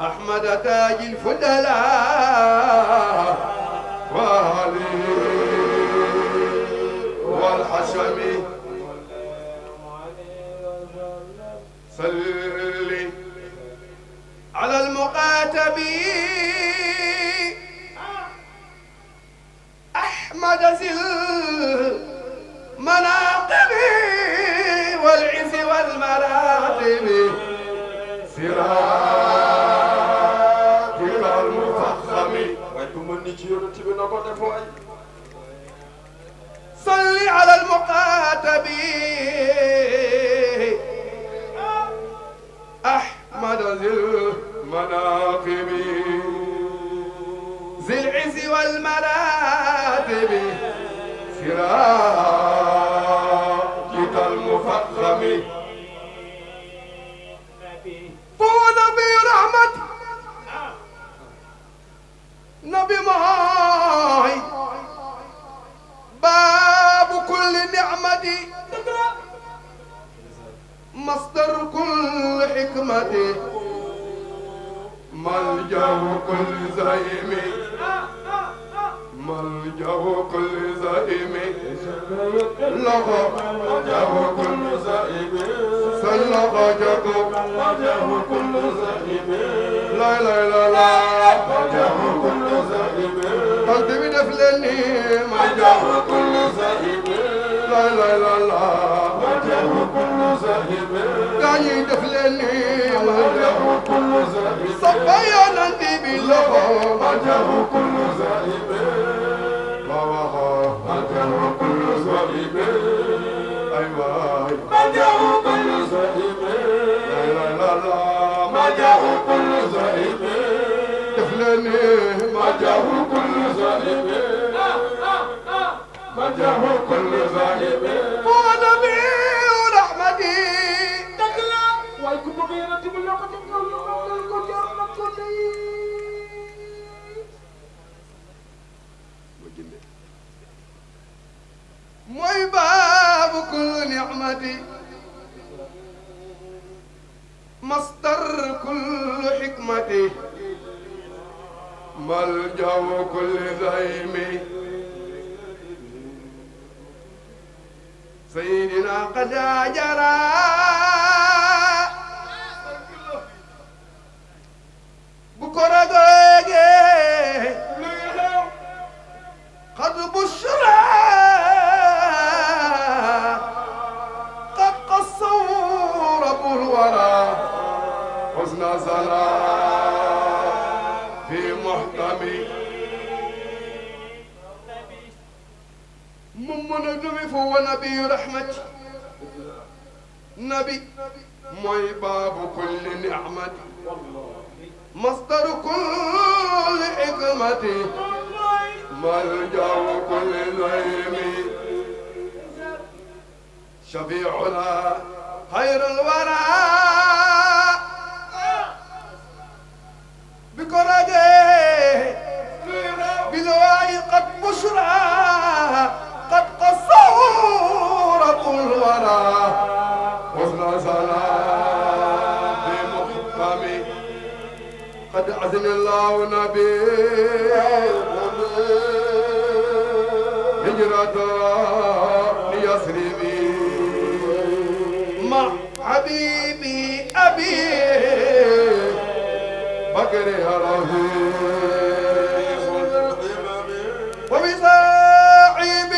أحمد تاج الفدلاء وعلي والحشم صلي على المقاتب أحمد زل مناقب والعز والمراتب سراج صلي على المقاتب أحمد ذي المناقب ذي العز والمراتب سراجك المفخم هو نبي رحمة نبي مهار الله باب كل نعمة مصدر كل حكمة ملجأ كل زعيم ملجأ كل زائم له وجه كل زائم سلق جكم وجه كل زائم لا لا لا لا وجه كل زائم قلبي بدفلني وجه كل زائم لا لا لا لا وجه كل زائم داني دفلني وجه كل زائم صفيا نندي بالله وجه كل زائم مجاه كل زاهب مجاه كل زاهب هو نبي رحمتي دغلا وايكو بغيرتي من لوقت موي باب كل نعمتي مصدر كل حكمتي ملجأ كل زعيم سيدنا قد جرى بكرة دوغي قد بشرى قد قصوا رب الورى حزن زلال منجم فهو نبي رحمة نبي موي باب كل نعمة مصدر كل حكمة ملجأ كل نعيم شفيعنا خير الورى بكرده بلواء قد بشرى قد قصه رب الورى حسن سلام بمختم قد عزم الله نبي هجرة ليسلمي مع حبيبي أبي بكر رهيب وبصاحبي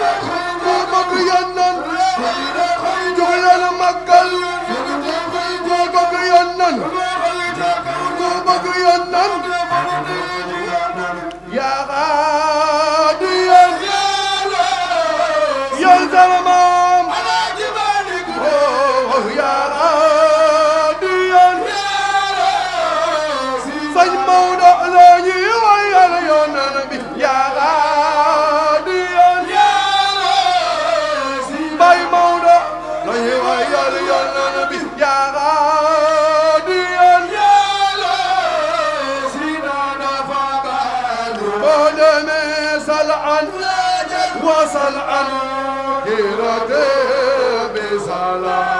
Hallelujah. وصل أنا كيرتي بسلام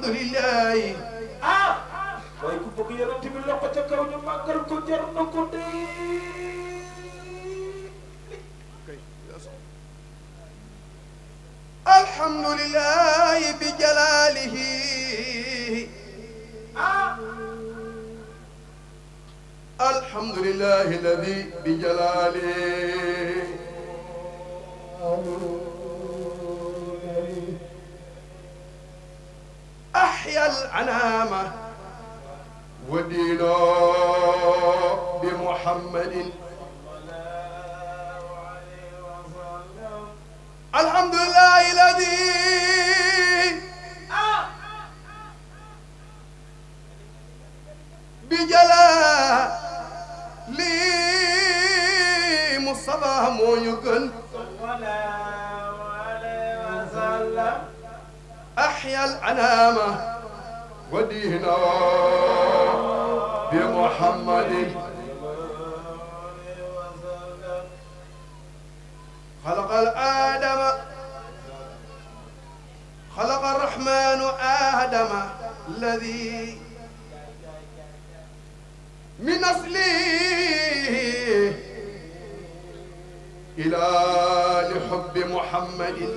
alhamdulilahi ah! bi loxo ca bi jalaalihi ah! أحيا الأنامة ودينا بمحمد الحمد لله الذي بجلالي مصطفى مو يقل صلى الله عليه وسلم أحيا العلامة ودينا بمحمد خلق الآدم خلق الرحمن آدم الذي من أصله إلى لحب محمد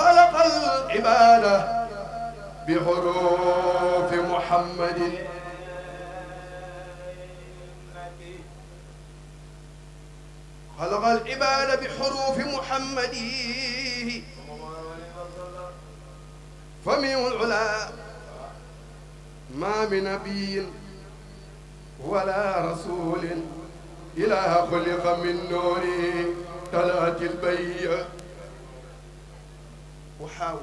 خلق العبادة بحروف محمد خلق العباد بحروف محمد فمن العلا ما من نبي ولا رسول إله خلق من نوره تلات البيئة وحاول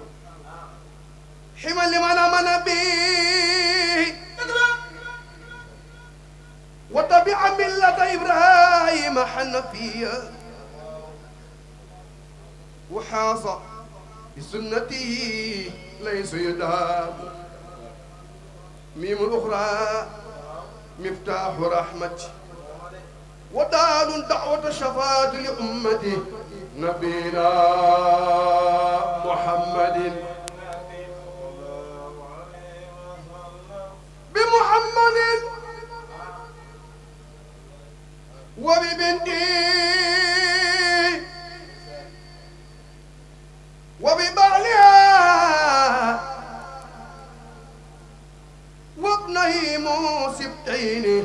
حمى اللي منى به وطبيعة ملة إبراهيم حنفية وحاصة بسنتي ليس يدام ميم الأخرى مفتاح رحمتي ودال دعوة شفاة لأمتي نبينا محمد بمحمد وببنته وببعلها وابنه بتعيني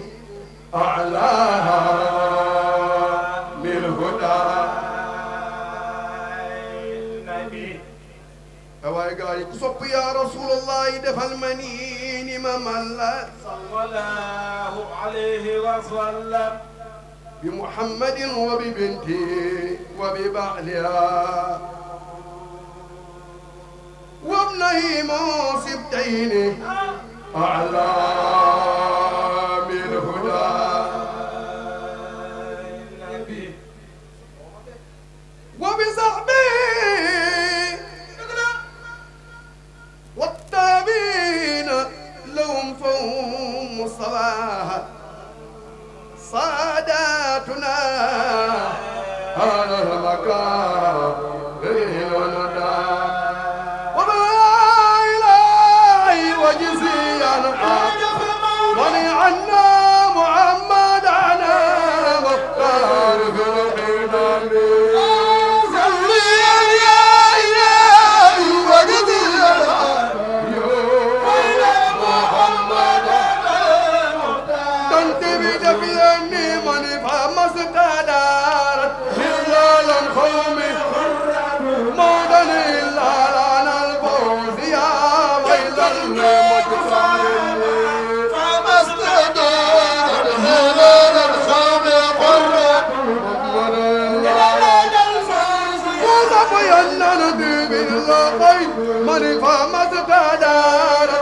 أعلاها للهدى صب يا رسول الله منين ما ملا صلى الله عليه وسلم بمحمد وببنته وببعلها وابنه موصبتين أعلى بالهدى وبصحبه والتابين لهم فهم صلاها صاداتنا هذا المكان Marifa Mazdadar.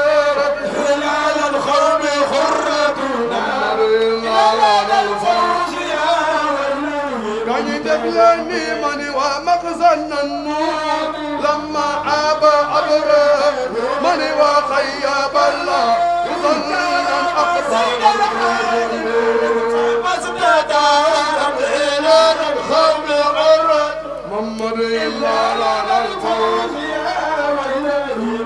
غني مني ومخزن النور لما عاب عبره مني وخيب الله يظنون الأقرب مسجد العلال الخوف عرد ممري الله لا الفوز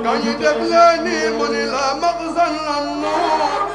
كان يدبلني مني لا مخزن النور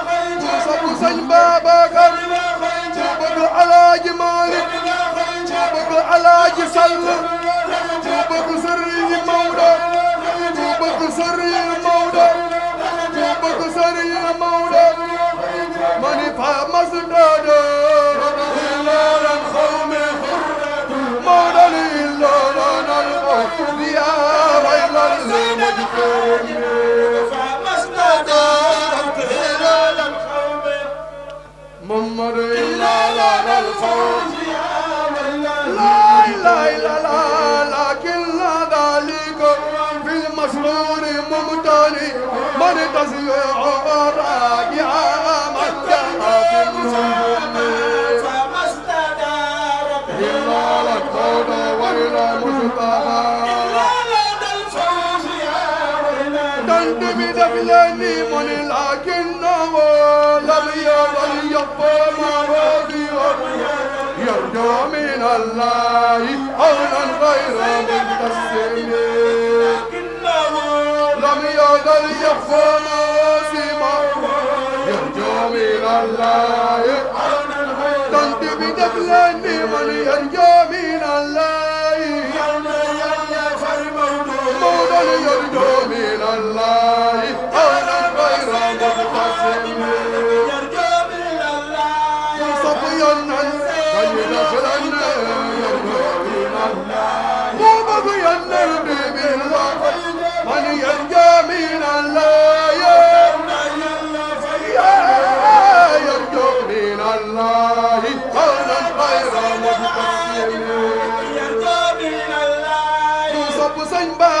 sëñ Babacar bëgg alaaji Malick bëgg alaaji Sall bëgg sëriñ Maodo bëgg sëriñ Maodo bëgg sëriñ Maodo mani fa mas أكبر إلا لنا الفوز لا إله إلا الله لكن ذلك في المسرور ممتلئ من تسيع راجعا متى فما استدار إلا للكون وإلى مصطفى قلبي بدفلاني من العجن ولم يرى يبقى مرضي يرجو من الله عونا غير مبتسم لم يقدر يخفى مواسمه يرجو من الله عونا غير تنتبه دفلاني من يرجو من الله sëñ ba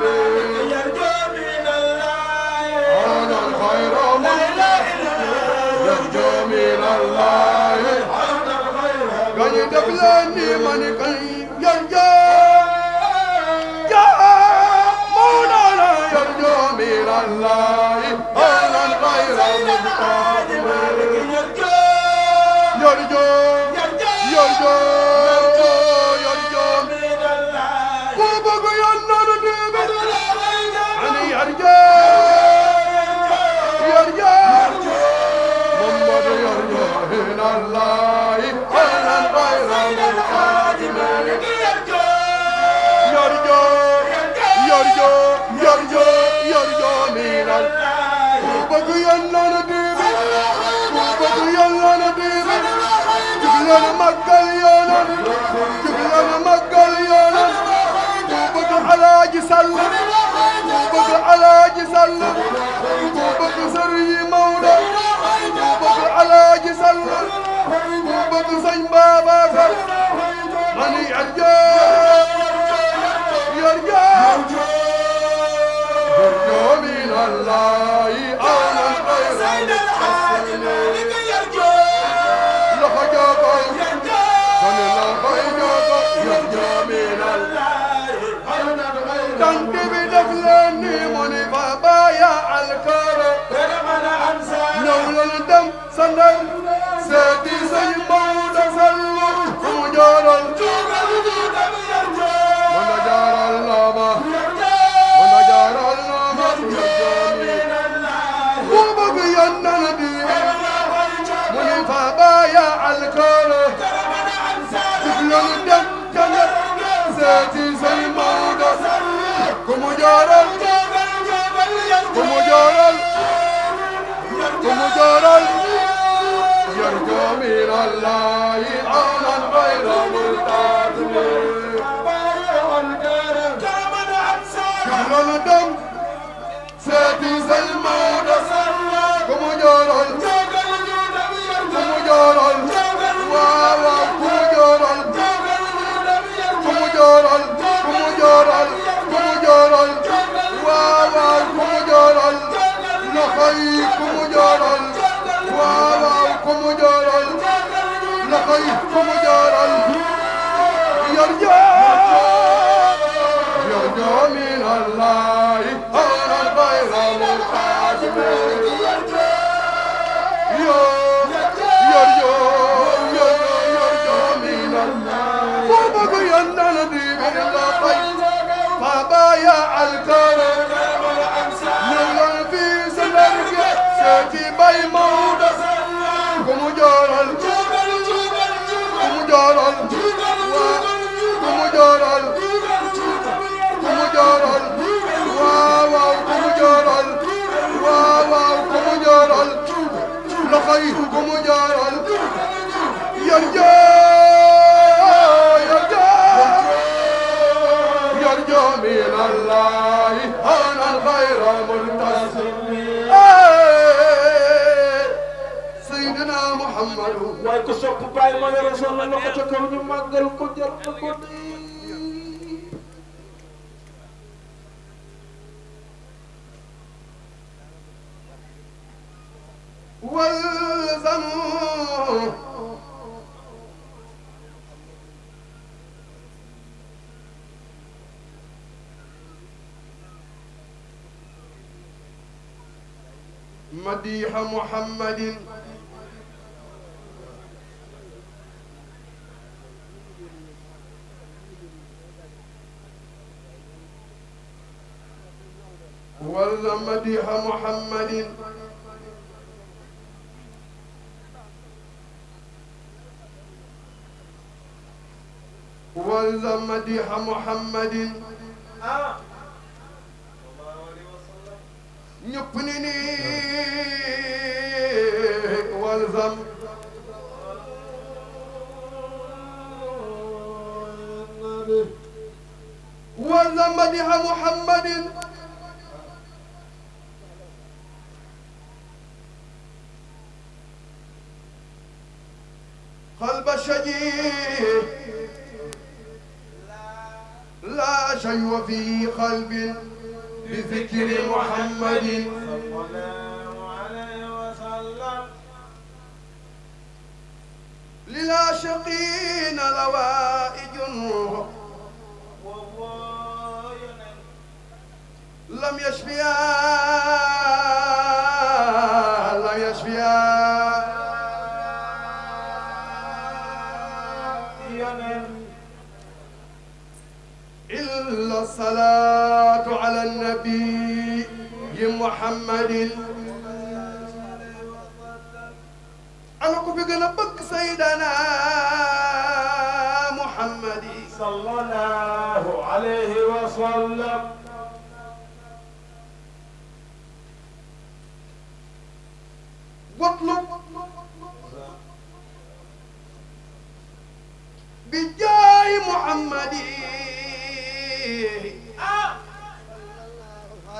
Yo, yo, yo, yo. màggal yoonam jug leen màggal yoonam ku bëgg alaaji sàll ku bëgg alaaji sàll ku bëgg sëriñ Maodo ku bëgg alaaji sàll ku bëgg sëñ Babacar mani yarja yarja yarja min allahi awlan xayran alkaara ramana ansa ñawlal dem sa ndar seeti sëñ Maodo Fallu ku jaaral tuugal tuugal yarja mana jaaral laama mana jaaral laama ku bëgg yannal bi mu ni fa baaya alkaara ramana ansa tuugal dem ca ndar seeti sëñ Maodo Fallu ku mu jaaral tuugal tuugal yarja مجرى يرجو من الله عونا غير ملتزم بارع الكرم كرما عبسا كرم الدم سيدي سلمان صلى مجرى مجرى مجرى مجرى مجرى مجرى لخي كمجارل واو كمجارل لخي كمجارل يرجع يرجع من الله أنا الغير الحاجب يرجع يرجع يرجع من الله وبقي الذي من الله طيب فبايع الكرم seeti bay Maodo ku mu jooral juubal juubal ku mu jooral juubal ku mu jooral ku mu jooral waaw waaw ku mu jooral waaw waaw ku mu jooral loxo yi ku mu jooral yar na loxo ca kaw ñu màggal ko jar na ko dee والزموا مديح محمد وسلم مديح محمد والزم مديح محمد نبنني والزم والزم مديح محمد شيء في قلب بذكر محمد صلى الله للعاشقين لوائج لم يشفيها الصلاة على النبي محمد أنا كبير لبك سيدنا محمد صلى الله عليه وسلم واطلب بجاه محمد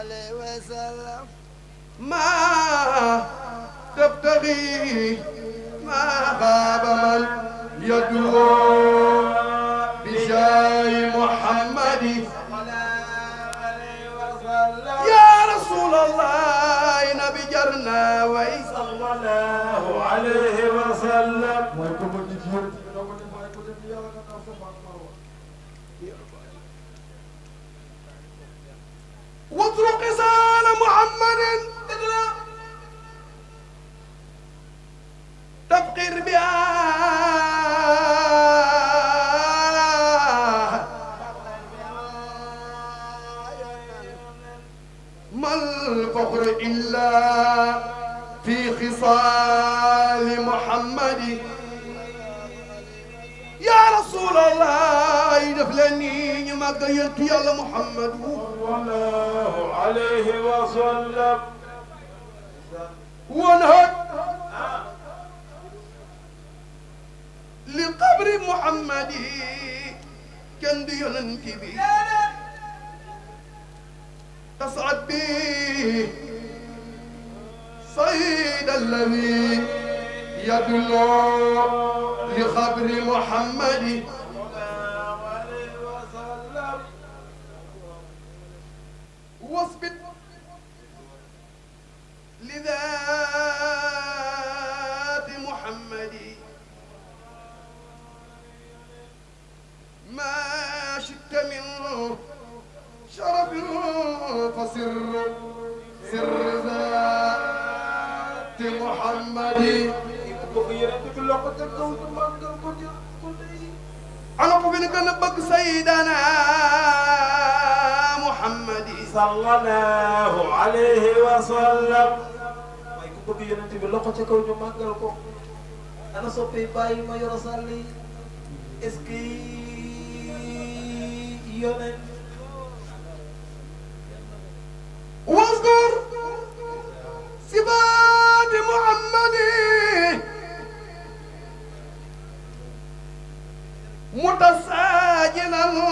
عليه وسلم ما تبتغي ما غاب من يدعو بشاي محمد يا رسول الله نبي جرنا وي صلى الله عليه وسلم واترك سال محمد تفقر بها ما الفخر إلا في خصال يا رسول الله يدفلني ما قيلت يا محمد صلى الله عليه وسلم وانهض لقبر محمد كان ديون كبير تصعد به صيد الذي يدنو لخبر محمد واصبر لذات محمد ما شئت من شرف فسر سر ذات محمد bëgg yeneen bi loxo ca kaw ci màggal ko ci xulli yi ana ko fi ne gën a bëgg sayyidana muhammadi sallallahu alayhi wa sallam may ku bëgg yeneen bi loxo ca kaw ñu màggal ko ana soppee bàyyi ma yor sàlli est-ce que yeneen واذكر سبات محمد mu tas aajina loo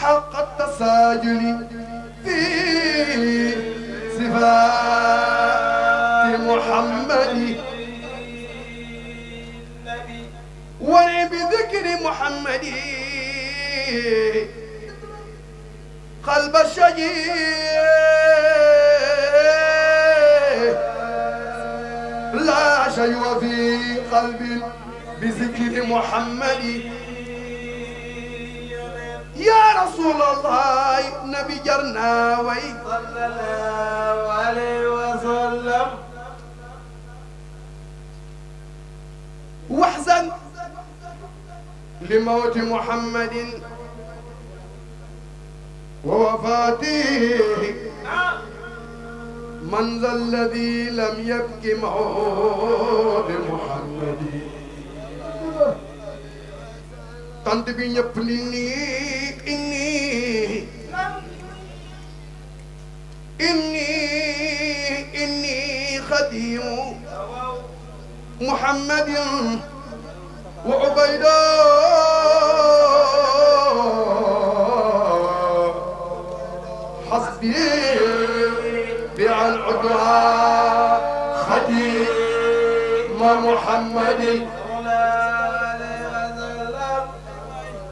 حق التساجل في صفات محمد بذكر محمد قلب الشجيع لا شيء في قلبي بذكر محمد يا رسول الله نبي جرنا وي صلى الله عليه وسلم واحزن لموت محمد ووفاته نعم من ذا الذي لم يبك معه بمحمد تند بي نيب اني اني اني خديم محمد وعبيدا حسبي خديم محمد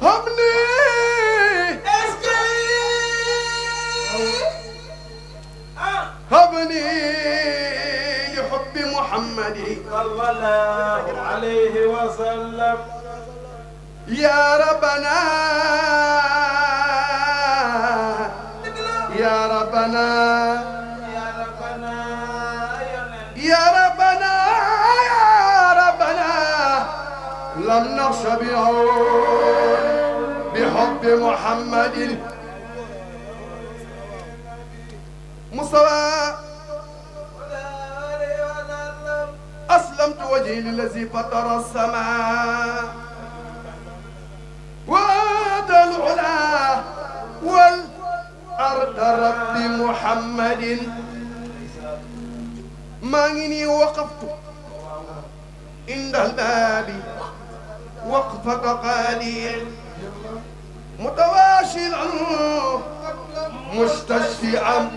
همني هبني لحب محمد صلى الله عليه وسلم يا ربنا يا ربنا بعون بحب محمد مصطفى أسلمت وجهي للذي فطر السماء وأتى العلا والأرض رب محمد ما وقفت عند الباب وقف تقاليد متواشلا مستشفعا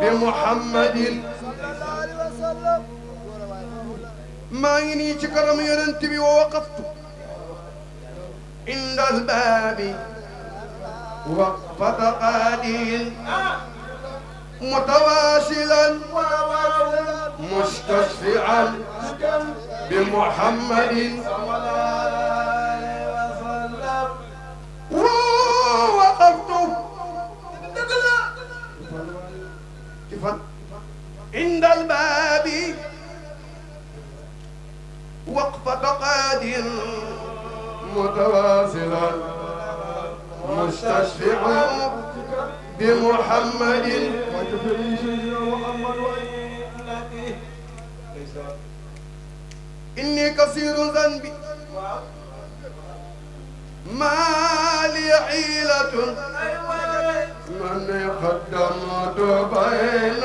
بمحمد ما يني كرم يرنتبي ووقفت عند الباب وقف تقاليد متواصلا مستشفعا بمحمد عند الباب وقفة قادر متواصلا مستشفعا بمحمد إني قصير ذنبي ما لي حيلة من قدمت بين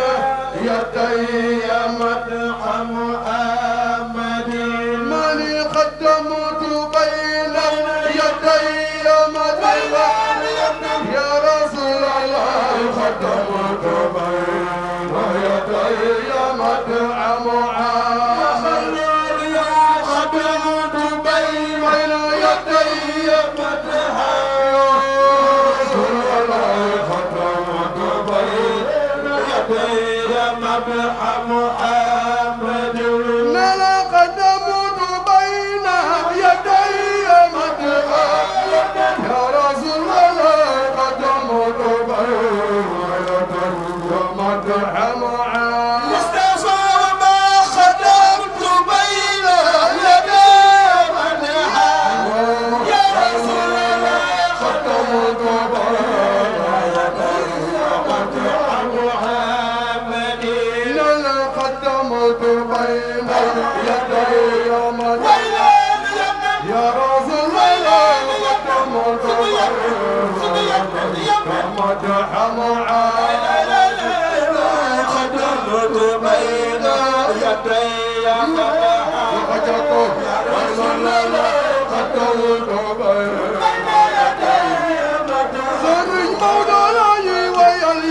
يدي مدحم أهل ودعاء معاذ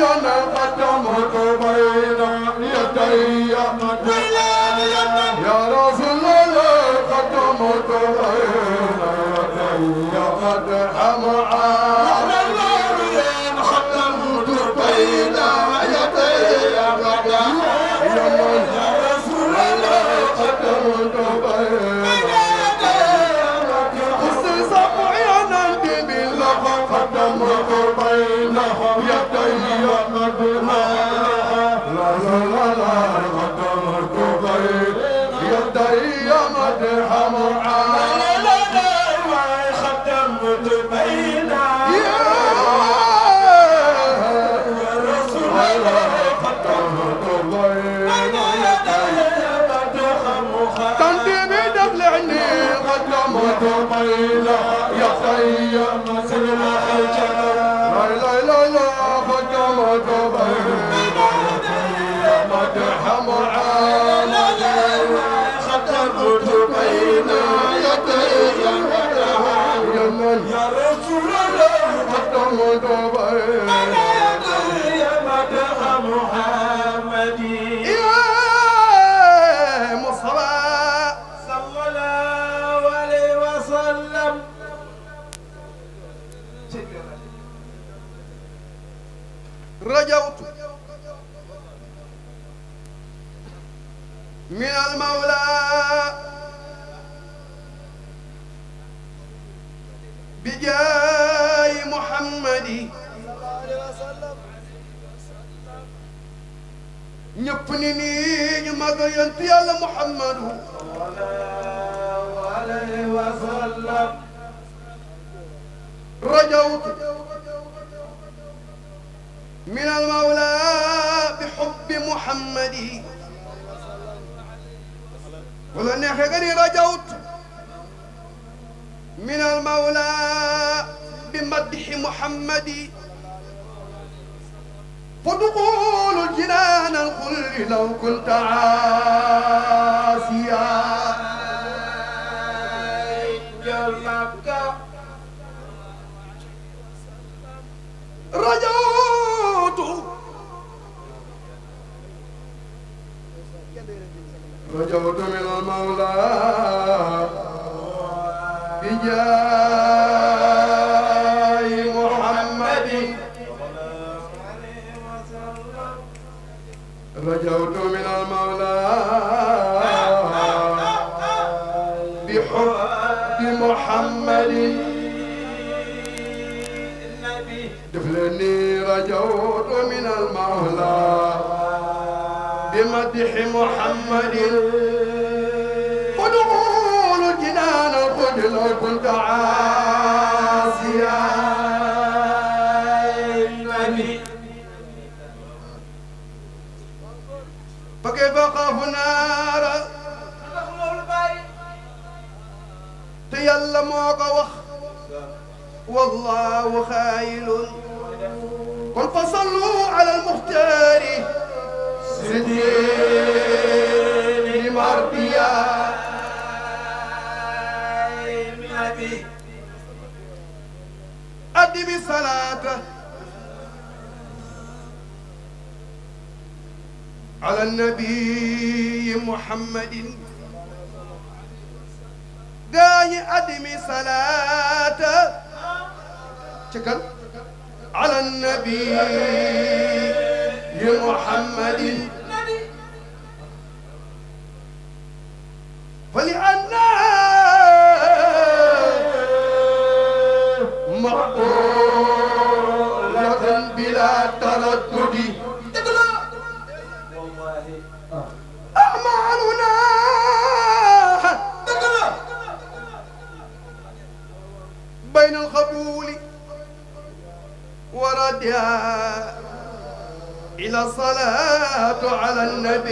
قد حمعا رجوت من المولى بجاه محمد ñëpp ni nii ñu mag yonent yàlla Muhammadu sallallahu alayhi wa sallam rajawtu min al-mawla bi hubbi Muhammadi wala neexee nga ni rajawtu min al-mawla بمدح محمد فدخول الجنان الخل لو كنت عاسيا رجوت رجوت من المولى بجاه الجود من المولى بمدح محمد خدعون جنان خد لو كنت عاسيا فكيف اخاف نارا تيلا موقع والله خايل قل فصلوا على المختار سيدي مربيا أدم الصلاة على النبي محمد داي أدم صلاة شكرا على النبي محمد فلأن مقبولة بلا تردد أعمالنا بين القبول يا إلى الصلاة على النبي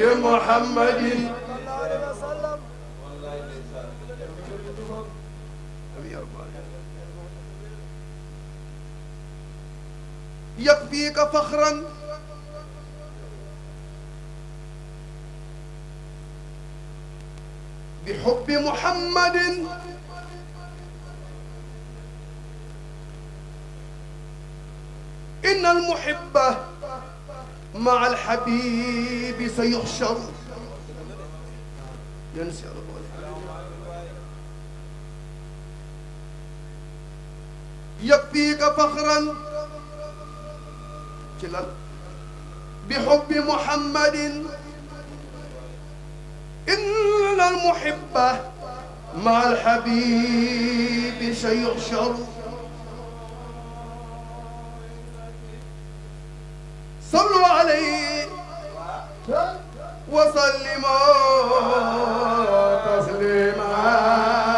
يا محمد يكفيك فخرا بحب محمد إن المحب مع الحبيب سيحشر ينسى يكفيك فخرا بحب محمد إن المحب مع الحبيب سيحشر صلوا عليه وسلموا تسليما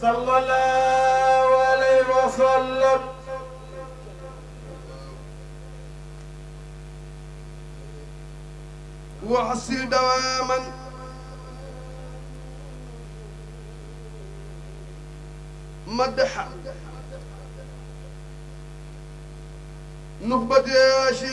صلى الله عليه وسلم وحصل دواما مدحا نخبة يا شيخ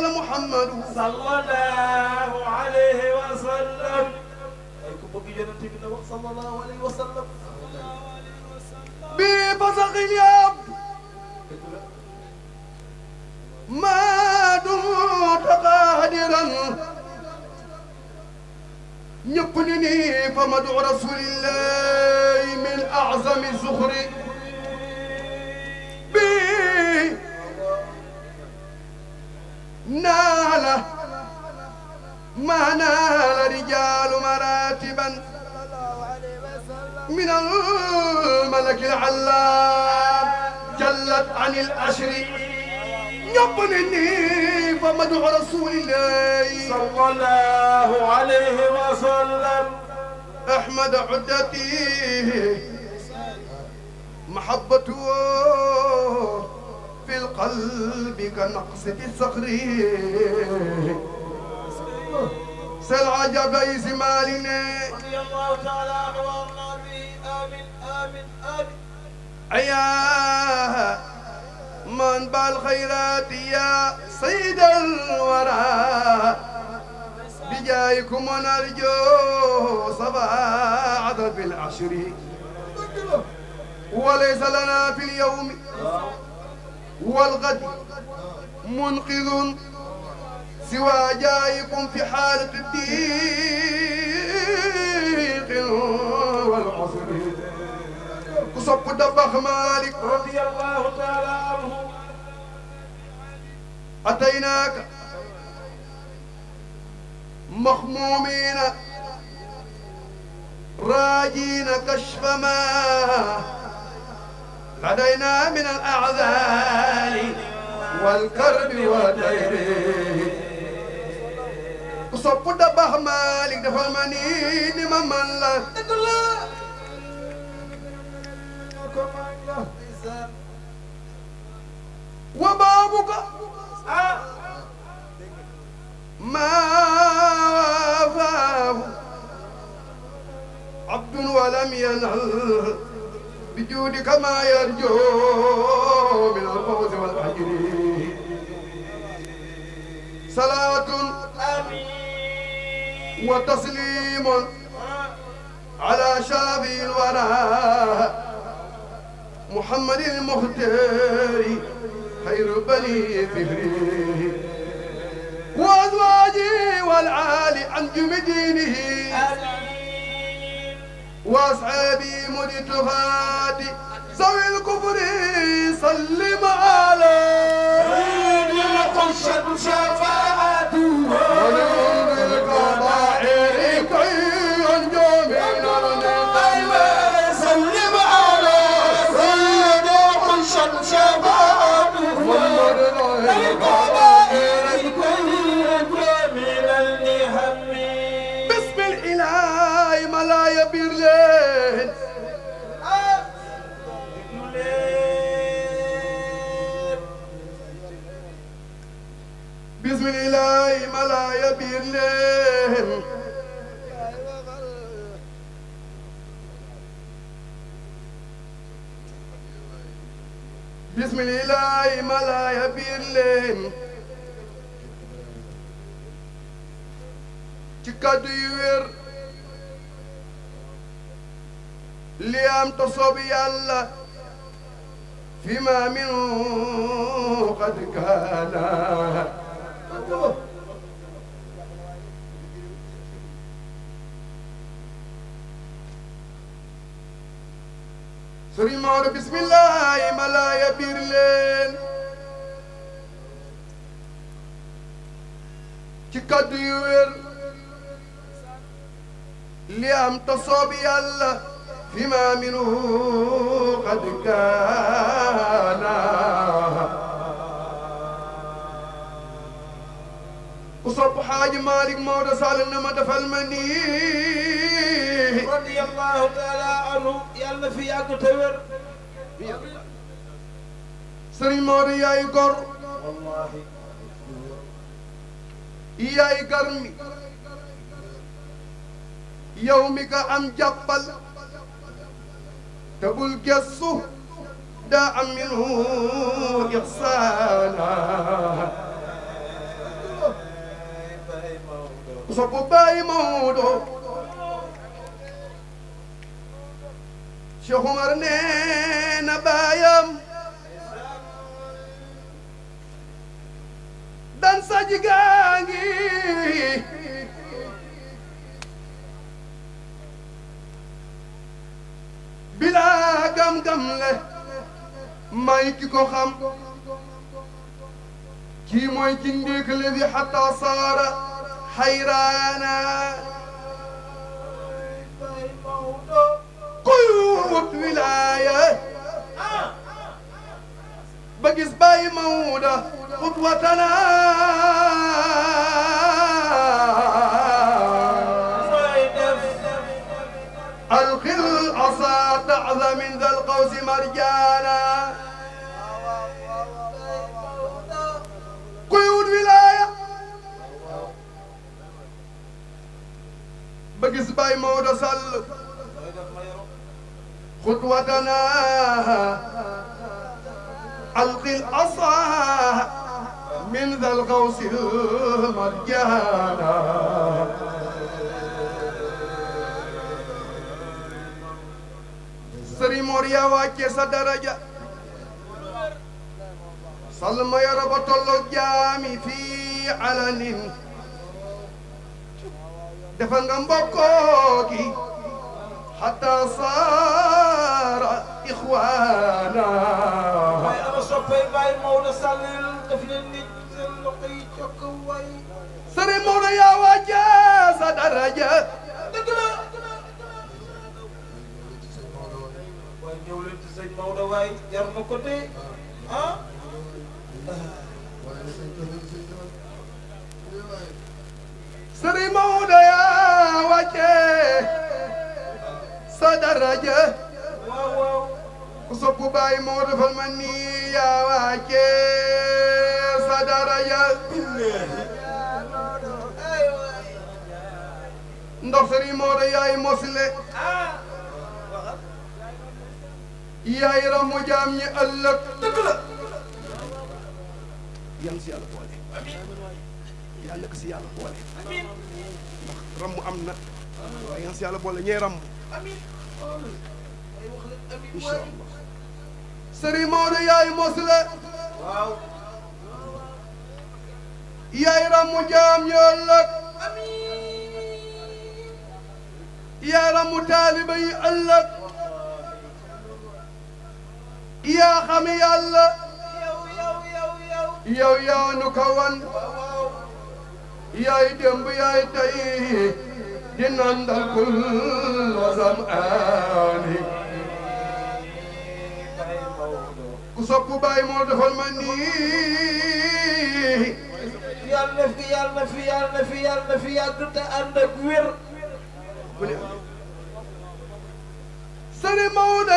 قال محمد صلى الله عليه وسلم ايكم بقي صلى الله عليه وسلم ما دمت قادرا يقنني فمدع رسول الله من اعظم الزخر ما نال رجال مراتبا من الملك العلام جلت عن الأشر يبنني فمدع رسول الله صلى الله عليه وسلم أحمد عدتي محبته في القلب كنقصة الصخر سالعجب زمالنا رضي الله تعالى عنه وارضى امين امين امين ايا من بالخيرات يا سيد الورى بجايكم ونرجو صباح عدد العشر وليس لنا في اليوم والغد منقذ سوى جايكم في حالة الضيق والعسر كصف دبخ مالك رضي الله تعالى عنه أتيناك مخمومين راجين كشف ما لدينا من الأعذال والكرب والدير ku sopp da baax Malick defal ma ni ni ma man la wa baabu ka ah. maa waafaahu abdun walam yanal بجودك ما يرجو من الفوز والأجر صلاة آمين وتسليم على شافي الورى محمد المختار خير بني فهري وأزواجي والعالي أنجم دينه وأصحابي مدت لغاتي سوي الكفر سلم على سيدنا شفاعته الإله ملايا بيرلين بسم الإله ملايا بيرلين ci kàddu yu wér li am te soobi yàlla fi ma minu qad kaana سوري مور بسم الله ملايا بيرلين ci kaddu yu wér li am ta soob yàlla fi ma minhu qad kaana وصب حاج مالك مورا سال انما دفل مني رضي الله تعالى عنه يلا في ياك تور سري موري يا يقر والله يا يقرمي يومك ام جبل تقول قصه داع منه إحسانا sopp bàyyi Maodo Cheikh Omar nee na baayam dan saji gaa bilaa gam-gam le may ki ko xam kii mooy ki ndéeg le bi xataa saara حيرانا قيود ولاية بقيس باي مودة قدوتنا ألقي العصا تعظى من ذا القوس مرجانا قيود بجس باي مودا سال خطوتنا ألق الأصا من ذا القوس المرجانا سري موريا واكي سدرجة سلم يا رب طلق جامي في علن dafa nga mbokkoo gi saara ixwaana waaye ana soppay bàyyi Maodo ko sëriñ Maodo yaa wàcce sa daraja ku sopp baay moo defal ma nii yaa wàcce sa daraja ndax sëriñ Maodo yaay mosile yaay ramu jaam ñi ëllëg dëgg la yàlla na ko si yàlla boole. amiin ndax ramm am na. waaye yéen si yàlla boole ñooy ramm. amiin incha allah. Serigne Maodo yaay mosule. waaw. yaay ramm jaam yàlla. amiin. yaay ramm taaliba yi ëllëg. yaa xam yàlla. yow yow yow yow. yow yaa nu ko wan. yaay démb yaay tey di nandal kulla zamaani ku soppu Baay moo defal ma nii yàlla fi fi yàlla fi yàlla fi yàgg te ànd ak wér Sëriñ Maodo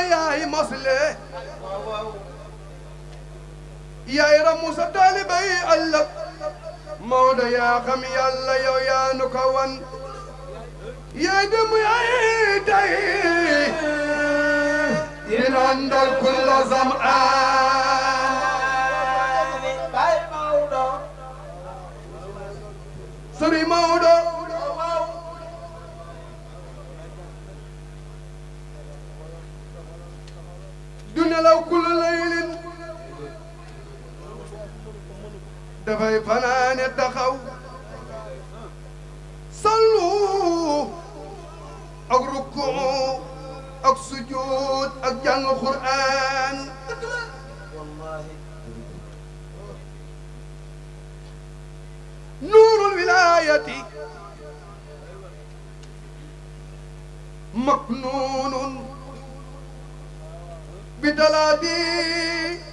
yaay ramu sa taaliba yi Maodo yaa xam yàlla yow yaa nu yaa dem yaay tay dinaan kulla zamaan bay Maodo sëriñ Maodo du nelaw kulla laylin دفاي فلان الدخو صلوا أو ركوع أو سجود أو جمع القرآن نور الولاية مكنون بدلاديك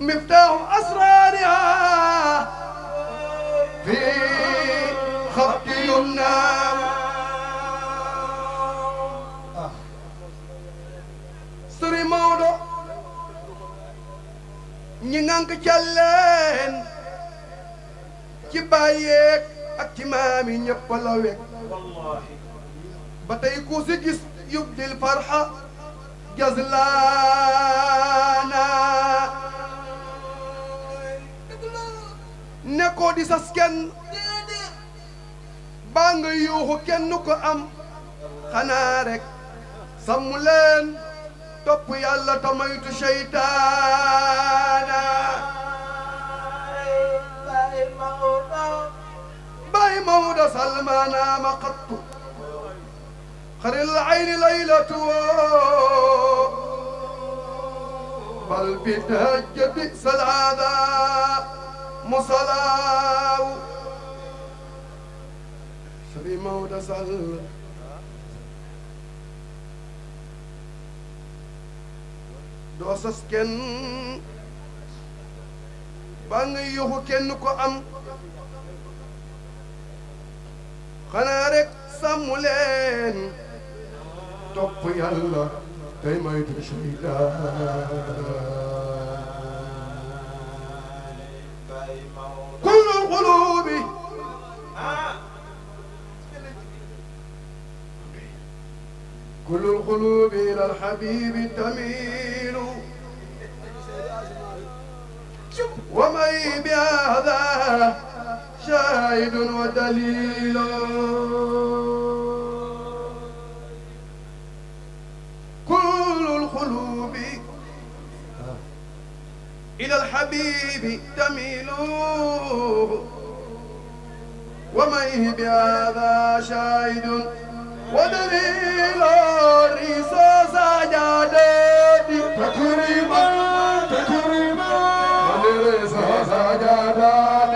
مفتاح أسرارها في خط يمنى سري مودو نينانك جالين كبايك اكتمامي نيبالاوي والله باتاي يبدل فرحه jazlaana nekkoo di sas kenn baa nga yuuxu kenn ko am xanaa rek sàmm leen topp yàlla tamaytu seytaana bàyyi Maodo salmaana ma xattu خر العين ليلة قلبي تهجى بئس العذا مصلاة شري ودسل سل دوسس كن بان يوهو كن كو ام خنارك رك سامولين topp yàlla tey moytu seytaan kullu qulubi كل القلوب إلى الحبيب تميل ومن بهذا شاهد ودليل القلوب إلى الحبيب تميل ومن إيه بهذا شاهد ودليل الرصاص جادتي تكريما تكريما ودليل الرصاص جادتي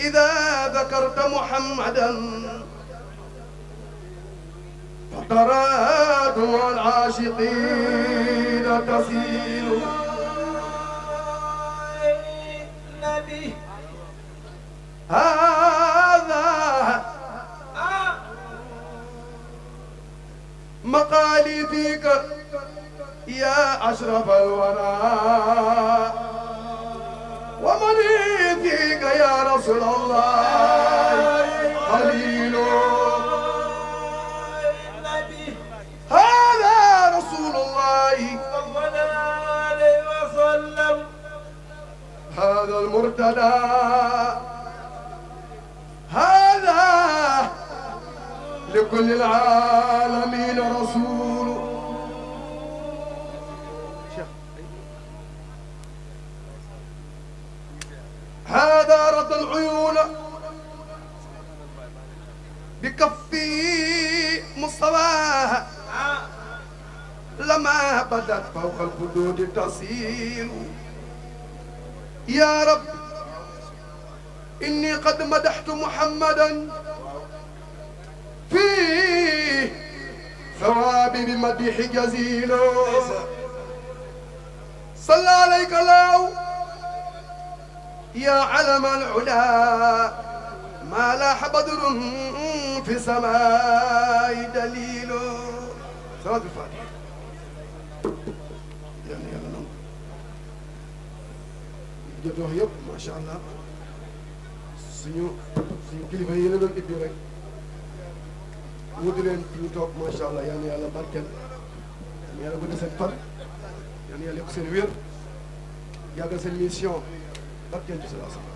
إذا ذكرت محمدا فقرات العاشقين تسيل هذا مقالي فيك يا أشرف الورى ومريض يا رسول الله خليل هذا رسول الله صلى الله عليه وسلم هذا المرتدى هذا لكل العالمين رسول هذا رد العيون بكفي مستواها لما بدت فوق الخدود تصير يا رب إني قد مدحت محمدا في ثوابي بمديح جزيل صلى عليك الله يا علم العلا ما لاح بدر في سماء دليل صلاة الفاتحة يعني يلا نوم جدوه يب ما شاء الله سنو سنو كلفة يلدن إبيرك مدرين توك ما شاء الله يعني يلا باركن يعني يلا بدي سنفر يعني يلا يقسن وير يلا سنميسيون يلا だって言うんですよ朝から。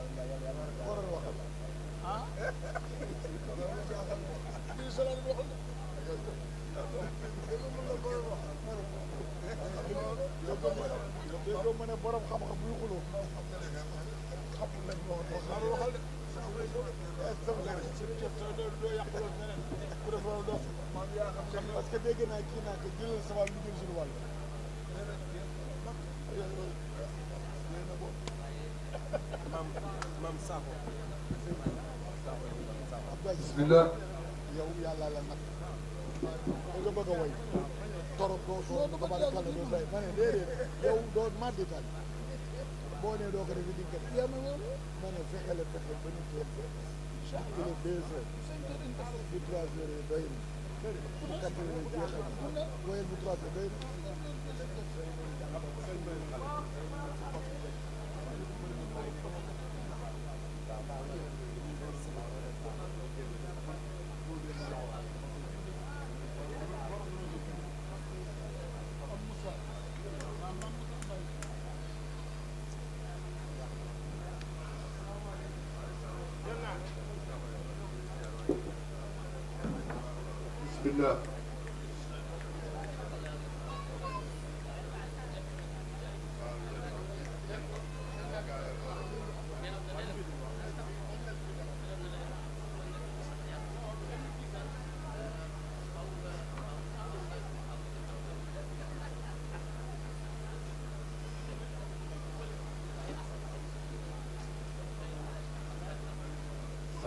doo mën a borom xam-xam buy xuloo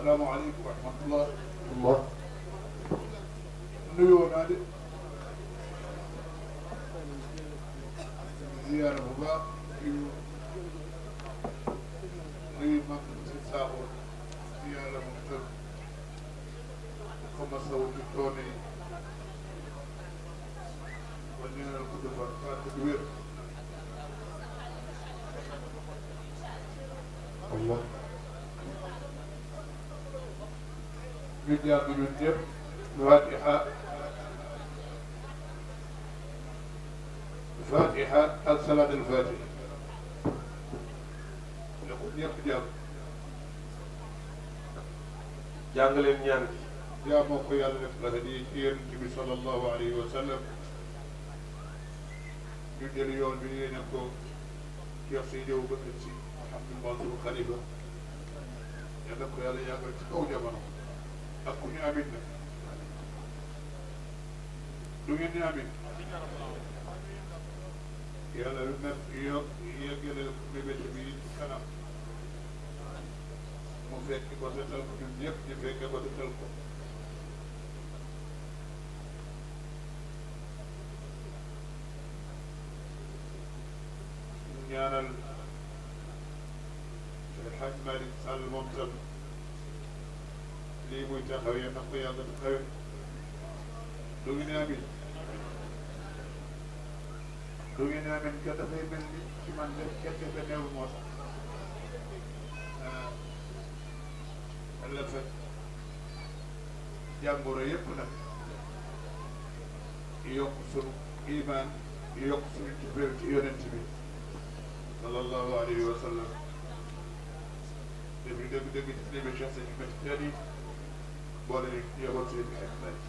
asalaamaaleykum wa rahmatullah. nuyoo naa de. ياكل الدب بفاتحة بفاتحة الصلاة الفاتحة نقول ñëpp jàng jàngaleem ñaan gi yaa moo ko yàlla def la di ci yonent bi sallallahu alayhi wa sallam ñu jël yoon bi yéene ko jox si jëw ba ëg si Mouhamadou Mansour Khalifa yàlla ko yàlla yàggal ci kaw jamono أكون آمين دوين آمين يا لربنا يا يا كده بيبلبيت كلام مفيد كبدت لكم نيف نيف كبدت لكم ñaanal Seydi El Hadji Malick Sall moom yi muy taxaw ya ndax ko yàlla na xawe du ngeen amin du ngeen amin ka dafay mel ni ci man def kenn defe neewu moo tax yàlla fa jàngoro yëpp nag iman yokk sunu jubeel ci yonent bi sallallahu alayhi wa sallam dëgg dëgg dëgg ci dëgg Cheikh boole leen yobal seen bi ak bari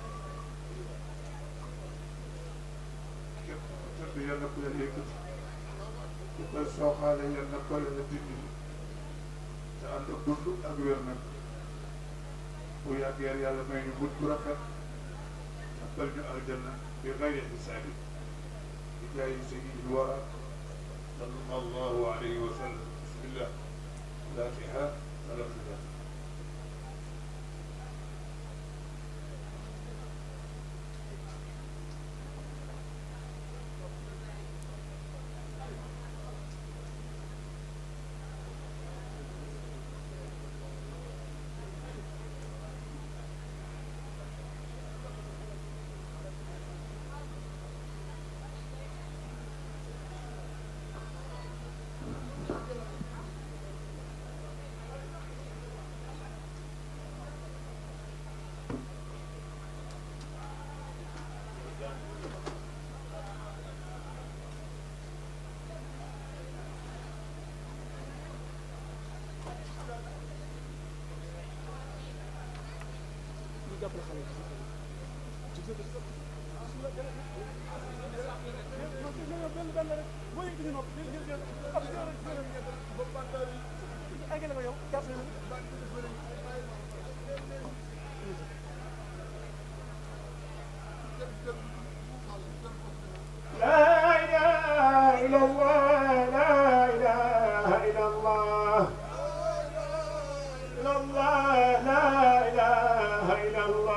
képp ku tëdd yal na ko yàlla yëkkati ku koy sooxaale yal na ko yàlla dimbali te ànd ak dund ak wér nag bu yàggee yàlla may ñu mut bu rafet tabbal ñu aljanna bi gayri xisaabi bi jaayi sayyidil wara sallallahu alayhi wa sallam bismillah fatiha لا اله الا الله لا إله الا الله Allah.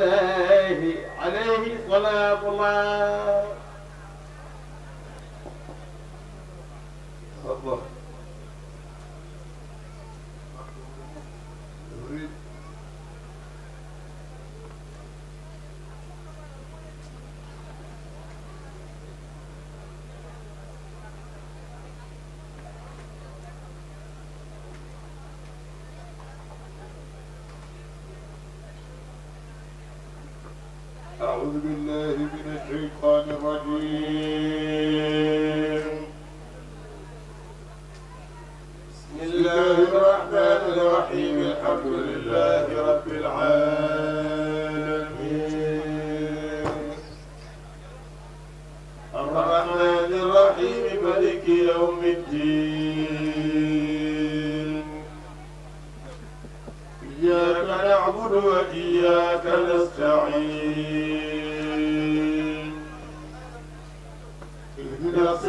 الله عليه صلاة الله Agreed.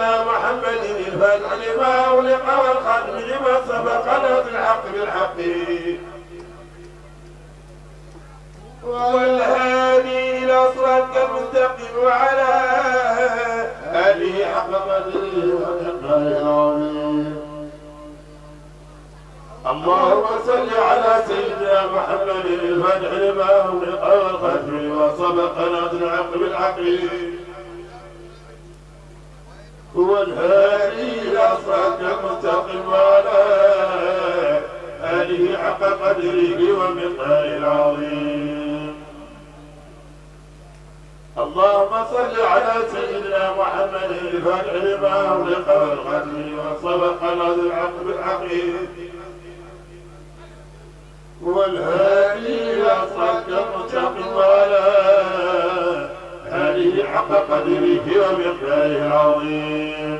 على محمد الفتح لما أغلق والخدم لما سبق نهض الحق بالحق والهادي إلى صراطك المستقيم وعلى آله حق قدره اللهم صل على سيدنا محمد الفتح لما أغلق والخدم لما سبق نهض الحق بالحق هذه أصفاك مستقم وعلى آله حق قدره ومقداره العظيم اللهم صل على سيدنا محمد الفاتح لما أغلق والختم وسبق العدل العقل بالعقيد والهادي إلى صدق متقم هذه حق قدره ومقداره العظيم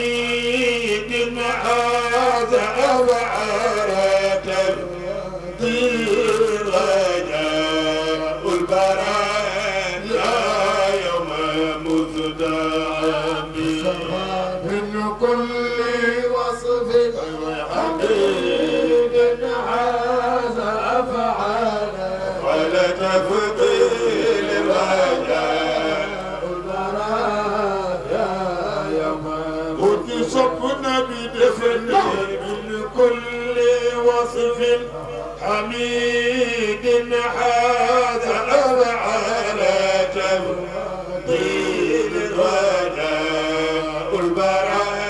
诶 حميد حاد على طيب الوداع البراء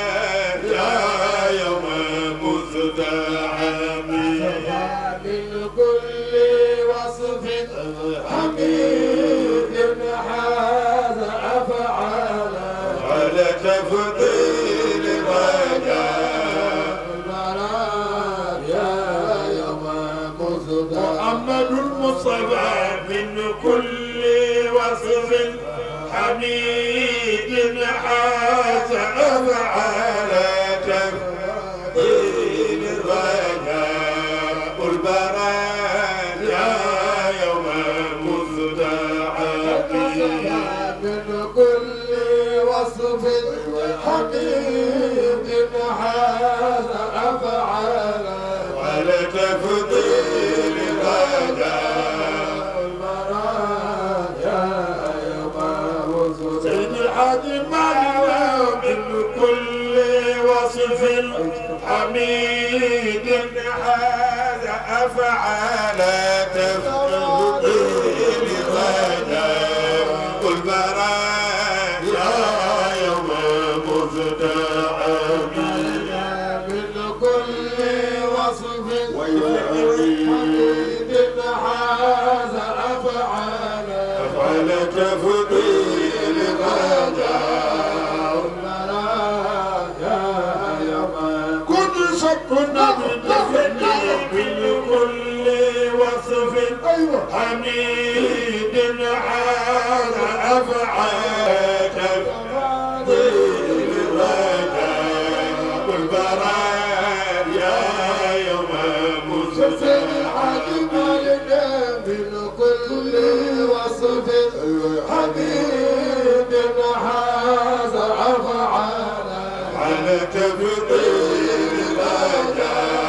يا يوم مزدع من كل وصف حميد هذا أفعل على جفتي المصطفى من كل وصف حميد حاز أفعاله حميد هذا أفعل تفعل حميد على أفعال تفضيل الوطن والبراء يا يوم مزدحم عدمنا من كل وصف حميد هذا أفعال على تفضيل الوطن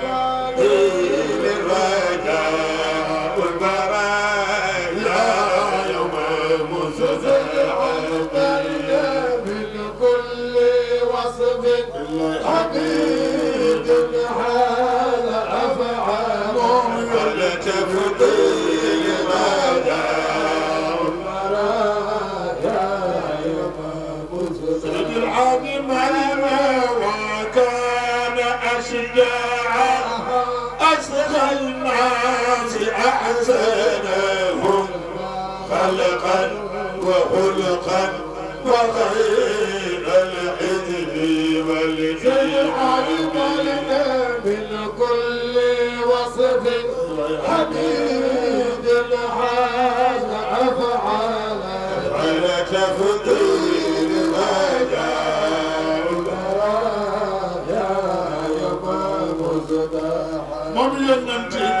خلقا وخير العلم والجمع المنى من كل وصف حميد الحاج أفعال على تفضيل ما جاء يا يا مصداح مملن نمتين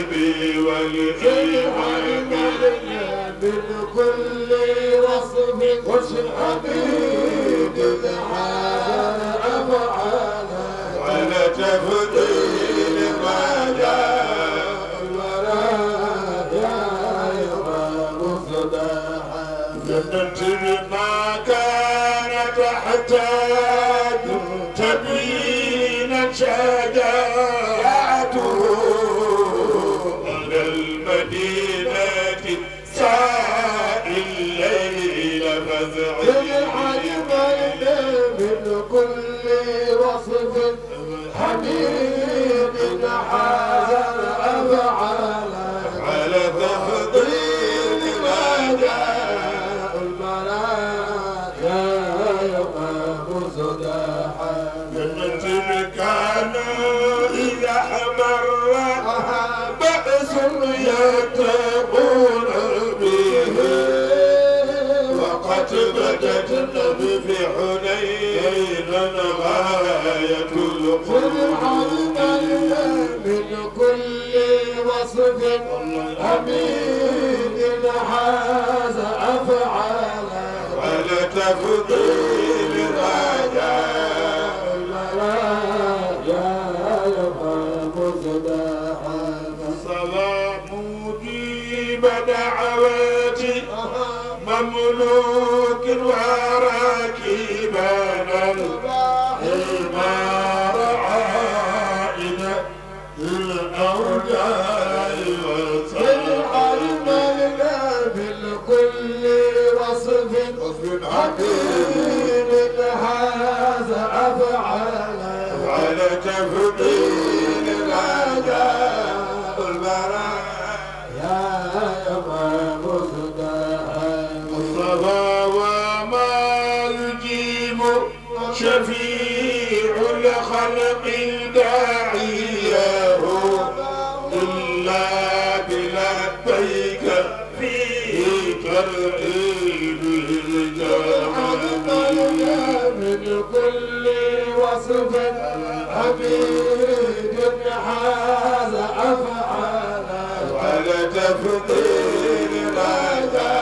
قلبي ولذيبك بالكل وصف وش العبيد الحال أفعالها على جهدي تتقون به وقد بدت النبي في حنين غاية القرآن من كل وصف أمين هذا ولا ولتفضيل Oh. تفضيل ما دام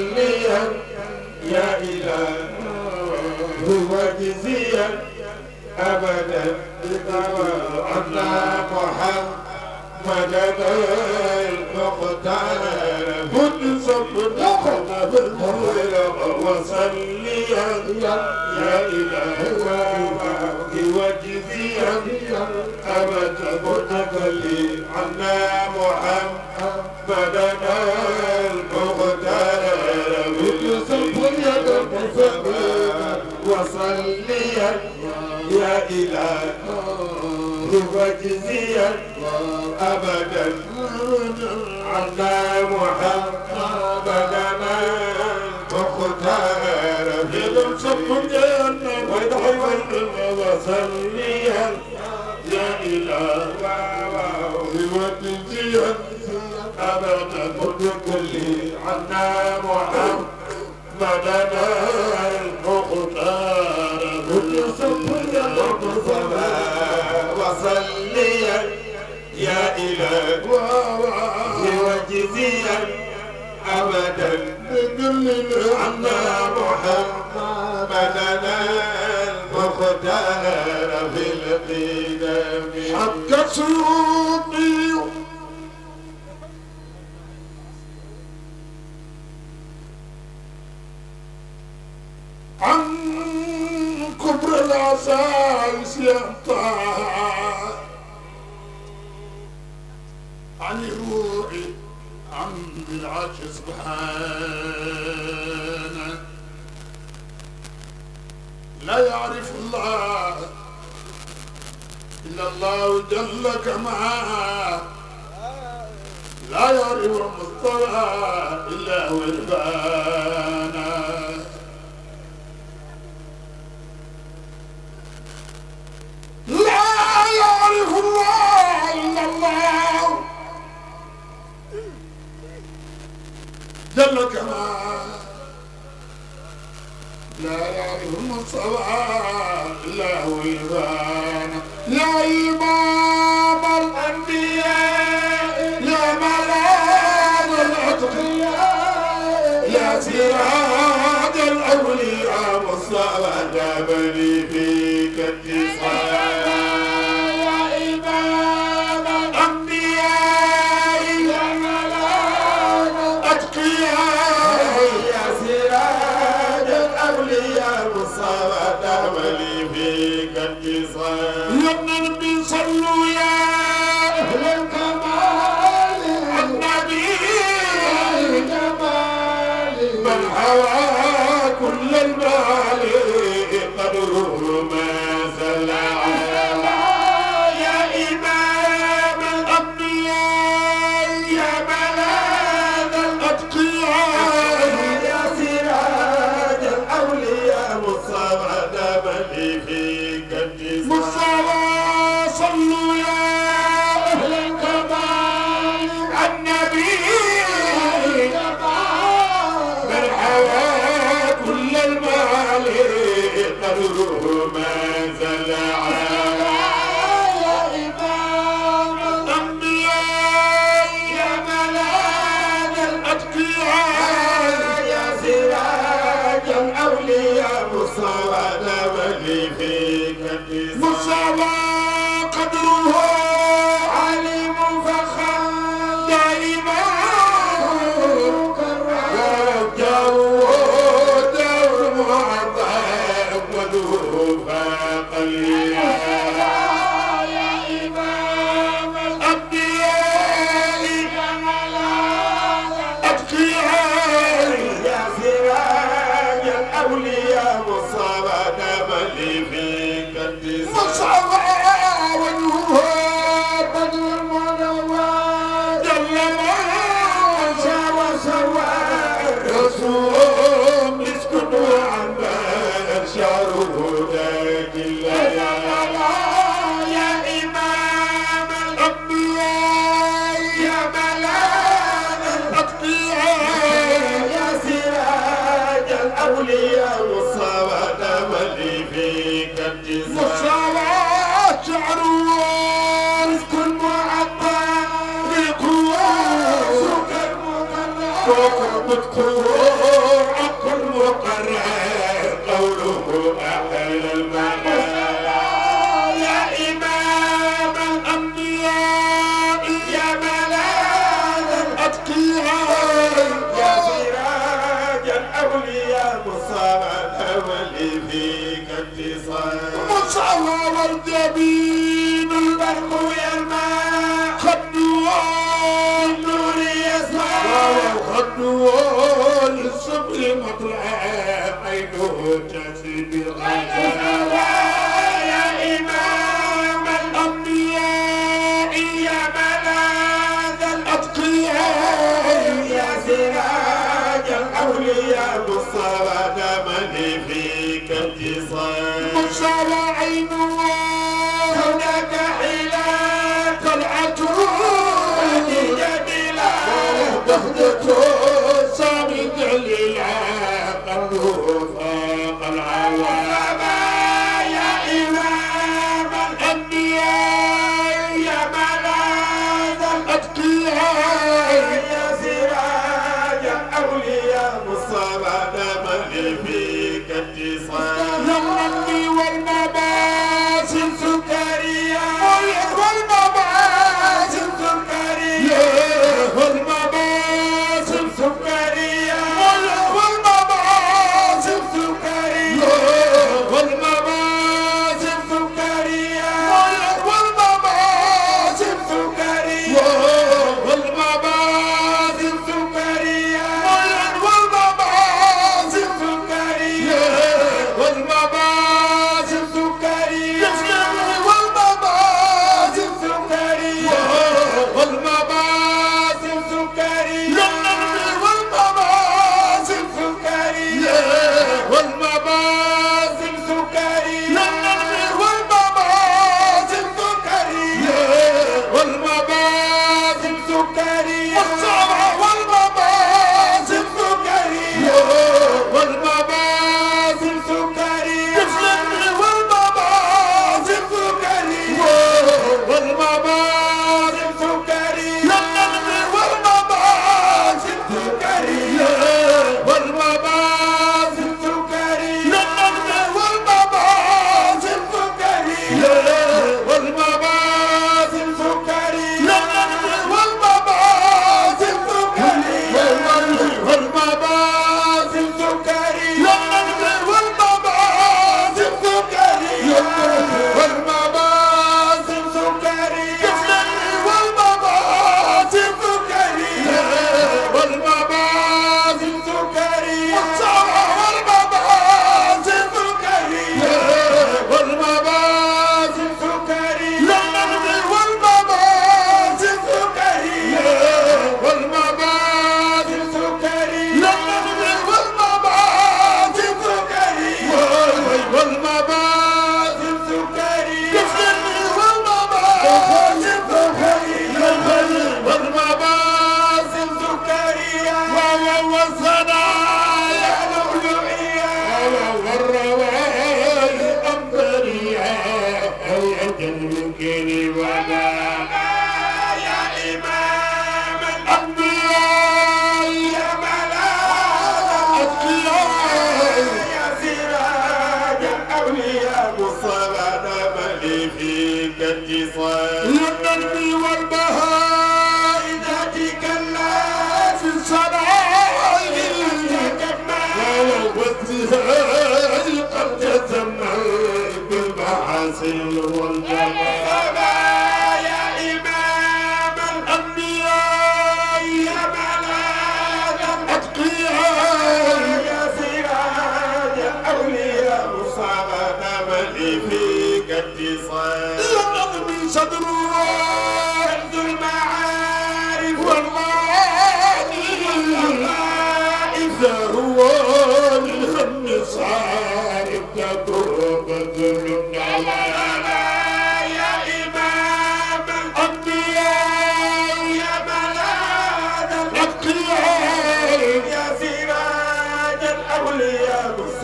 me. ولا عين هناك حلا طلعته جميلة بهجته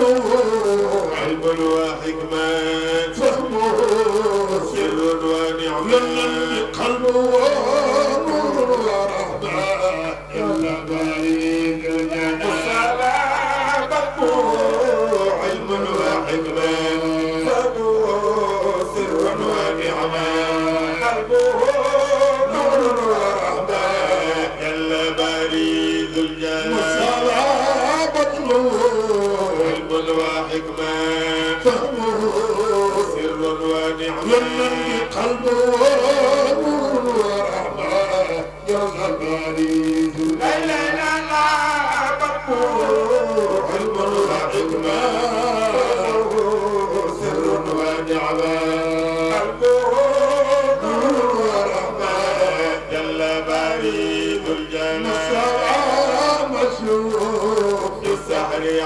علمه علم وحكمة فهمه سر ونعمة قلبه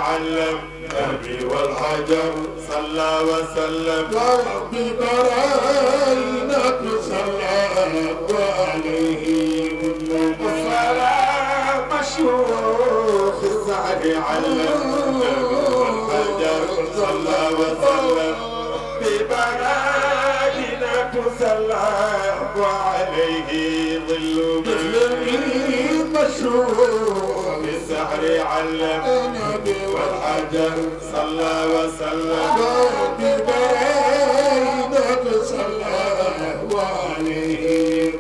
تعلم النبي والحجر صلى وسلم ربي ترى صلى وعليه الصلاة مشروخ الزهر علم النبي والحجر صلى وسلم ببلادنا تصلى وعليه ظل مشروخ الزهر علم الحجر صلى وسلم ببعيدة صلى وعليه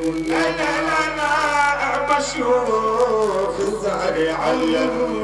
لا لا لا مشيوخ زهر علمه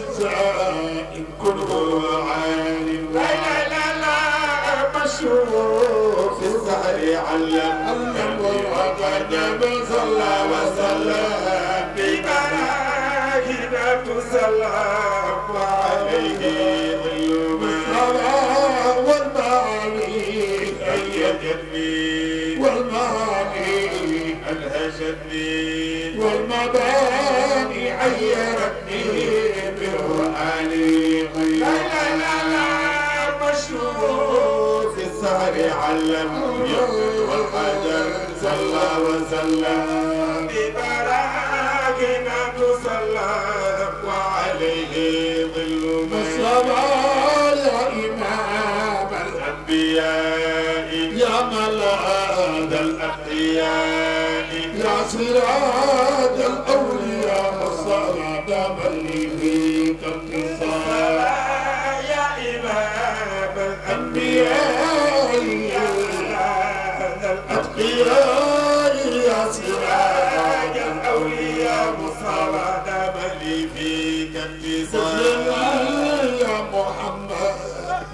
وارد صلى الله وصلى بمراكب تصلى وعليه اليوم الصلاة والمالك أيدني والمالك ألهجتني والمباني عيرتني بالقرآن النبي علم يقتل والقدر صلى وسلم ببراكنا تصلى وعليه ظل مصطفى يا إمام الأنبياء يا ملاذ الأتقياء يا صراط الأنبياء جنبي صل يا محمد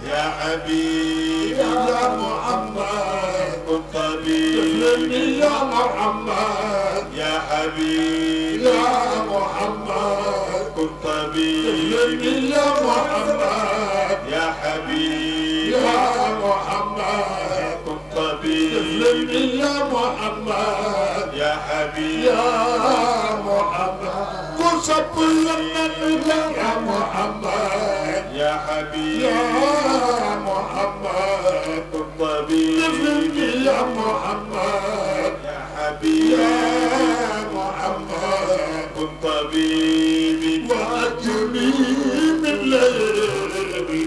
يا حبيبي يا محمد كن طبيبي يا محمد يا حبيبي يا محمد كن طبيبي يا محمد يا حبيبي يا محمد كن طبيبي يا محمد يا حبيبي يا محمد صب لمن يا محمد يا حبيبي يا محمد الطبيب يا محمد يا حبيبي يا محمد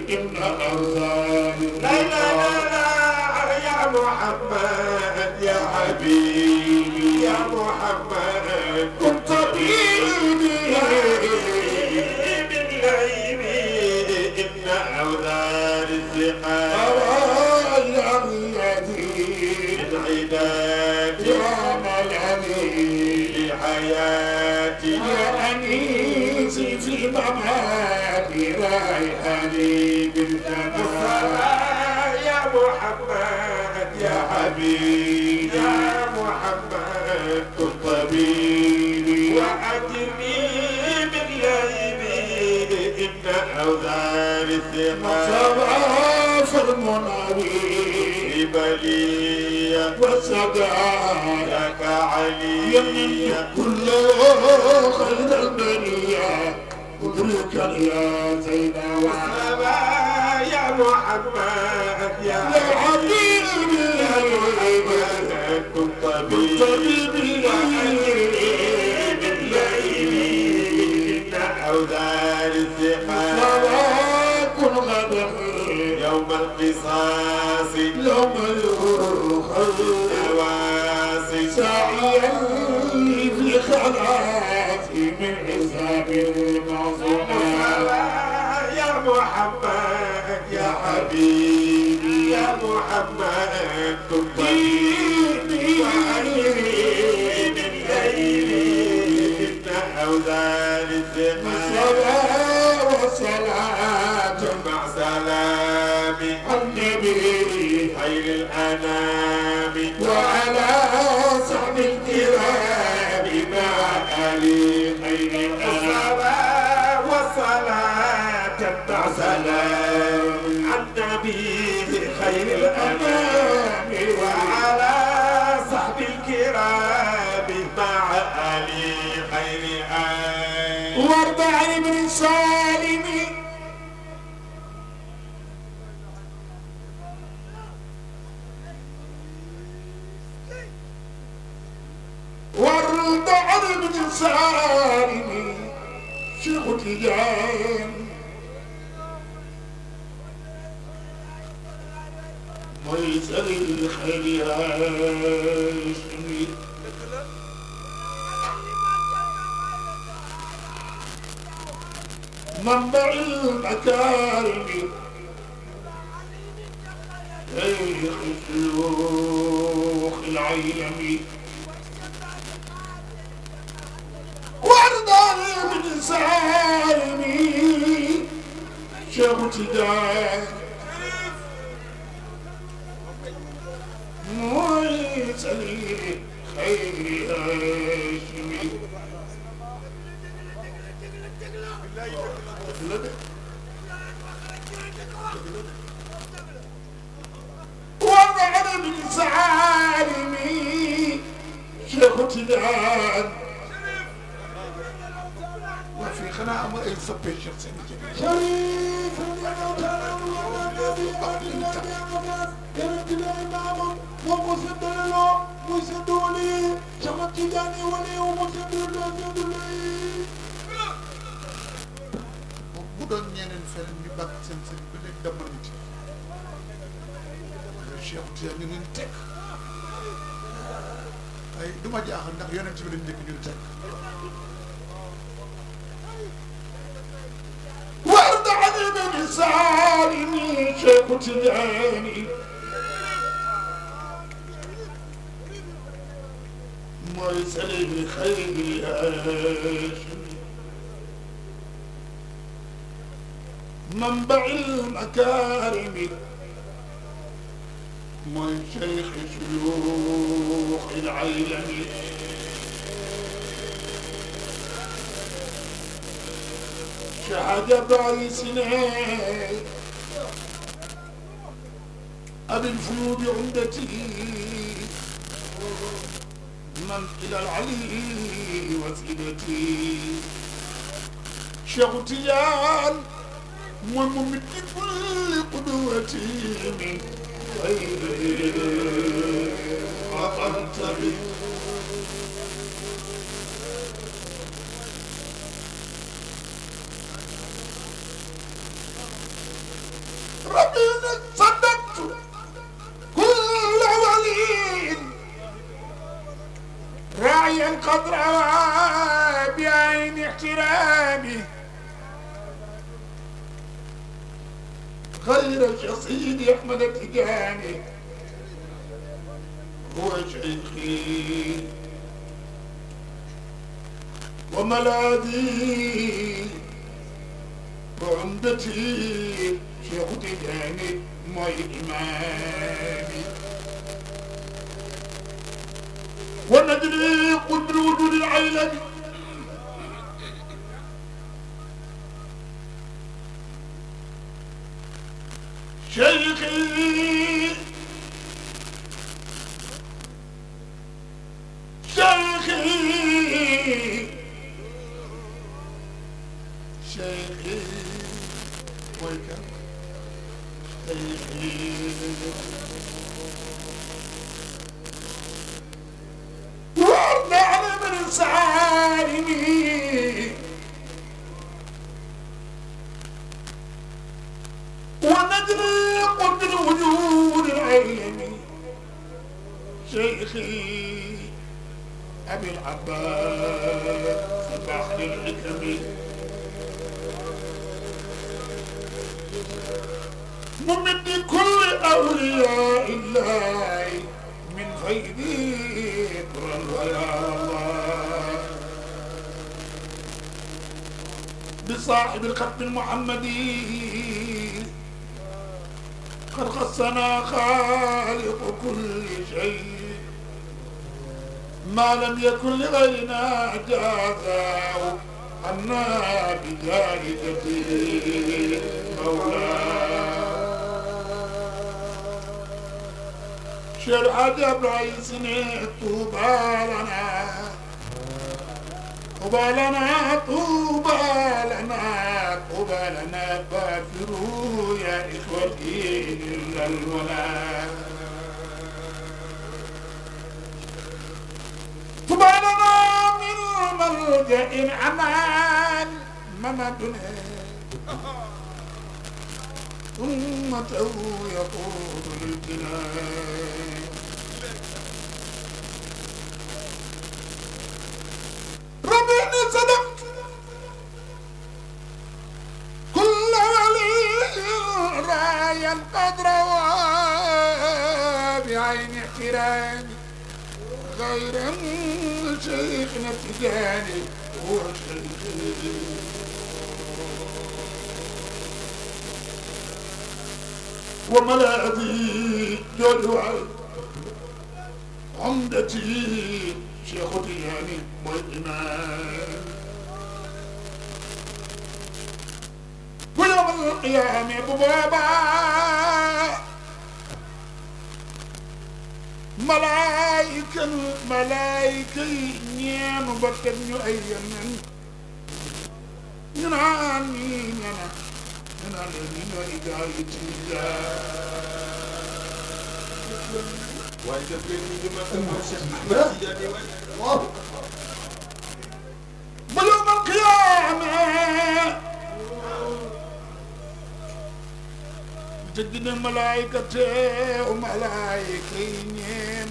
إن يا محمد يا حبيبي ودار الثقة سبعة في المناوي بلية وسبعك علي يمني كل خير البنية ادرك يا زيد يا محمد يا حبيبي يا حبيبي كنت طبيبي الصلاة من حساب يا محمد يا حبيبي يا محمد تقبلني وأني من ليلي ابن أوزان الزمان والصلاة مع سلام صلاة تبع سلام عن نبيه خير الأنام وعلى صحب الكرام مع آلي خير آل وارض عن ابن سالم وارض عن ابن سالم شنو قلت لي جان ويسأل الخير هاشمي منبع المكارم شيخ شيوخ العيلمي وارضى من سالمي شمت داك مويت علي خير هاشمي وضع من زعامي شيخ تدان وفي قناة أمر إلسا بيشر سنجي شريف ومسد له مسد ولي شمت جاني ولي ومسد له مسد ولي بدون ينن فلن يبقى سنسن بلك دمرنت الشيخ تياني ننتك أي دمجي أخر نقيونة تبلن لك ننتك بسالمي شيخ تجاني مرسل بخير هاشم منبع المكارم من شيخ شيوخ العالمين كعجب سنين أبي الفيوض عمدتي من إلى العلي وسيلتي شغتيان وممد كل قدوتي من غير أنت ربي صدقت كل ولي راعيا قد روى بعين احترامي غير الجصيد احمد التجاني هو شيخي وملاذي وعمدتي sheekhu Tijaani mooy imaam yi wa nadri qutbi wujudi aylami شيخي شيخي شيخي ويكرم ورد على من سعالمي ونجرق من شيخي أبي العباس بحر الحكم ممد كل أولياء الله من غير ذكر ويا الله بصاحب الختم المحمدي قد خصنا خالق كل شيء ما لم يكن لغيرنا جازا عنا بجاهدته مولاه شير عادي أبراهيم سنة طوبى لنا طوبى لنا طوبى لنا طوبى لنا كافروا يا إخوتي إلا الولاء طوبى لنا من ملجأ أمان ممدنا ثم تلو يقود للبلاد ربي إني كل ولي رايا قد روى غير من شيخنا تجاني وشيخي وملاذي جوجوع عمدتي شيخ دياني مؤمنا ويوم القيامة بوابا ملائكة ملائكة نيانو وبكت نيو نعاني نعاني من رجال الله ويوم القيامة تجد الملائكة وملائكين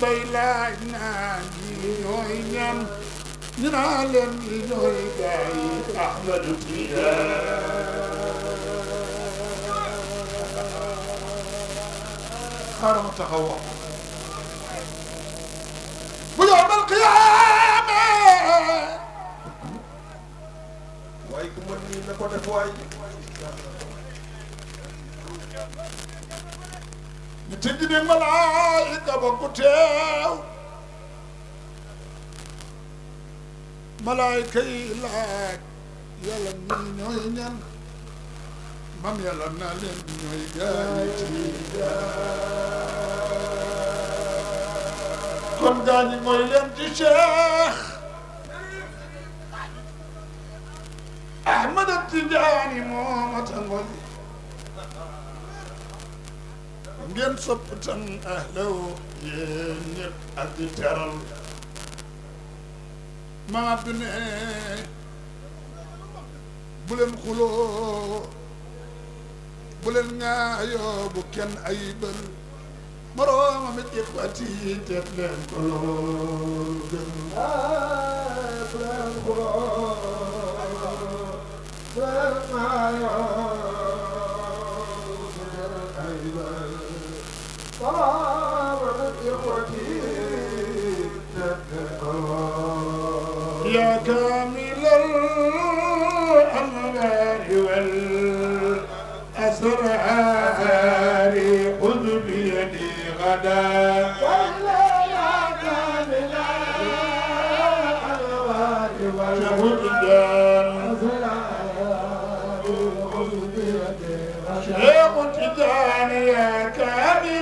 بيلاجنا جيوين في العالم البعيد أحمد الإله صار متخوف ويوم القيامة وايكم مني نكون فواي نتجني الملائكة بكتاو malaa'ikay laaj yàlla ñun ñooy ñan mam yàlla naa leen ñooy gaañi ci kon gaañi mooy leen ci cheikh ahmad tijaani moomata ngoy ngeen sopp tan ahlaw yéen ñëpp ak di teral maab du ne bu leen xuloo bu leen ŋaayoo bu kenn ayibal moroomam it ikwati teet leen ko lool gën bu leen xuloo bu leen ŋaayoo bu kenn ayibal كامل الأنوار والأسرار خذ بيدي غدا ولا يا كامل الأمرار والأسرار خذ بيدي غدا شيخ يا كامل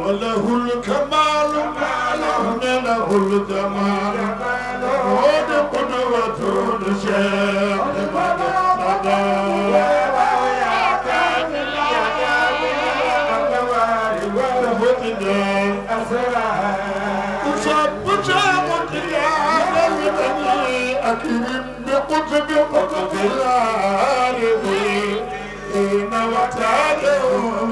وله الكمال وله الجمال هود قدوة الشيخ محمد أكرم بقطب قطب العالمين إن وتعالوا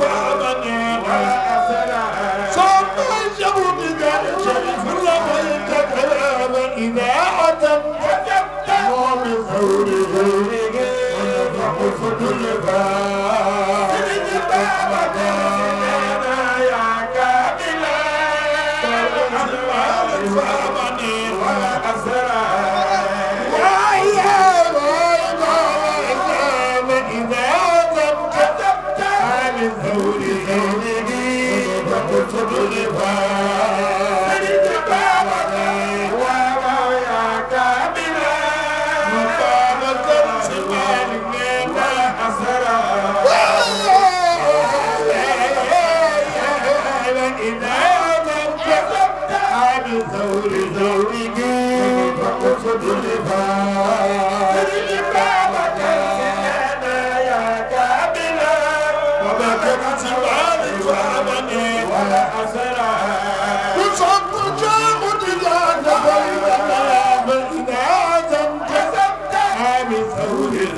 Father.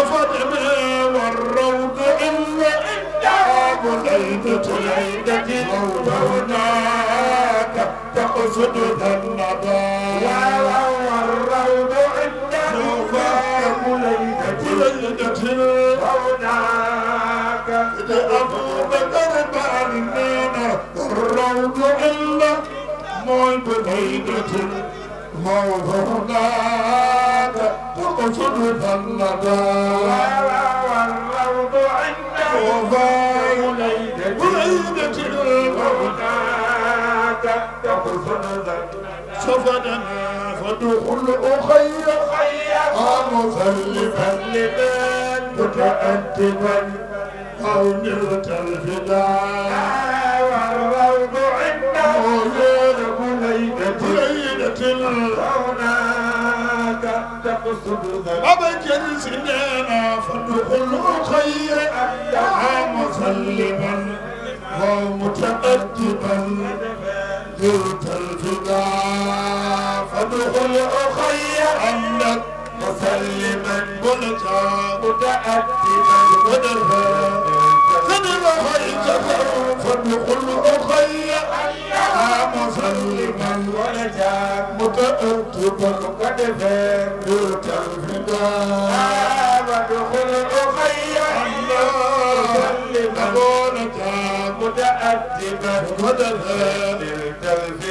وفضعنا والروض إلا إلا ليلة العيدة موضوناك تقصد ذا النبا والروض هناك لأبو بكر بعنينا الروض إلا مول بليلة اقصد فلتا والارض عنده فوليدة وليدة الفوتاك تقصد سفننا فدخل اخي مخلفا لمن متأدبا او نرت الفداء والروض عنده ليلة ليلة الفوتاك تقصد أبا جلسنا فادخلوا خيرا يا مسلما ومتقدما زرت الفدا فادخلوا خيرا لك مسلما ملقا متقدما مدخلا تلك الفئة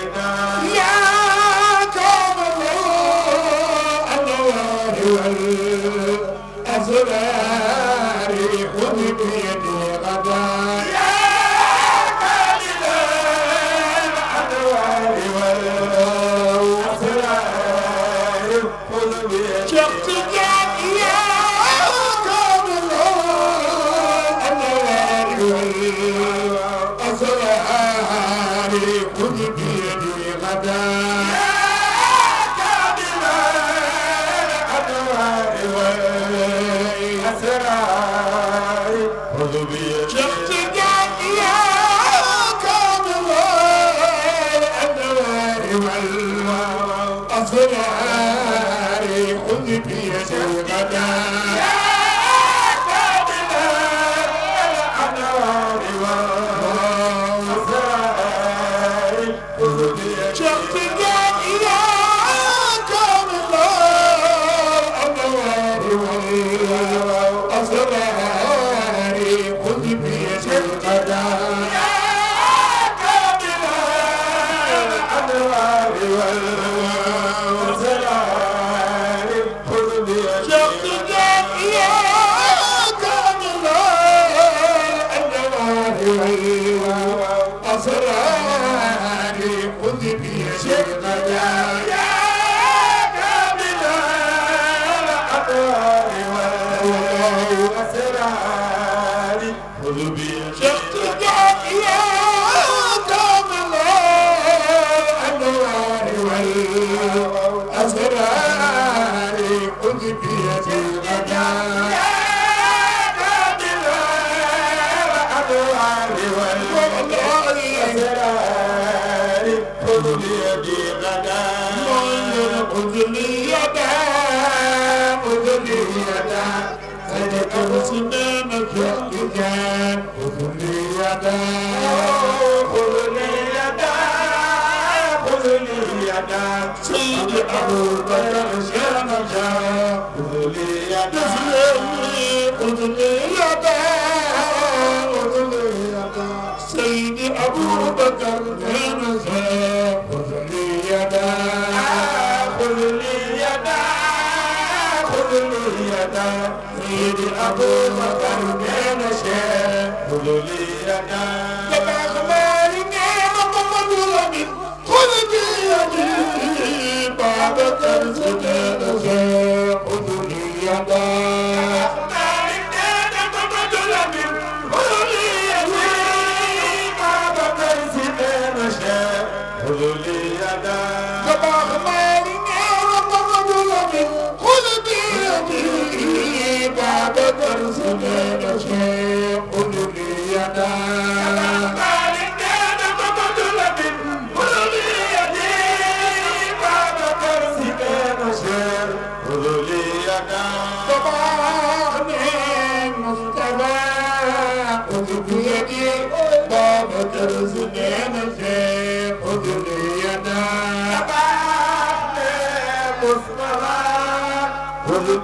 وسنان الكتاب خذني يدا خذني يدا خذني يدا سيد أبو بكر يا نجا خذني يدا خذني يدا خذني يدا سيد أبو بكر سيد أبو بكر كان شيخ خذلي يدا جباخ مالك محمد ربي خذ بيدي بابك الزكاة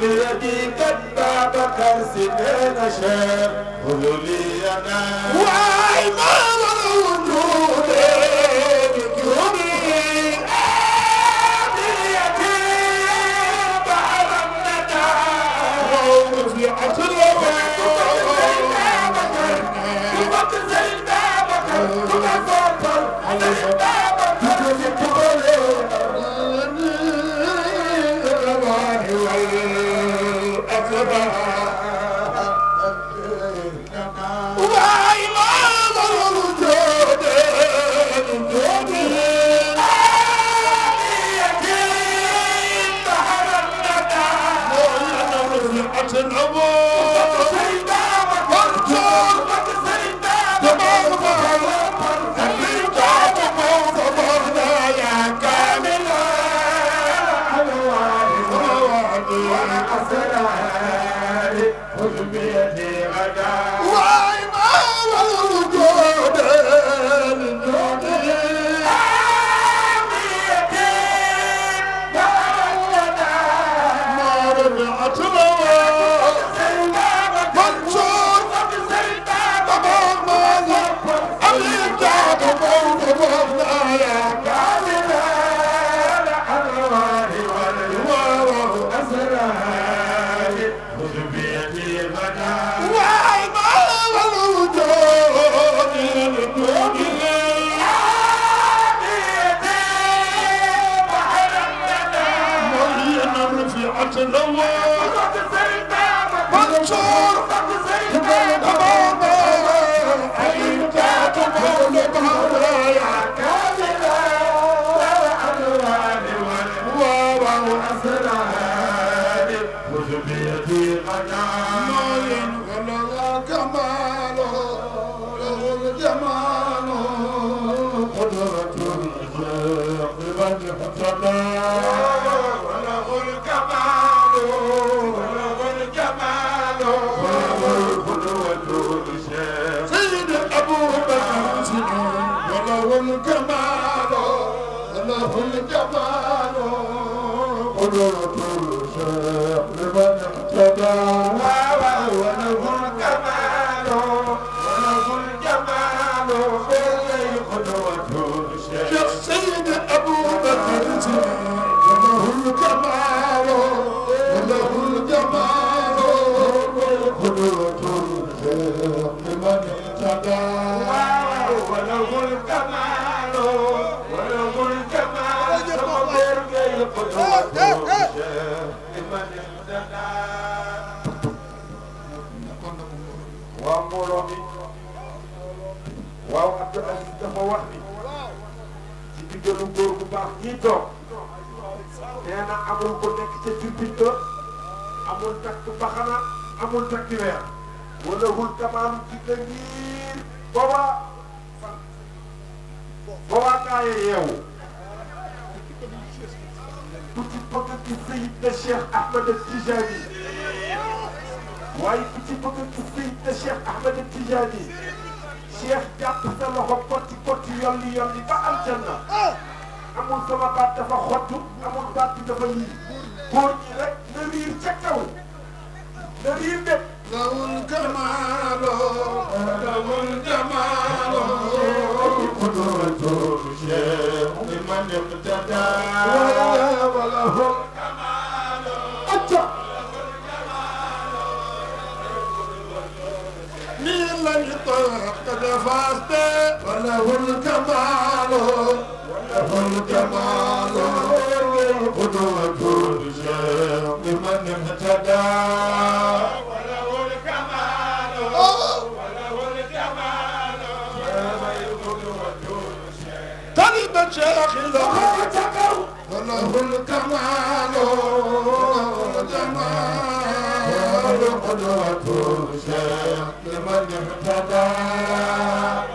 الذي قد باب كرسي بين شيخ هلولي أنا وايمان لمن waaw mbooloo mi waaw Abdou Aziz dafa wax ni ci diggalu góor bu baax ñii toog nee na amul ko nekk ca jurbit ba amul takk baxana amul takk weer wala hul kamaalu jidda ngir booba booba kaaye yeewu petite بكت سيدنا الشيخ أحمد التجاني waaye petite بكت سيدنا الشيخ أحمد التجاني cheikh jàpp sa loxo kotti kotti yolli yolli ba aljanna amul sama baat dafa xottu amul baat bi dafa lii góor ñi rek na riir ca kaw na riir de lawul kamaalo lawul kamaalo يقتدى وله الكمال مين لم يطرق فاست وله الكمال وله الكمال قدوة الجاه لمن اهتدى شرخ الله فله الكمال الجمال القدوة شيخ لمن اهتدى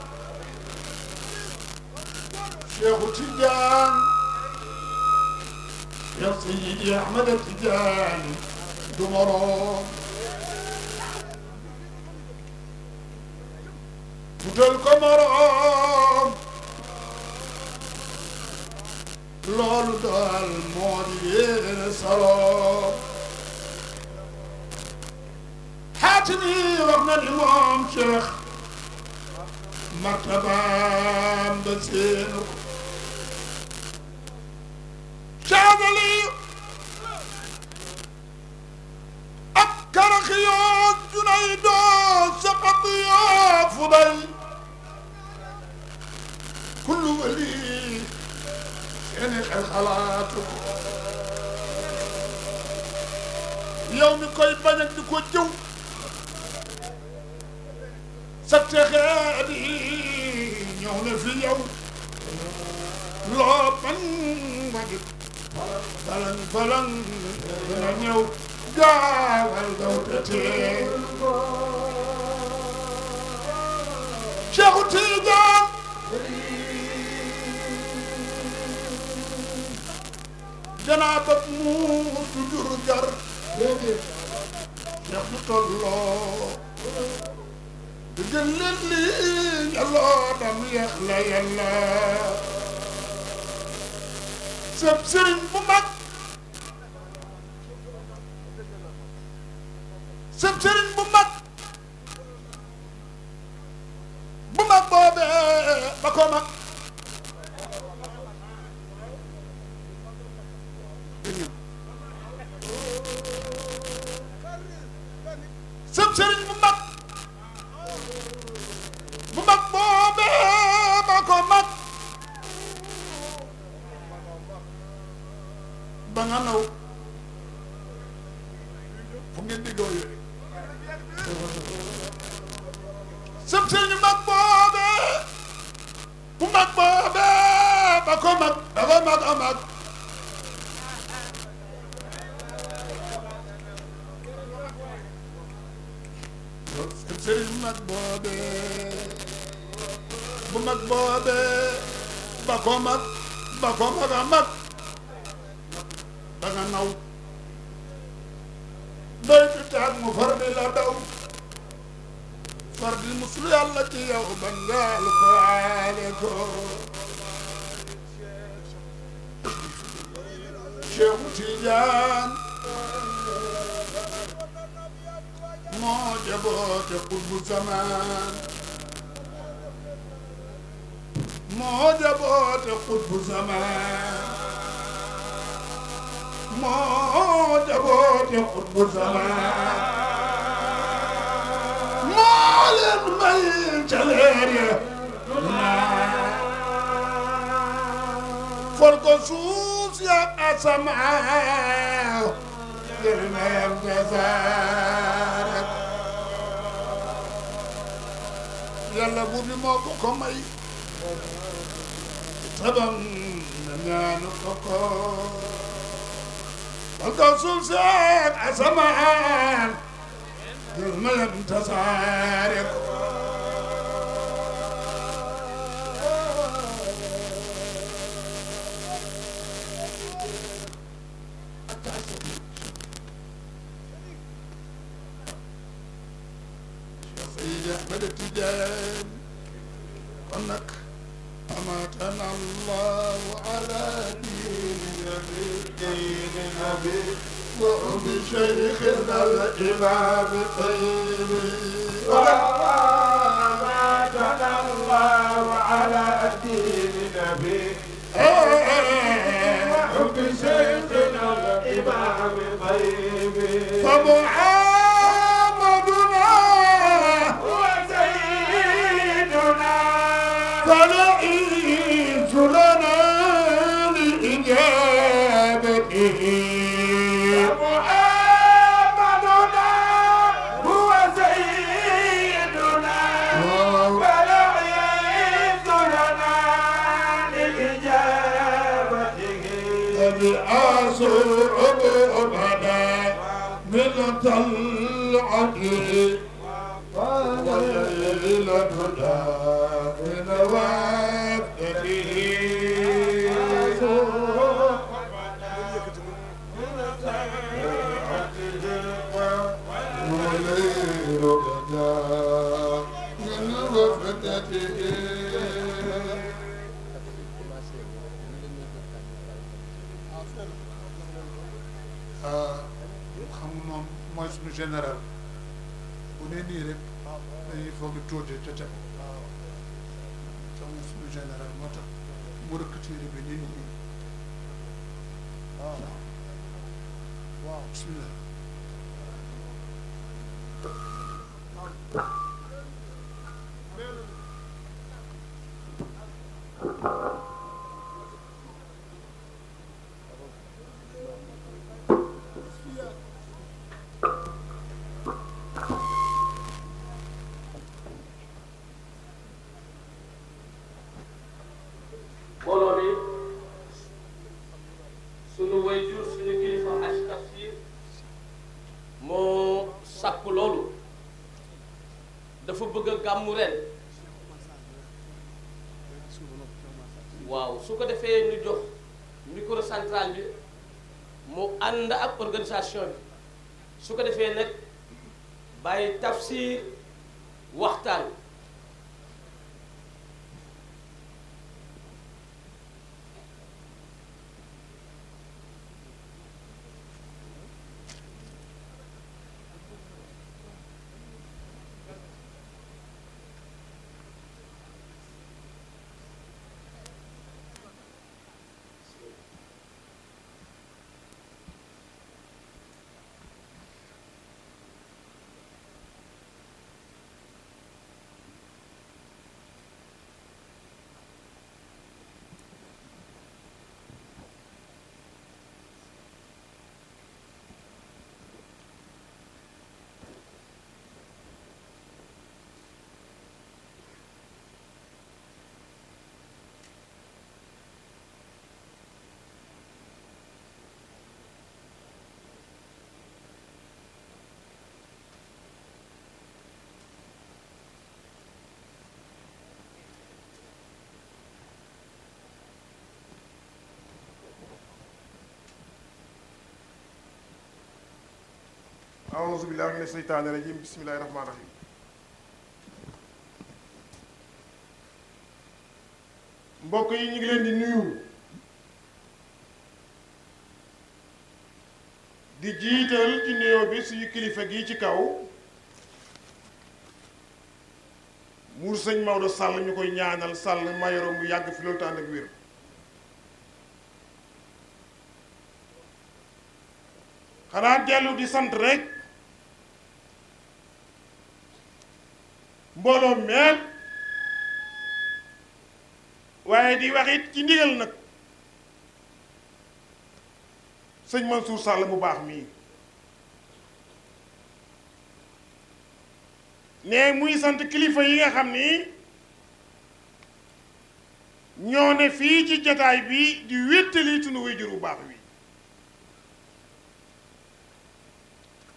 شيخ تجان يا سيدي أحمد التجاني دمرو فتل كمرام لولو دال مودي سرام حاتمي وقنا الإمام شيخ مرتبان بسينك شهد لي أكرخي جنيد سقطي يا كل ولي شنخ خلاته يوم كوي بنك دكو ستخابي يوم في يوم لو بنك balan balan dana ñëw gaawal gaw tëtee Cheikhu Tidiane danaa bëgg mu du jur jar Cheikh bu tolloo gën leen li yàlla dam yeex la sëb sëriñ bu mag sëb sëriñ bu mag bu mag boobee ba ko mag sëb sëriñ bu mag bu mag boobee ba ko mag ba nga naw fu ngeen déggoo mag boobe bu mag boobe ba ko mag ba ko mag mag boobe bu mag boobe ba ko mag ba ko danga naw doy bi taag mu far bi la daw far bi muslu yàlla ci yow ban gaal ko aale ko Cheikh Tidiane moo jaboote xutbu zamaan moo jaboote xutbu zamaan moo jaboote xutbu zamaan moo leen may ca leer ya fol ko suuf ya asamaan gërmeem jazaarat yàlla bu bi moo ko ko may sabam na ñaanu ko ko القصص أسمان ما لم تسارق سيدي أحمد التجاري ونك أمتنا الله على دين نبي دين نبي وحب شيخنا الإمام طيب أمتنا الله على دين والعدل والهدى بمودته من وفدته mooy suñu général bu ne nii rek dañuy foog tuuti te teg te mooy suñu général moo tax mu rëkk téere bi nii nii bëgg a gàmmu ren waaw su ko defee ñu jox micro central bi mu ànd ak organisation bi su ko defee nag bàyyi tafsir aouzu billahi mina sheytaani rajim bismillahi rahmaani rahim mbokk yi ñu ngi leen di nuyu di jiital ci nuyoo bi suñu kilifa gi ci kaw muur sëñ Maodo Sall ñu koy ñaanal Sall mayoro mu yàgg fi loolu xanaa dellu di sant rek mbooloo meel waaye di wax ci ndigal nag sëñ Mansour Sall mu baax mii ne muy sant kilifa yi nga xam ni ñoo ne fii ci jataay bi di wéttali tunu wéjur bu baax wi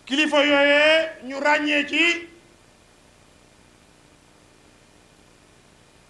kilifa yooyee ñu ràññee ci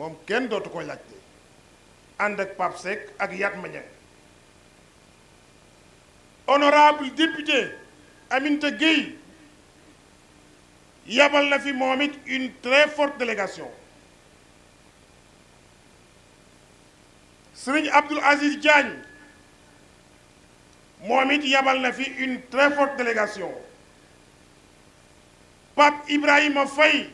moom kenn dootu ko laajte ànd ak Pape Seck ak yat Niang honorable député Aminte Gueye yabal na fi une très forte délégation Serigne Abdul Aziz Diagne Mohamed yabal na une très forte délégation Pape Ibrahim Faye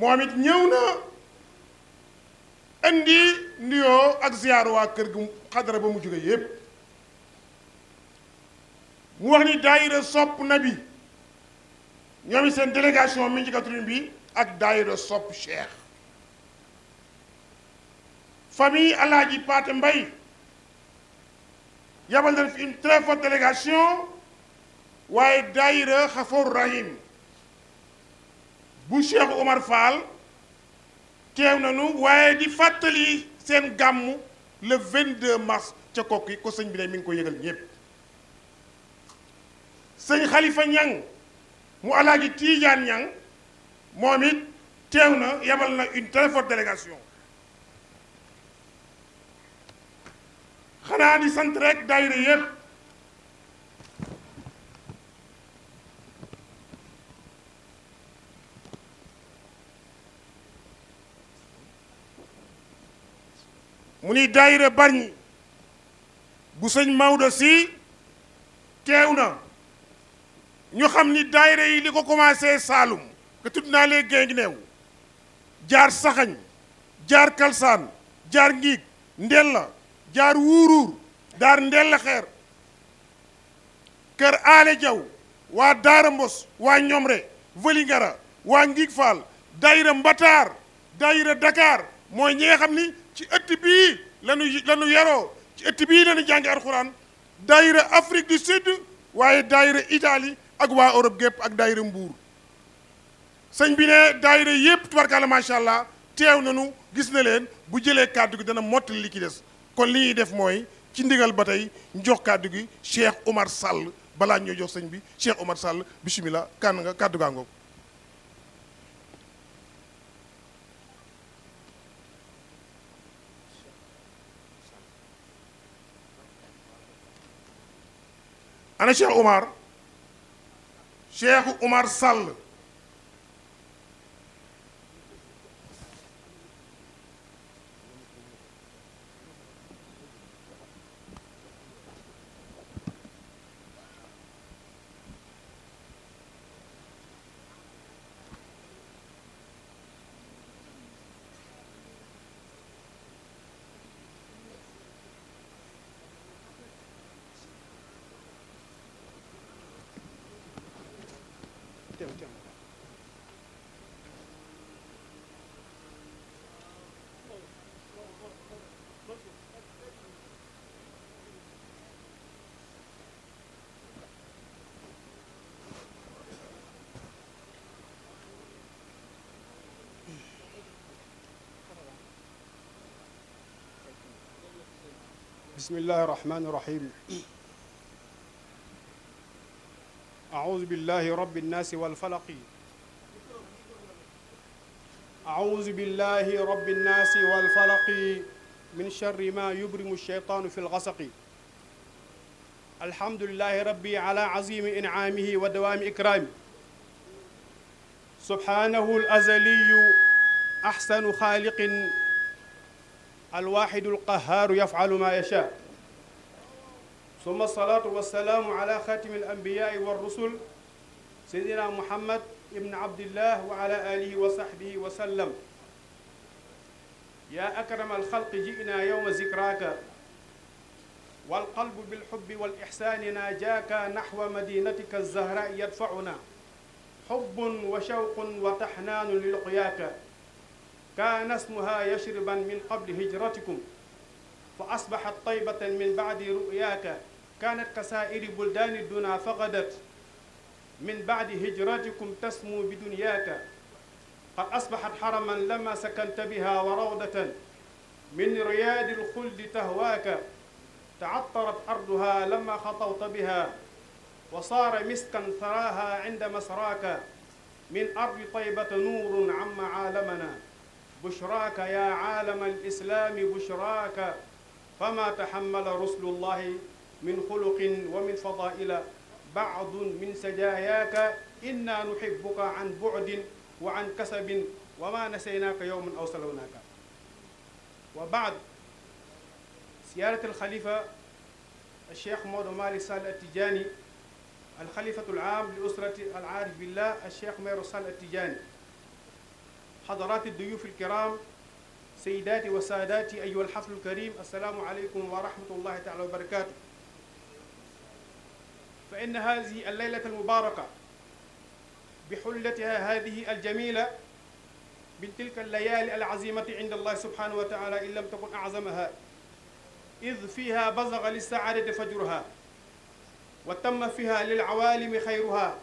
moom it andi na indi nuyoo ak ziyaar waa kër gi xadara ba mu jóge yépp mu wax ni daayira sopp na bi ñoom délégation mi ci Kaffrine bi ak daayira sop Cheikh famille Alaaji Paate Mbay yabal na fi une très forte délégation waaye daayira Xafoor Rahim bu Cheikh Omar Fall teew nañu waaye di fàttali seen gàmmu le 22 mars ca kokki ko sëñ bi ne mi ngi ko yëgal ñépp sëñ Khalifa ñang mu alaaji Tidiane ñang moom it teew na yabal na une très forte délégation xanaa di sant rek daayira yépp mu ni daayira barñi bu sëñ Maodo si teew na ñu xam ni daayira yi li ko commencé Saalum te tudd naa lee géej jaar saxañ jaar kalsaan jaar ngiig ndella jaar wuuruur daar ndella xeer kër aale jaw waa daara mbos waa ñomre Vélingara waa ngiig faal daayira mbataar daayira Dakar mooy ñi nga xam ni ci ëtt bii lanu lanu yaroo ci ëtt bii lanu jàngi alxuraan daayira Afrique du Sud waaye daayira Italie ak waa Europe gépp ak daayira Mbuur sëñ bi ne daayira yëpp tubarkalla macha allah teew nanu gis na leen bu jëlee kàddu gi dana mottali li ci des kon li ñuy def mooy ci ndigal ba tey njox kàddu gi Cheikh Oumar Sall balaa ñoo jox sëñ bi Cheikh Oumar Sall bisimilah kànn nga kàddu gaa ngoog ana Cheikh Oumar Cheikh Oumar Sall بسم الله الرحمن الرحيم أعوذ بالله رب الناس والفلق أعوذ بالله رب الناس والفلق من شر ما يبرم الشيطان في الغسق الحمد لله ربي على عظيم إنعامه ودوام إكرامه سبحانه الأزلي أحسن خالق الواحد القهار يفعل ما يشاء ثم الصلاة والسلام على خاتم الأنبياء والرسل سيدنا محمد ابن عبد الله وعلى آله وصحبه وسلم يا أكرم الخلق جئنا يوم ذكراك والقلب بالحب والإحسان ناجاك نحو مدينتك الزهراء يدفعنا حب وشوق وتحنان للقياك كان اسمها يشربا من قبل هجرتكم فأصبحت طيبة من بعد رؤياك كانت كسائر بلدان الدنا فقدت من بعد هجرتكم تسمو بدنياك قد أصبحت حرما لما سكنت بها وروضة من رياد الخلد تهواك تعطرت أرضها لما خطوت بها وصار مسكا ثراها عند مسراك من أرض طيبة نور عم عالمنا بشراك يا عالم الإسلام بشراك فما تحمل رسل الله من خلق ومن فضائل بعض من سجاياك إنا نحبك عن بعد وعن كسب وما نسيناك يوما أو سلوناك وبعد سيارة الخليفة الشيخ مودو مالي سال التجاني الخليفة العام لأسرة العارف بالله الشيخ ميرو سال التجاني حضرات الضيوف الكرام سيداتي وساداتي أيها الحفل الكريم السلام عليكم ورحمة الله تعالى وبركاته فإن هذه الليلة المباركة بحلتها هذه الجميلة من تلك الليالي العظيمة عند الله سبحانه وتعالى إن لم تكن أعظمها إذ فيها بزغ للسعادة فجرها وتم فيها للعوالم خيرها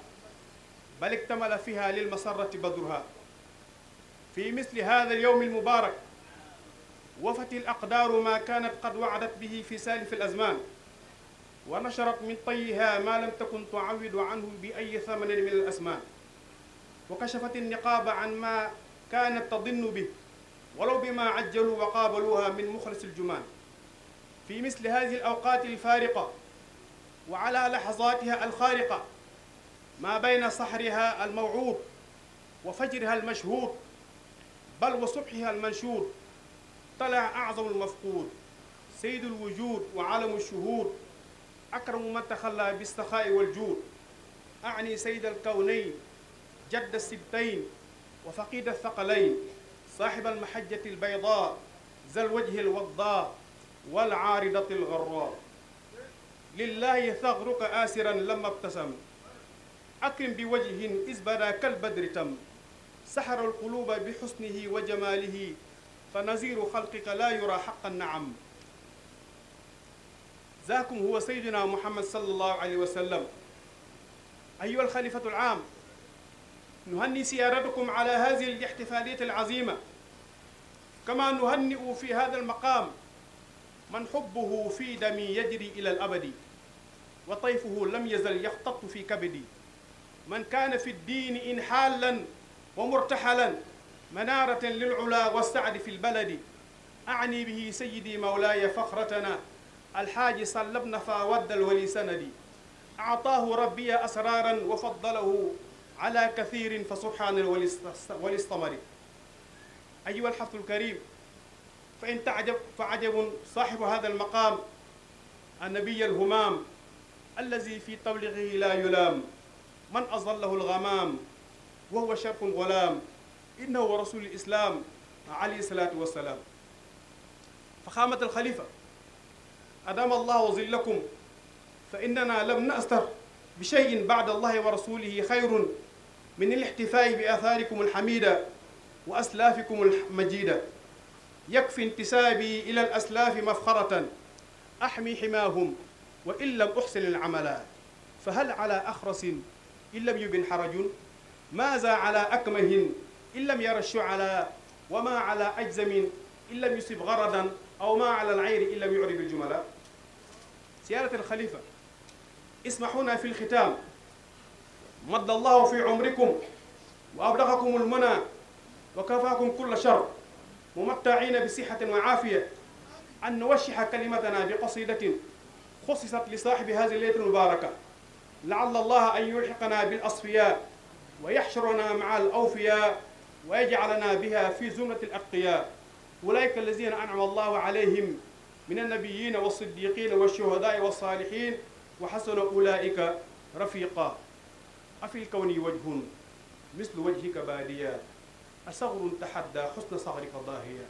بل اكتمل فيها للمسرة بدرها في مثل هذا اليوم المبارك وفت الأقدار ما كانت قد وعدت به في سالف الأزمان ونشرت من طيها ما لم تكن تعوض عنه بأي ثمن من الأسمان وكشفت النقاب عن ما كانت تضن به ولو بما عجلوا وقابلوها من مخلص الجمان في مثل هذه الأوقات الفارقة وعلى لحظاتها الخارقة ما بين صحرها الموعود وفجرها المشهود بل وصبحها المنشور طلع أعظم المفقود سيد الوجود وعالم الشهور أكرم من تخلى بالسخاء والجود أعني سيد الكونين جد السبتين وفقيد الثقلين صاحب المحجة البيضاء ذا الوجه الوضاء والعارضة الغراء لله ثغرك آسرا لما ابتسم أكرم بوجه إذ بدا كالبدر تم سحر القلوب بحسنه وجماله فنزير خلقك لا يرى حق النعم ذاكم هو سيدنا محمد صلى الله عليه وسلم أيها الخليفة العام نهني سيارتكم على هذه الاحتفالية العظيمة كما نهنئ في هذا المقام من حبه في دمي يجري إلى الأبد وطيفه لم يزل يختط في كبدي من كان في الدين إنحالا ومرتحلا منارة للعلا والسعد في البلد أعني به سيدي مولاي فخرتنا الحاج صلى بن فاود الولي سندي أعطاه ربي أسرارا وفضله على كثير فسبحان الولي استمر أيها الحفظ الكريم فإن تعجب فعجب صاحب هذا المقام النبي الهمام الذي في تبلغه لا يلام من أظله الغمام وهو شرق غلام إنه رسول الإسلام عليه الصلاة والسلام فخامة الخليفة أدام الله ظلكم فإننا لم نأستر بشيء بعد الله ورسوله خير من الاحتفاء بآثاركم الحميدة وأسلافكم المجيدة يكفي انتسابي إلى الأسلاف مفخرة أحمي حماهم وإن لم أحسن العملات فهل على أخرس إن لم يبن حرج ماذا على أكمه إن لم يرى الشعلاء وما على أجزم إن لم يصب غرضا أو ما على العير إن لم يعرب الجملاء سيادة الخليفة اسمحونا في الختام مد الله في عمركم وأبلغكم المنى وكفاكم كل شر ممتعين بصحة وعافية أن نوشح كلمتنا بقصيدة خصصت لصاحب هذه الليلة المباركة لعل الله أن يلحقنا بالأصفياء ويحشرنا مع الأوفياء ويجعلنا بها في زمرة الأقياء أولئك الذين أنعم الله عليهم من النبيين والصديقين والشهداء والصالحين وحسن أولئك رفيقا أفي الكون وجه مثل وجهك باديا أصغر تحدى حسن صغرك ضاهيا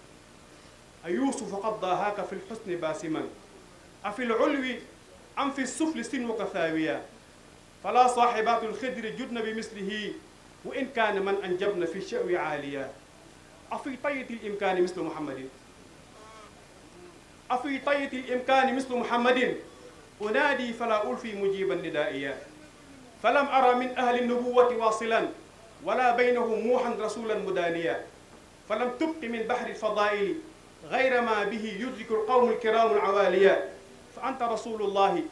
أيوسف قد ضاهاك في الحسن باسما أفي العلو أم في السفل سنك ثاويا فلا صاحبات الخدر جدن بمثله وإن كان من أنجبن في الشأو عاليا أفي طية الإمكان مثل محمد أفي طية الإمكان مثل محمد أنادي فلا ألفي مجيبا ندائيا فلم أرى من أهل النبوة واصلا ولا بينه موحا رسولا مدانيا فلم تبق من بحر الفضائل غير ما به يدرك القوم الكرام العواليا فأنت رسول الله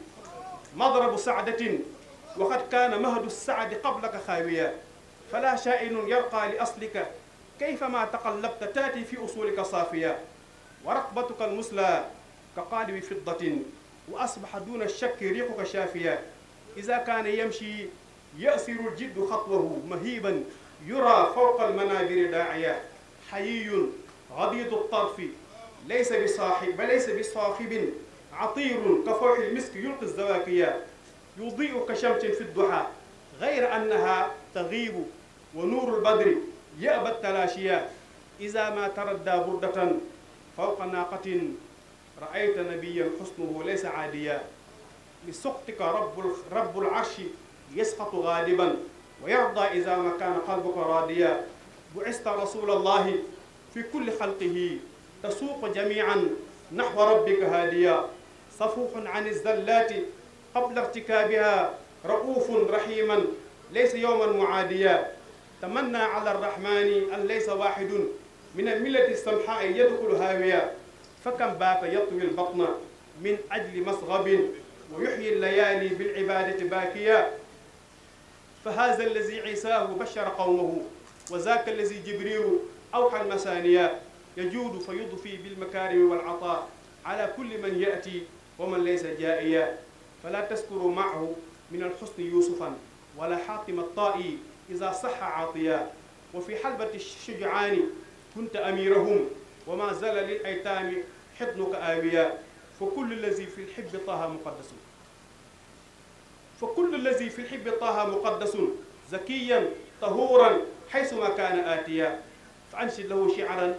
مضرب سعدة وقد كان مهد السعد قبلك خاويا فلا شائن يرقى لأصلك كيفما تقلبت تاتي في أصولك صافيا ورقبتك المسلى كقالب فضة وأصبح دون الشك ريقك شافيا إذا كان يمشي يأسر الجد خطوه مهيبا يرى فوق المنابر داعيا حيي غضيض الطرف ليس بصاحب ليس بصاحب عطير كفوح المسك يلقي الزواكيا يضيء كشمس في الضحى غير أنها تغيب ونور البدر يأبى التلاشيا إذا ما تردى بردة فوق ناقة رأيت نبيا حسنه ليس عاديا لسقطك رب رب العرش يسقط غالبا ويرضى إذا ما كان قلبك راضيا بعثت رسول الله في كل خلقه تسوق جميعا نحو ربك هاديا صفوح عن الزلات قبل ارتكابها رؤوف رحيما ليس يوما معاديا تمنى على الرحمن أن ليس واحد من الملة السمحاء يدخل هاوية فكم بات يطوي البطن من أجل مصغب ويحيي الليالي بالعبادة باكيا فهذا الذي عيساه بشر قومه وذاك الذي جبريل أوحى المسانيا يجود فيضفي بالمكارم والعطاء على كل من يأتي ومن ليس جائيا فلا تذكروا معه من الحسن يوسفا ولا حاتم الطائي إذا صح عاطيا وفي حلبة الشجعان كنت أميرهم وما زال للأيتام حضنك آبيا فكل الذي في الحب طه مقدس فكل الذي في الحب طه مقدس زكيا طهورا حيثما كان آتيا فأنشد له شعرا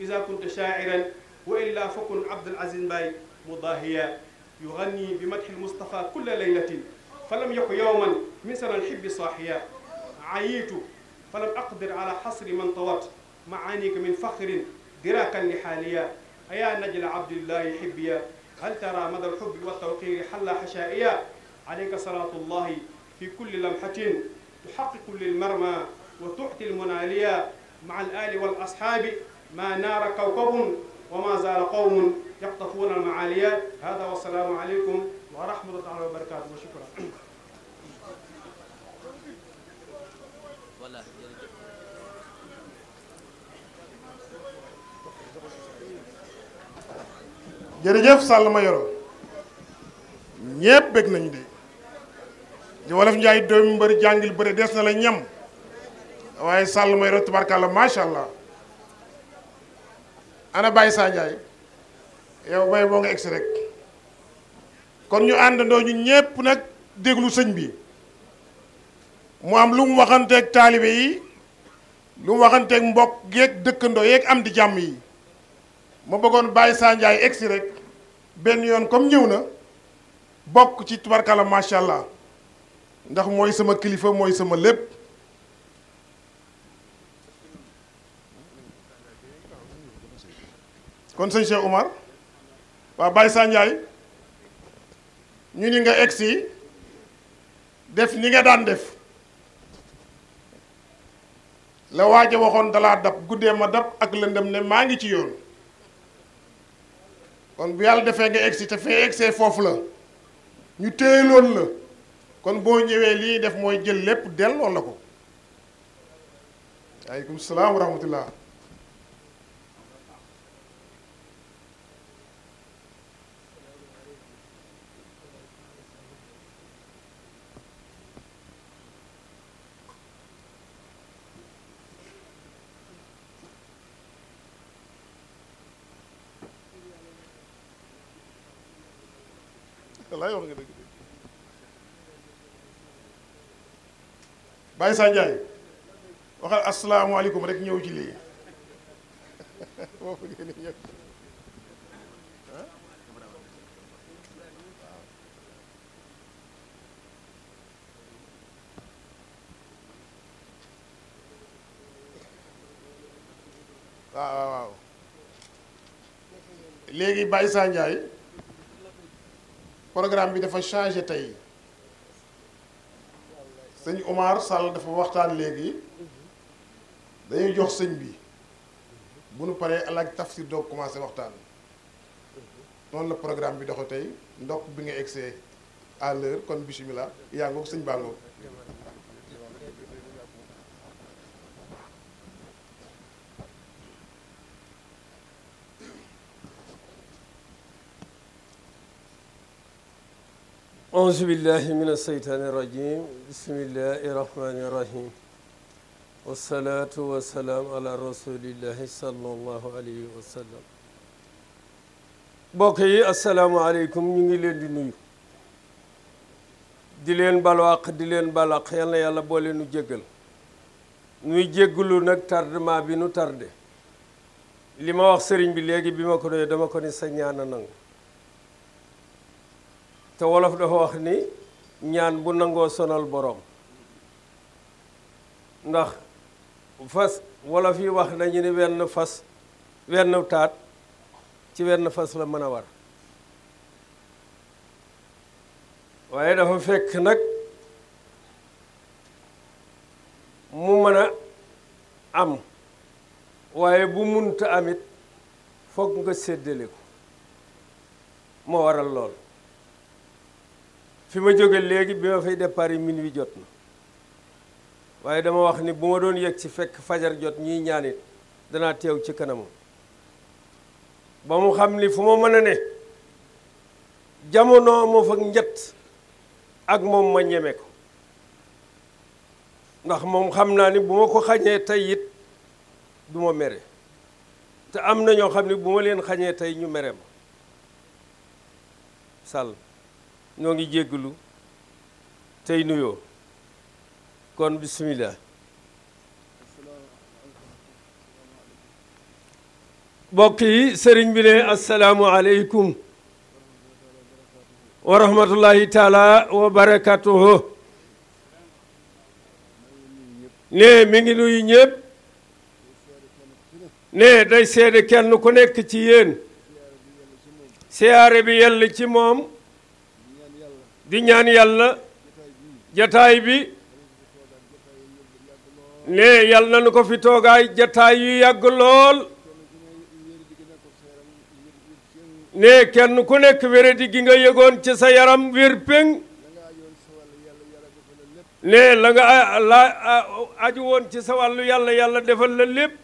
إذا كنت شاعرا وإلا فكن عبد العزيز باي مضاهيا يغني بمدح المصطفى كل ليلة فلم يق يوما من سنة الحب صاحيا عييت فلم أقدر على حصر من طوت معانيك من فخر دراكا لحاليا أيا نجل عبد الله حبيا هل ترى مدى الحب والتوقير حل حشائيا عليك صلاة الله في كل لمحة تحقق للمرمى وتعطي المناليا مع الآل والأصحاب ما نار كوكب وما زال قوم يقطفون المعاليات هذا والسلام عليكم ورحمة الله وبركاته وشكرا ولا jërëjëf sàll ma yoro ñepp bek nañu de di wolof ñay doom mbeur jangil beure dess na la ñam waye sàll ma yoro tubarkàlla macha allah ana baye sa ñay yow bay boo nga egsi rek kon ñu àndandoo ñun ñépp nag déglu sëñ bi mu am lu mu waxanteeg taalibe yi lu mu waxanteeg mbokk yeeg dëkkandoo yeeg am di jàmm yi ma bëggoon bàyyi saa njaay egsi rek benn yoon comme ñëw na bokk ci tubarkala macha allah ndax mooy sama kilifa mooy sama lépp kon sëñ Cheikh Oumar waaw Baye Sandiaye ñu ni nga egsi def ni nga daan def la waaja waxoon dalaa dab guddee ma dab ak lëndëm ne maa ngi ci yoon kon bu yàlla defee nga egsi te fee egsee foofu la ñu téyeloon la kon boo ñëwee lii def mooy jël lépp delloo la ko aleykum salaam wa rahmatullah wallaay wax nga dëgg de Baye Sa Ndiaye waxal rek ñëw ci lii boobu ngeen ñëw waaw waaw waaw léegi Baye Sa programme bi dafa changé tey sëñ Omar Sall dafa waxtaan léegi dañuy jox sëñ bi bu nu paree alaaj si doog commencé waxtaan noonu la programme bi doxo tey ndox bi nga egsee à l'heure kon bisimilah yaa ngoog sëñ baa أعوذ بالله من الشيطان الرجيم بسم الله الرحمن الرحيم والصلاة والسلام على رسول الله صلى الله عليه وسلم بوكي السلام عليكم نيغي لين دي نوي دي لين بالواق دي لين بالاق يالنا يالا بولينو جيغل نوي جيغلو نك تاردما بي نو تاردي لي ما واخ سيرن بي ليغي بيما كو دوي داما كو ني سانيانا نانغ te wolof dafa wax ni ñaan bu nangoo sonal boroom ndax fas wolof yi wax nañu ni wenn fas wenn taat ci wenn fas la mën a war waaye dafa fekk nag mu mën a am waaye bu munta amit foog nga séddale ko moo waral lool fi ma jóge léegi bi ma fay départ minuit wi jot na waaye dama wax ni bu ma doon yegg ci fekk fajar jot ñiy ñaani danaa teew ci kanamam ba mu xam ni fu ma mën a ne jamono moo fa njët ak moom ma ñeme ko ndax moom xam naa ni bu ma ko xañee tey it du ma mere te am na ñoo xam ni bu ma leen xañee tey ñu mere ma sàll ñoo ngi jégglu tey nuyoo kon Bismillah. mbokk yi sëriñ bi ne asalaamu aleykum wa rahmatullahi taala wa barakatuhu ne mi ngi nuyu ñëpp ne day seede kenn ku nekk ci yéen siyaare bi yàlla ci moom di ñaan yàlla jataay bi ne yàlla na nu ko fi toogaay jataay yu yàgg lool ne kenn ku nekk wéradi gi nga yëgoon ci sa yaram wér péng ne la nga la aju woon ci sa wàllu yàlla yàlla defal la lépp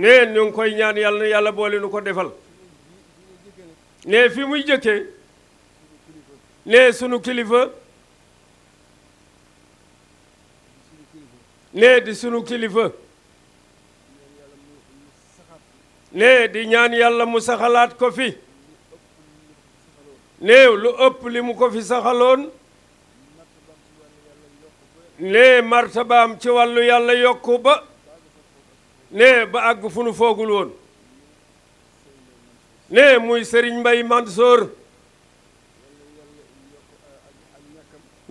ne ñu ngi koy ñaan yàlla yàlla boole nu ko defal ne fi muy jëkkee ne sunu kilifa ne di sunu kilifa ne di ñaan yàlla mu saxalaat ko fi ne lu ëpp li mu ko fi saxaloon ne martabaam ci wàllu yàlla yokku ba ne ba àgg fu foogul woon ne muy sëriñ mbay Mansour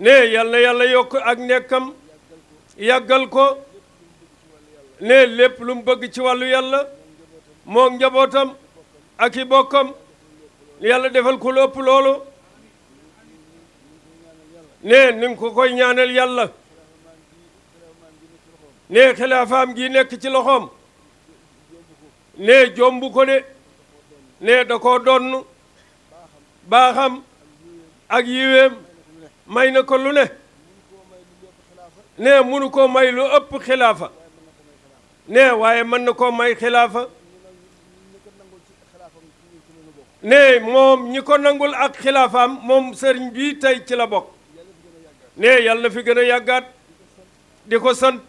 ne yal yàlla yokk ak nekkam yàggal ko ne lépp lu bëgg ci wàllu yàlla moo njabootam ak i bokkam yàlla defal ko lu ëpp loolu ne ni ko koy ñaanal yàlla ne xilaafaam gi nekk ci loxoom ne jombu ko de ne da koo donn baaxam ak yiweem may na ko lu ne ne mënu koo may lu ëpp xilaafa ne waaye mën na koo may xilaafa ne moom ñi ko nangul ak xilaafam moom sëriñ bi tey ci la bokk ne yàlla na fi gën a yàggaat di ko sant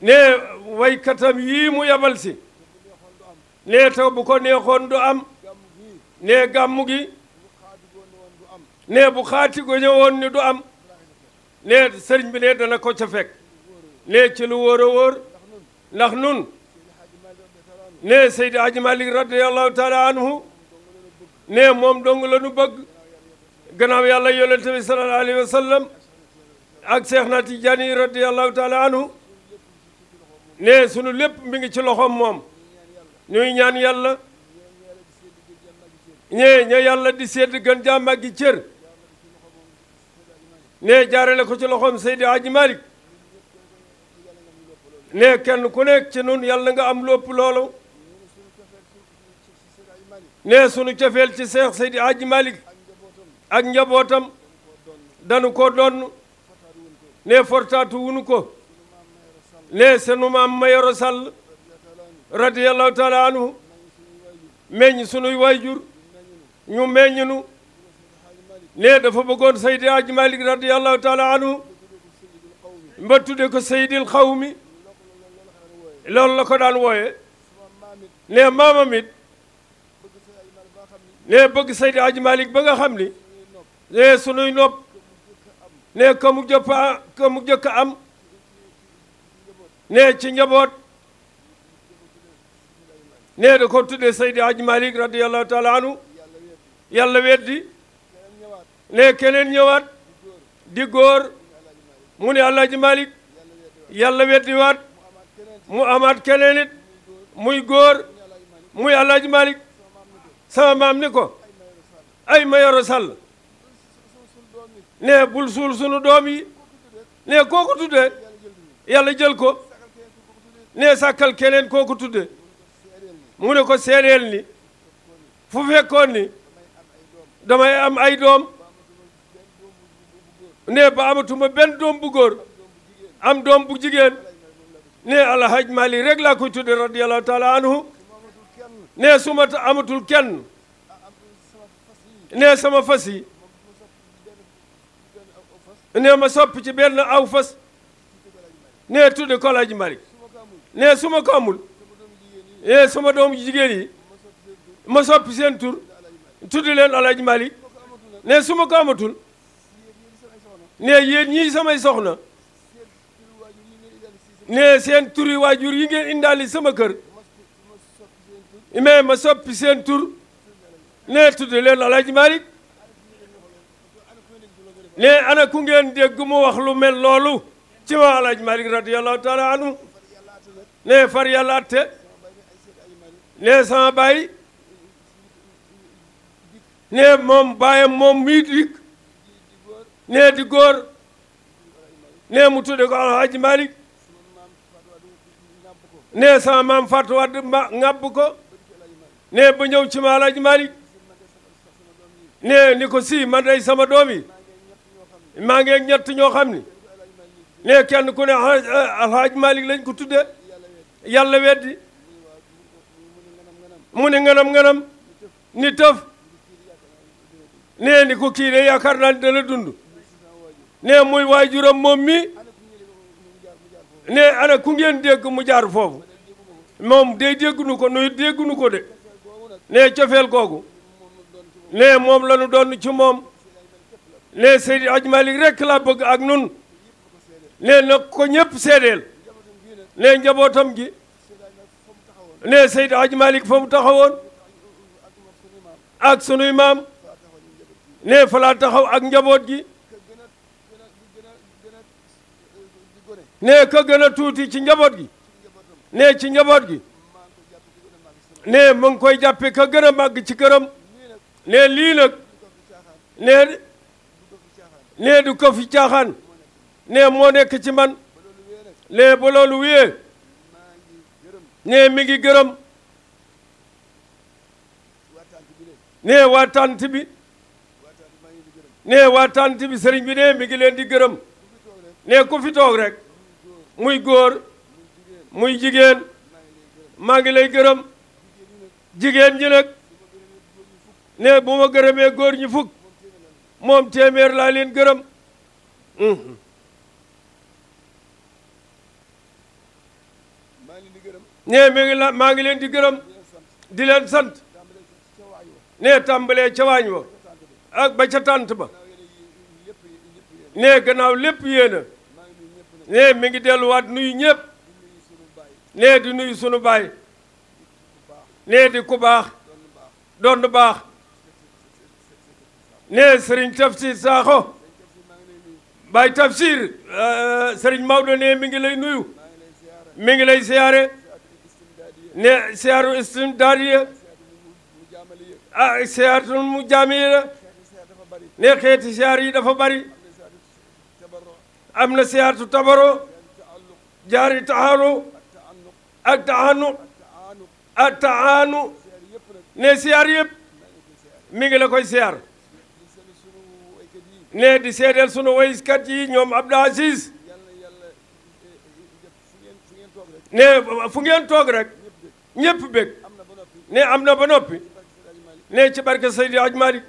ne waykatam yii mu yabal si nee taw bu ko neexoon du am nee gàmmu gi nee bu xaatigo ñëwoon ni du am nee sëriñ bi ne dana ko ca fekk nee ci lu wóor ndax nun nee Seydi Hadji Malick radiyallahu taala nee moom dong la nu bëgg gannaaw yàlla yonent bi sallallahu alayhi ak Cheikh na Tidiane radiyallahu taala anhu nee sunu lépp mi ngi ci loxoom moom ñuy ñaan yàlla ñee ña yàlla di sedd gën jaa gi cër ne jaarale ko ci loxoom Seydi Hadji Malick ne kenn ku nekk ci nun yàlla nga am lépp loolu ne sunu cofeel ci Seex Seydi Hadji Malick ak njabootam danu ko donn ne fortaatu ko ne senu maam Mayoro Sall radiyallahu taala anhu meññ sunuy waajur ñu meññinu ne dafa bëggoon saydi aji malik radiyallahu taala anhu mba tudde ko seydil xawmi loolu la ko daan wooye ne maamam it bëgg saydi aji malik ba nga xam ni ne sunuy nopp ne ka mu ka am ne ci njaboot nee da ko tuddee Seydi Hadj Malick radiyallahu taala anhu yàlla weddi ne keneen ñëwaat di góor mu ne Alaaji Malick yàlla weddi waat mu amaat keneen muy góor muy Alaaji Malick sama maam ni ko ay Mayoro Sall ne bul suul sunu doom yi ne kooku tuddee yàlla jël ko ne sàkkal keneen koo ko tuddee mu ne ko seedeel ni fu fekkoon ni damay am ay doom ne ba amatuma benn doom bu góor am doom bu jigéen ne alhaj mali rek laa koy tudde radiallahu taala anhu ne su ma amatul kenn ne sama fas yi ne ma sopp ci benn aw fas ne tudde ko alhaj mali ne su ma ko amul eh sama doom jigéen yi ma soppi seen tur tudd leen Alaaji Malik ne su ma ko amatul ne yéen ñii samay soxna ne seen turi waajur yi ngeen indaali sama kër mais ma soppi seen tur ne tudd leen Alaaji Malik ne ana ku ngeen dégg mu wax lu mel loolu ci ma Alaaji Malik radiyallahu taala anhu far yàlla nee sama baay nee moom baayam moom mii dikk nee di góor nee mu tudde ko alhaji malik nee sama maam Fatou Wade ŋàbb ko nee ba ñëw ci ma alhaji malik nee ni ko si man day sama doom yi maa ngi ñett ñoo xam ni nee kenn ku alhaji malik lañ ko tudde yàlla weddi mu ne nganam-nganam ni tëf nee ni ko kii de yaakaar naa ni dund nee muy waajuram moom mi ne ana ku ngeen dégg mu jaar foofu moom day déggunu ko nuy déggunu ko de ne cofeel googu ne moom la doon ci moom ne Seydi Aj Malik rekk laa bëgg ak nun ne nag ko ñépp seedeel ne njabootam gi ne Seydi Hadji Malick fa mu taxawoon ak sunuy maam ne fa taxaw ak njaboot gi ne ka gën tuuti ci njaboot gi ne ci njaboot gi ne mu ngi koy jàppe ka gën a màgg ci këram ne lii nag ne ne du ko fi caaxaan ne moo nekk ci man ne ba loolu wiyee nee mi ngi gërëm nee waa tant bi nee waa tant bi sëriñ bi nee mi ngi leen di gërëm nee ku fi toog rek muy góor muy jigéen maa ngi lay gërëm jigéen ñi nag nee bu ma gërëmee góor ñi fukk moom téeméer laa leen gërëm nee mi ngi la maa ngi leen di gërëm di leen sant nee tàmbalee ca waañ wa ak ba ca tànt ba nee gannaaw lépp yéen nee mi ngi delluwaat nuyu ñëpp nee di nuyu sunu baay nee di ku baax doon baax nee sëriñ tafsir saaxo baay tafsir euh, sëriñ Maodo nee mi ngi lay nuyu mi ngi lay siyaare ne siyaaru istimdaariya ah siyaatul mujaamila ne xeeti siyaar yi dafa bari am na siyaartu tabaro jaari taxalu ak taxanu ak taxanu ne siyaar yëpp mi ngi la koy siyaar ne di seedeel sunu wayskat yi ñoom Abdou Aziz ne fu ngeen toog rek ñëpp bég ne am na ba noppi ne ci barke Seydi Aj Malik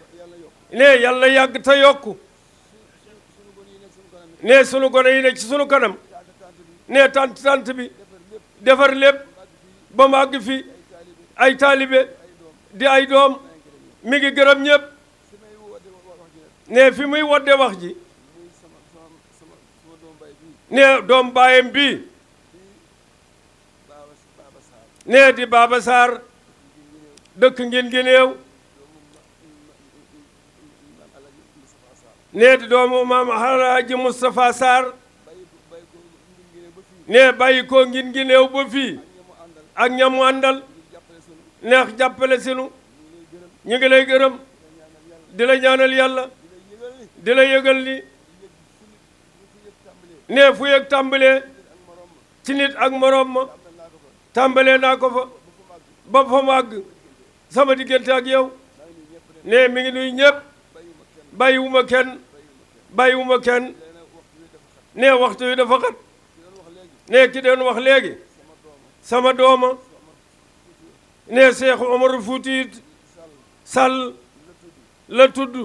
ne yàlla yàgg te yokku ne sunu gone yi ne ci sunu kanam ne tant tant bi defar lépp ba mu àgg fii ay taalibe di ay doom mi ngi gërëm ñëpp ne fi muy wodde wax ji ne doom baayam bii nee di Baba Sarr dëkk ngeen géneew nee di doomu maam Alaaji Moustapha Sarr nee bàyyi ko ngin géneew ba fii ak ñamu àndal neex jàppale sinu ñu ngi lay gërëm di la ñaanal yàlla di la yëgal ni nee fu yëg tàmbalee ci nit ak moroom ma tàmbalee naa ko fa ba fa mu àgg sama diggante ak yow ne mi ngi nuy ñëpp bàyyiwuma kenn bàyyiwuma kenn ne waxtu wi dafa xat ne ki doon wax léegi sama dooma ne Seexu Omar Fuuti Sall la tudd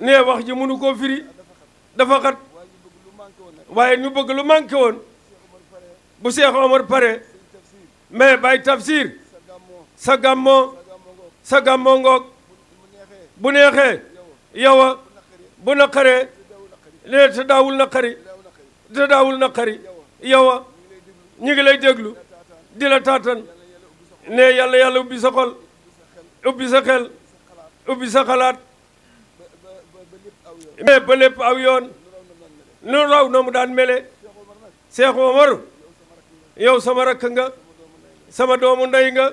ne wax ji mënu koo firi dafa xat waaye ñu bëgg lu manqué woon bu Cheikh Omar pare mais Baye Tafsir sa gàmmoo sa gàmmoo ngoog bu neexee yow a bu naqaree nee te naqari te naqari yow a ñu ngi lay déglu di la taatan ne yàlla yàlla ubbi sa xol ubbi sa xel ubbi sa xalaat mais ba lépp aw yoon nu raw na mu daan mele Cheikh Omar yow sama rakk nga sama doomu ndey nga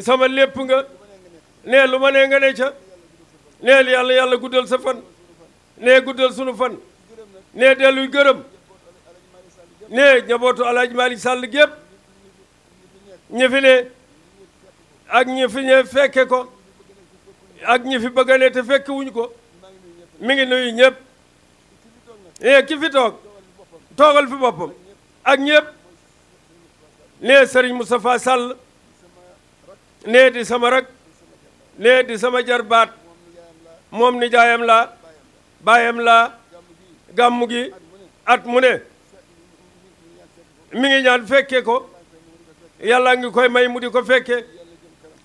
sama lépp nga nee lu ma nee nga ne ca neel yàlla yàlla guddal sa fan nee guddal sunu fan nee delluy gërëm nee njabootu alaaji Malick Sall gépp ñi fi ne ak ñi fi ne fekke ko ak ñi fi bëgg ne te fekke ko mi ngi nuyu ñëpp nee eh, ki fi toog toogal fi boppam ak ñëpp ne Serigne Moustapha Sall ne di sama rak ne di sama mom ni jayam la bayam la gamu gi at muné mi ngi ñaan fekke ko yalla ngi koy may mu di ko fekke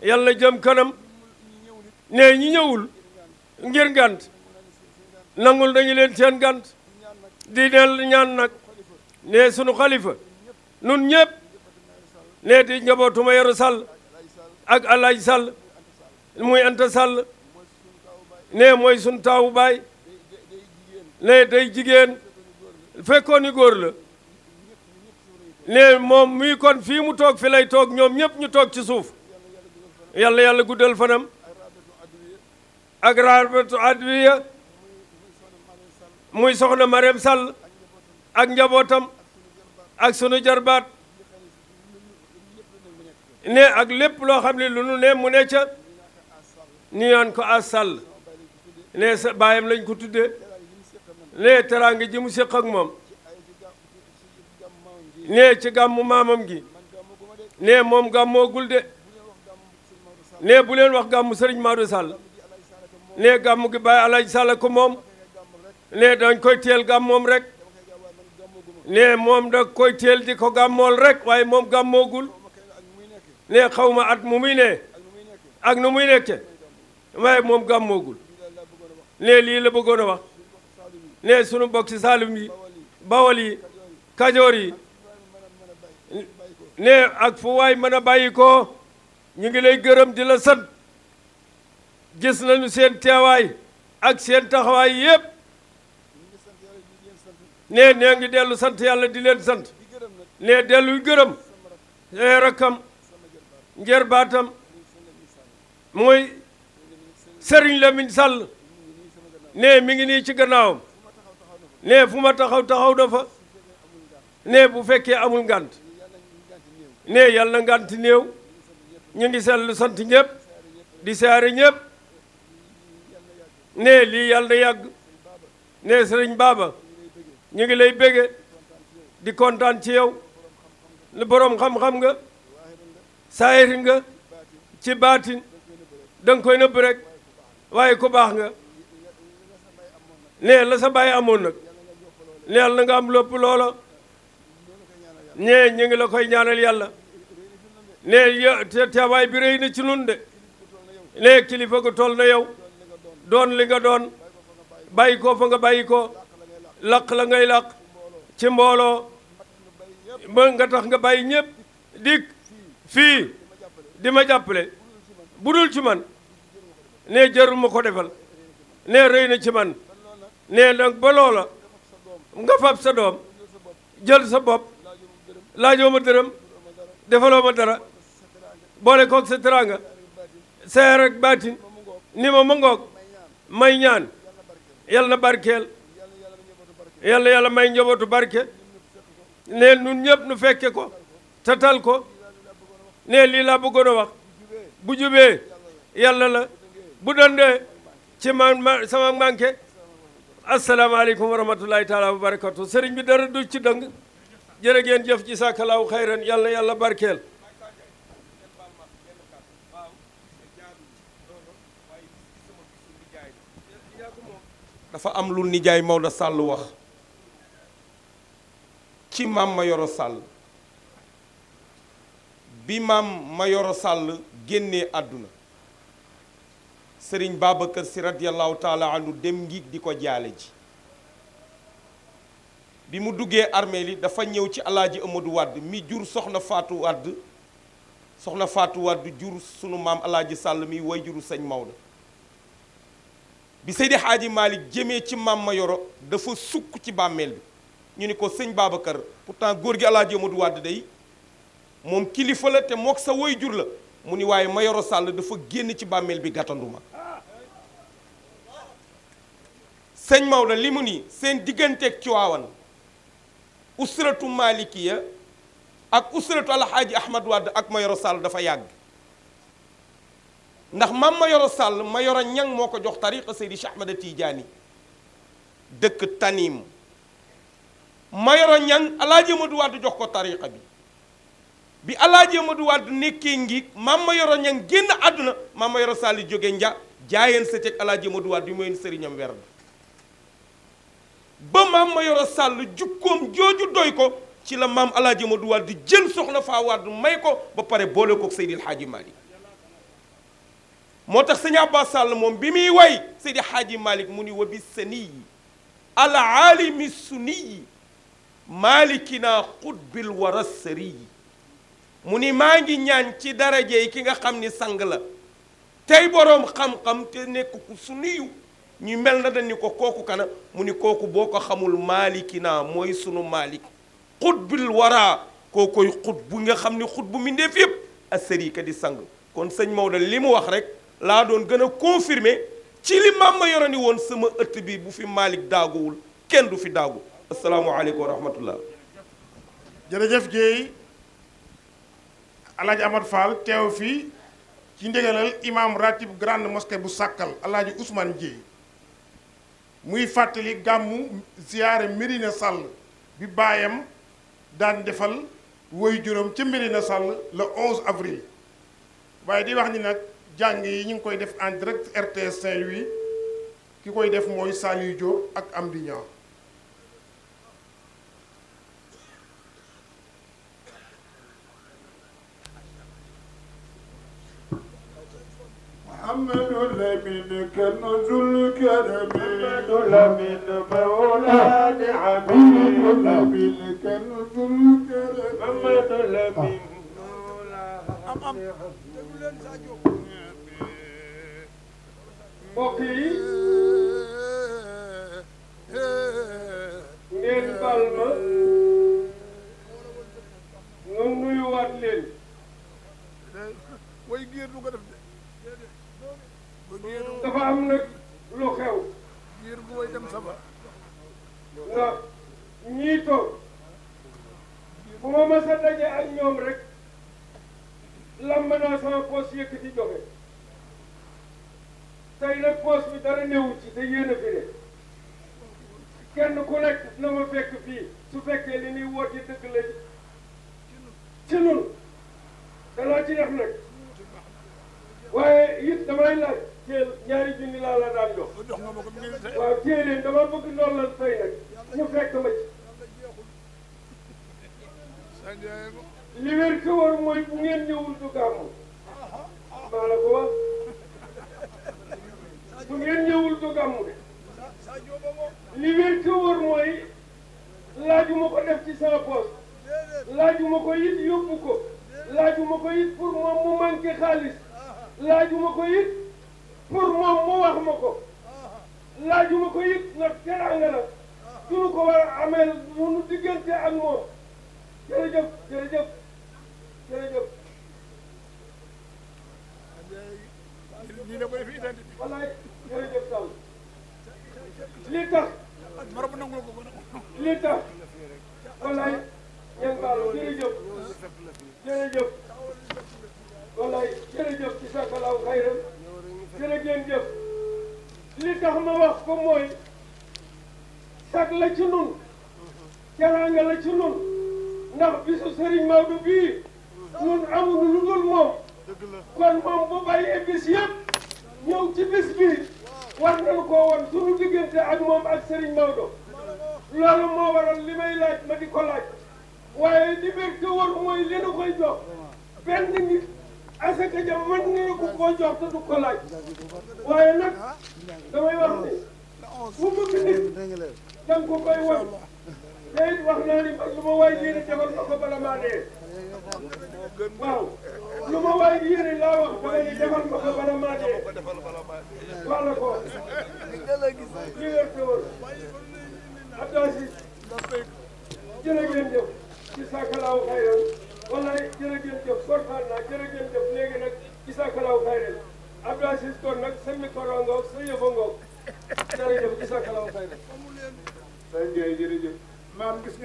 yalla jëm kanam ne ñi ñewul ngir gant nangul dañu leen seen gant di del ñaan nak ne sunu khalifa nun ñepp nee di njabootu Mayoro Sall ak Alaaji Sall muy Anta Sall nee mooy sun taawu baay nee day jigéen fekkoon ni góor la nee moom muy kon fii mu toog fi lay toog ñoom ñëpp ñu toog ci suuf yàlla yàlla guddal fanam ak rabatu adwiya muy soxna Mariam sàll ak njabootam ak sunu jarbaat ne ak lépp loo xam ne lu nu ne mu ne ca ñu naan ko as sàll ne sa baayam lañ ko tuddee ne teraanga ji mu séq ak moom ne ci gàmmu maamam gi ne moom gàmmoogul de ne bu leen wax gàmmu sëriñ Maodo Sall ne gàmmu gi bàyyi Alaaji Sall ko moom ne dañ koy teel gàmmoom rek ne moom da koy teel di ko gàmmool rek waaye moom gàmmoogul ne xaw ma at mu muy ne ak nu muy nekke waaye moom gàmmoogul ne lii la bëggoon a wax sunu bokk ci saalum yi bawol yi kajoor yi ne ak fu waay mën a bàyyi ko ñu ngi lay gërëm di la sant gis nañu seen teewaay ak seen taxawaay yépp ne nee ngi dellu sant yàlla di leen sant ne delluy gërëm ee eh, rakkam njërbaatam mooy Serigne Lamine Sall ne mi ngi nii ci gannaawam ne fu taxaw taxaw dafa fa ne bu fekkee amul ngant ne yàlla na ngant néew ñu ngi seetlu sant ñëpp di saare ñëpp ne lii yàlla na yàgg ne sëriñ baaba ñu ngi lay bége di kontaan ci yow lu boroom xam-xam nga saayir nga ci baatin danga koy nëbb rek waaye ko baax nga nee la sa bàyyi amoon nag neel la nga am lépp loola ñee ñu ngi la koy ñaanal yàlla nee yo teewaay bi rëy na ci nun de nee kilifa gu toll na yow doon li nga doon bàyyi ko fa nga bàyyi ko làq la ngay làq ci mbooloo ba nga tax nga bàyyi ñépp dikk fii di ma jàppale bu dul ci man ne jarul ma ko defal ne rëy na ci man ne nag ba nga fab sa doom jël sa bopp laajoo ma dërëm defaloo ma dara boole kook sa teraanga seer ak baatin ni ma ma ngoog may ñaan yal na barkeel yal na yàlla may njabootu barke ne nun ñëpp nu fekke ko tatal ko ne lii laa bëggoon a wax bu jubee yàlla la bu dondee ci man ma sama Assalamu asalaamaaleykum wa rahmatulahi taala wa barakatu sëriñ bi dara du ci dëng jërë ngeen jëf ci sàkkalaaw xayran yàlla yàlla barkeel dafa am lu nijaay Maodo Sall wax ci maam ma yoro Sall bi maam Mayoro Sàll génne àdduna sëriñ Babacar si radiallahu taala dem ngiig di ko jaale ji bi mu duggee armeel yi dafa ñëw ci alaaji Amadou Wadd mi jur soxna Faatu Wadd soxna Faatu Wadd jur sunu maam alaaji Sàll mi way juru sëñ Maodo bi Seydi Xaaji Malick jëmee ci maam Mayoro dafa sukk ci bàmmeel bi ñu ni ko sëñ Babacar pourtant góor gi alaaji Amadou Wadd day moom kilifa la te mook sa woy jur la mu ni waaye Mayoro sàll dafa génn ci bàmmeel bi gàttanduma sëñ Maodo li mu ni seen digganteeg Tiwaawan usratu malikiya ak usratu alxaaji Ahmad Wade ak Mayoro Sall dafa yàgg ndax maam Mayoro Sall Mayoro Ñang moo ko jox tariqa Seydi Cheikh Ahmada Tijaani dëkk Tanim Mayoro Ñang alxaaji Ahmad jox ko tariqa bi bi alaaji Amadou Wade nekkee ngi maam ma yoro ñang génn àdduna maam ma yoro Sali jóge nja jaayeen sa teg alaaji Amadou Wade bi mooy sëriñam werd ba maam ma yoro sàll jukkoom jooju doy ko ci la maam alaaji Amadou Wade di jël soxna faa Wade may ko ba pare boole kook Seydil Hadji Malick moo tax sëñ Abbas moom bi muy way Seydil Hadji Malick mu ni wa bi saniyi al aalimi suniyi malikina xutbil wara sariyi mu ni maa ngi ñaañ ci dara yi ki nga xam ni sang la tey boroom xam-xam te nekk ku suniyu ñu mel na dañu ko kooku kana mu ni kooku boo ko xamul maaliki naa mooy sunu maalik xutbil waraa koo koy xut bu nga xam ni xut bu mbindéef yépp asarika di sang kon sëñ Maodo li mu wax rek laa doon gën a confirmer ci limam ma yoroni woon sama ëtt bi bu fi maalik daaguwul kenn du fi daagu asalaamualeykum wa rahmatullah alaaji Amad Fall teew fii ci ndégalal imam ratib grande mosquée bu sàkkal alaaji Ousmane Dieye muy fàttali gàmmu ziyaare Mérina Sall bi baayam daan defal woy juróom ca Mérina Sall le 11 avril waaye di wax ni nag jàng yi ñu ngi koy def en direct RTS Saint-Louis ki koy def mooy Saliou Diop ak Amdi Niang محمد لمنك نزل كرمي لمن مولاد عمي لمنك نزل كرمي محمد لمن مولاد مقي ngeen bal ma nu nuyuwaat leen way ngeen du ko def dafa am nag lu xew. diir bu may dem safar. ndax ñii toog bu ma mës a daje ak ñoom rek lamb naa sama poos yëkkati joxe tey nag poos bi dara néewu ci te yéen a fi ne kenn ku nekk na ma fekk fii su fekkee li ñuy woote dëgg la ci nun danaa ci def nag waaye it damay laaj teel ñaari junni laa la daan jox waaw téere dama bëgg ma ci li wér te war mooy bu ngeen ñëwul du gàmmu maa la ko wax bu ngeen ñëwul du gàmmu de li wér te war mooy laajuma ko def ci sama poos laajuma it yóbbu ko laajuma ko it pour moom mu manqué xaalis laajuma ko it pour moom mu wax ma ko laajuma ko it nag teraanga la suñu ko war a amee munu diggante ak moom jërëjëf jërëjëf jërëjëf ñi ne ko def identi wallaay jërëjëf Sall li tax marabu nangul ko li tax wallaay ngeen baal jërëjëf jërëjëf wallaay jërëjëf ci sakalaaw xayran jërë ngeen jëf li tax ma wax ko mooy sag la ci nun teraanga la ci nun ndax bisu Serigne Maodo bii nun amuñu lu dul moom kon moom bu bàyyee bis yëpp ñëw ci bis bii war nañu koo won suñu diggante ak moom ak Serigne Maodo loolu moo waral li may laaj ma di ko laaj waaye di bëgg te war mooy li nu koy jox benn nit asaka jam man nga ko koo jox te du ko laaj waaye nag damay wax ne fu mu nit danga ko koy wan te it wax naa ni man lu ma waay yéene defal ma ko bala maa dee waaw lu ma waay yéene laa wax dama ni defal ma ko bala maa dee wax la ko li wér te wër Abdou jërë ngeen jëf ci sakalaaw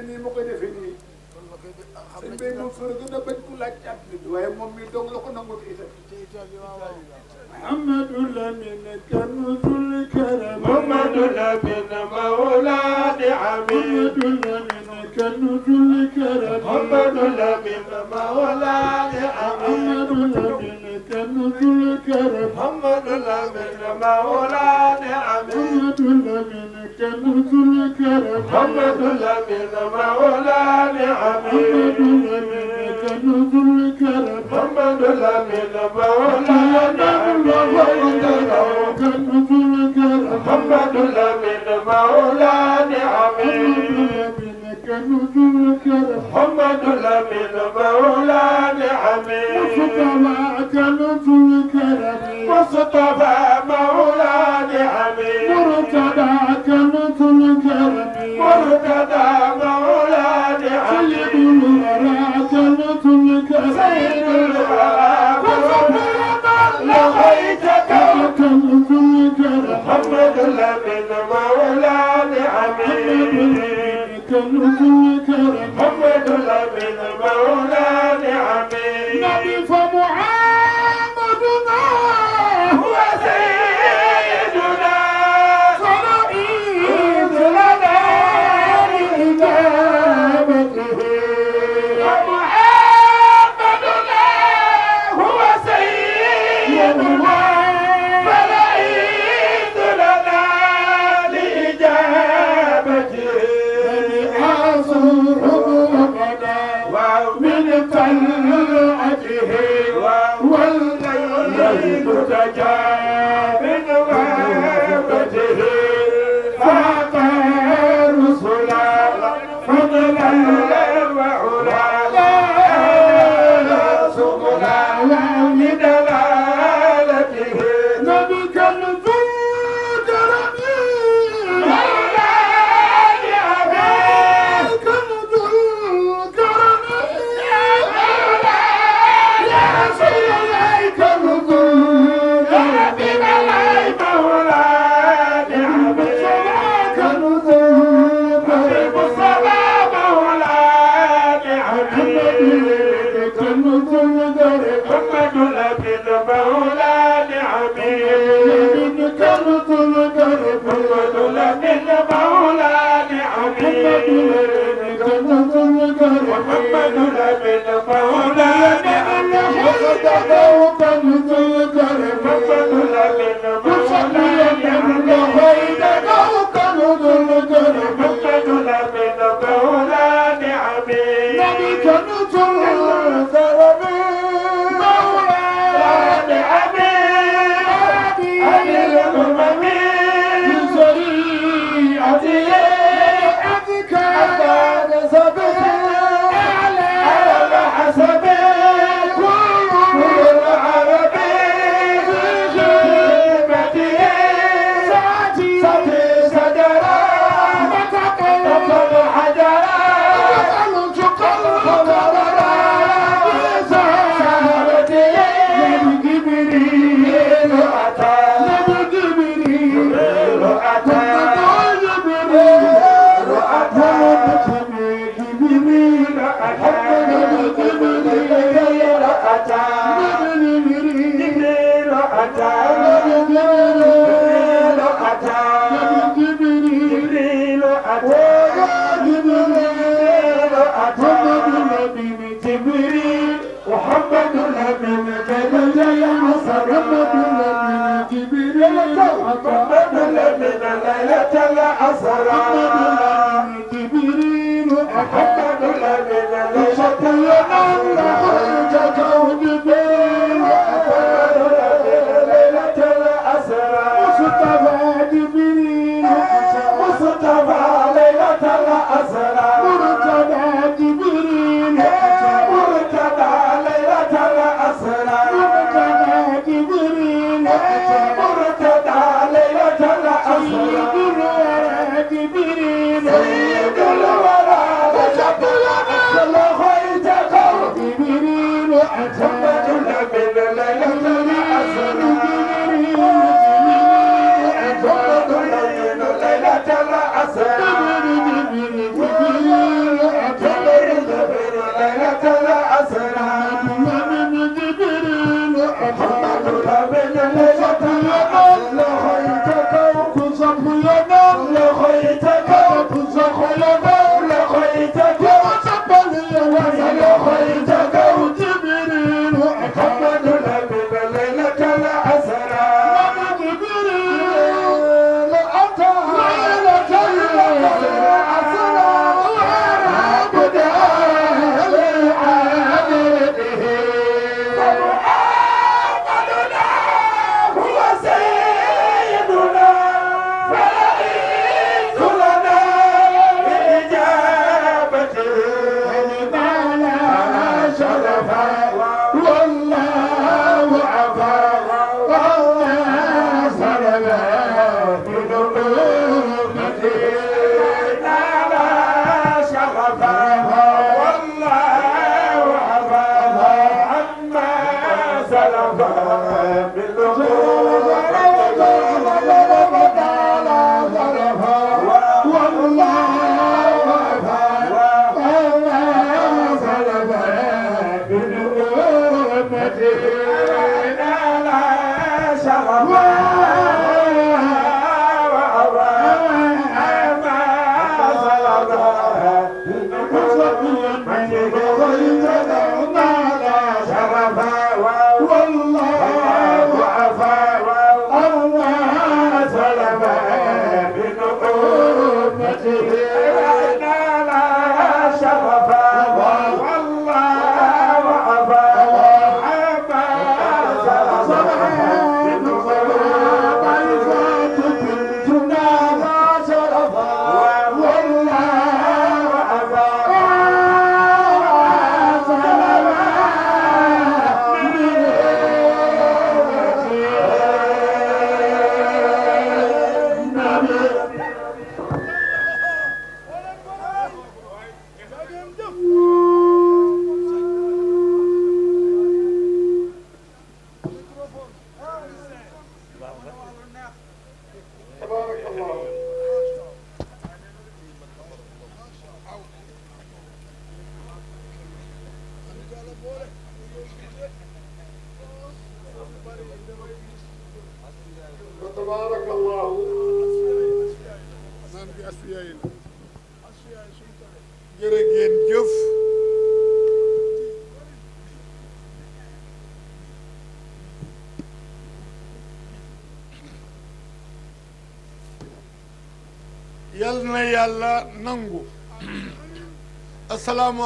nii ma koy defee nii sëñ Bay Mansour gën a bañ ku laaj ci àdduna bi waaye moom mii dong la ko nangoo ci itam محمد لمن كنز الكرم محمد لمن مولى نعمي محمد لمن كنز الكرم محمد لمن مولى نعمي محمد لمن كنز الكرم محمد لمن مولى نعمي محمد لمن كنز الكرم محمد لمن حميد منك نزل الكرم محمد الأمين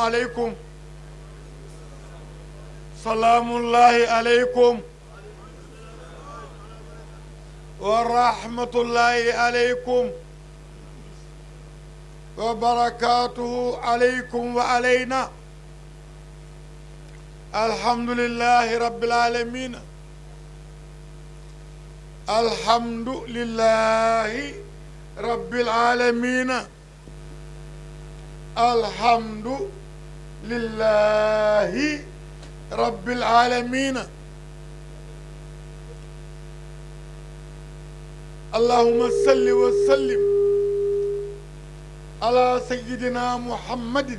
عليكم سلام الله عليكم ورحمة الله عليكم وبركاته عليكم وعلينا الحمد لله رب العالمين الحمد لله رب العالمين الحمد لله رب العالمين اللهم صل وسلم على سيدنا محمد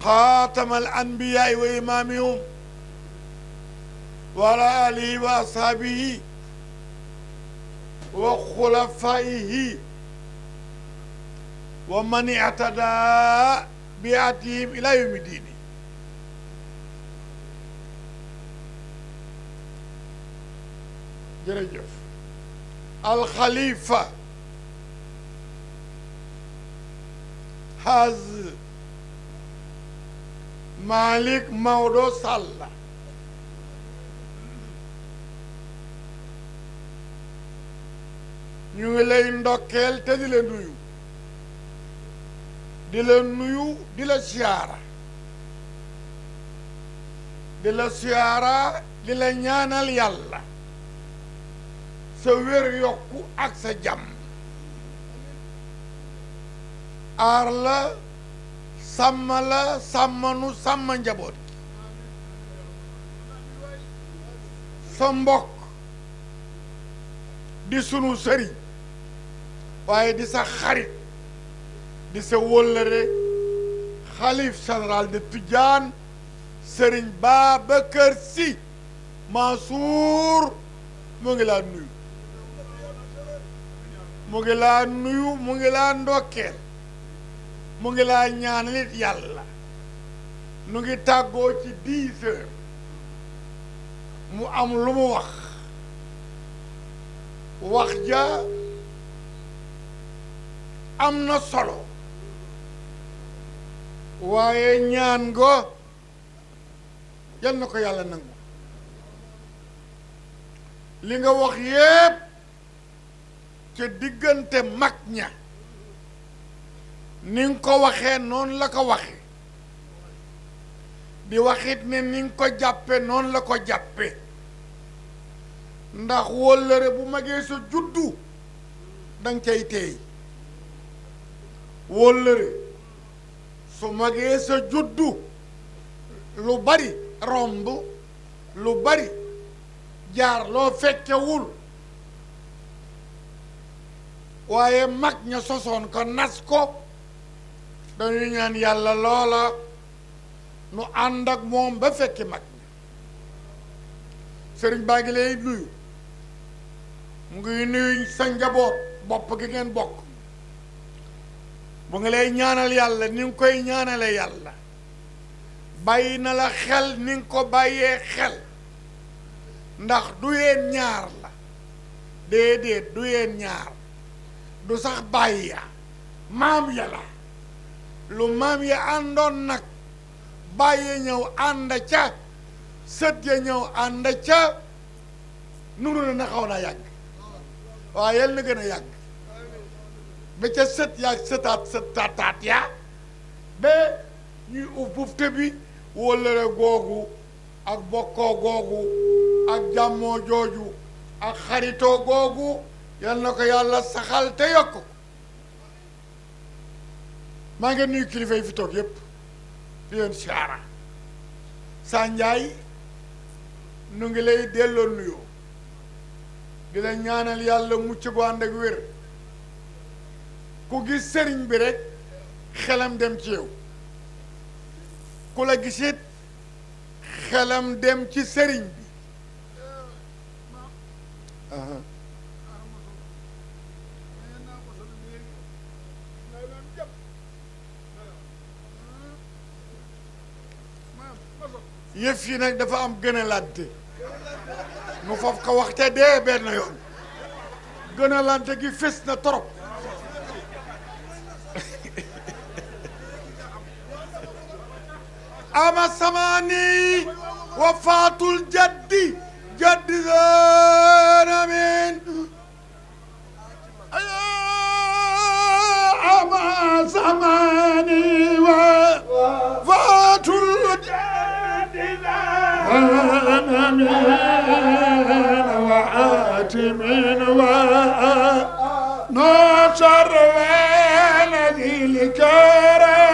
خاتم الأنبياء وإمامهم وعلى آله وأصحابه وخلفائه ومن اعتدى biatihim ila yevmiddini. jërëjëf alxalifa haz Malick Maodo Sall ñu ngi lay ndokkeel te di la nuyu di la nuyu di la siyaara di la siyaara di la ñaanal yàlla sa wér yokku ak sa jàmm aar la sàmm la sàmmanu sàmm njaboot gi sa mbokk di sunu sëriñ waaye di sa xarit di sa wóllëre xalif général de Tidiane Serigne Babacar Sy Mansour mu ngi laa nuyu mu ngi laa nuyu mu ngi laa ndokkeel mu ngi laa ñaanalit yàlla nu ngi tàggoo ci dix mu am lu mu wax wax ja am na solo waaye ñaan go yal na ko yàlla nangu li nga wax yépp ca diggante mag ña ni nga ko waxee noonu la ko waxe di waxit ne ni nga ko jàppe noon la ko jàppe ndax wóllëre bu magee sa juddu danga cay teey wóllëre su magee sa juddu lu bari romb lu bari jaar loo fekkewul waaye mag ña sosoon ko nas ko dañuy ñaan yàlla loola nu ànd ak moom ba fekki mag ña sëriñ baa ngi lay nuyu mu ngi nuyu sa njaboot bopp gi ngeen bokk mu ngi lay ñaanal yàlla ni koy ñaanale yàlla bàyyi na la xel ni ko bàyyee xel ndax du yeen ñaar la déedéet du yeen ñaar du sax bàyyi ya maam ya la lu maam ya àndoon nag bàyyi ñëw ànd ca sët ya ñëw ànd ca nuru na na xaw yàgg waaye yal na gën a yàgg ba ca sët yaa sëtaat sëtaataat yaa ba ñuy uf bufte bi wóllëre googu ak bokkoo googu ak jàmmoo jooju ak xaritoo googu yal na ko yàlla saxal te yokk maa ngi nuyu kilifa yi fi toog yépp di leen siyaara saa njaay nu ngi lay delloo nuyoo di la ñaanal yàlla mu gu ànd ak wér ku gis sëriñ bi rek xelam dem ci yow ku la gisit xelam dem ci sëriñ bi yëf yi nag dafa am gën a lante nu foofu ko waxte dee benn yoon gën a lante gi fés na trop أما سماني وفاة الجد جد زانا من أما سماني وفاة الجد زانا من وآتم ونصر ونذي الكرم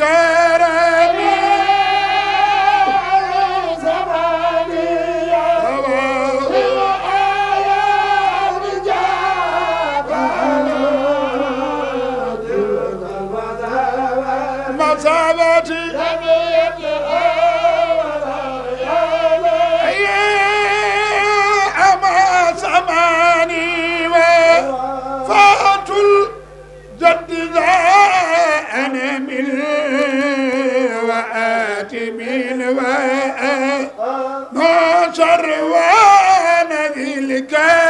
Yeah. المسلمين وما شر ونبي الكافرين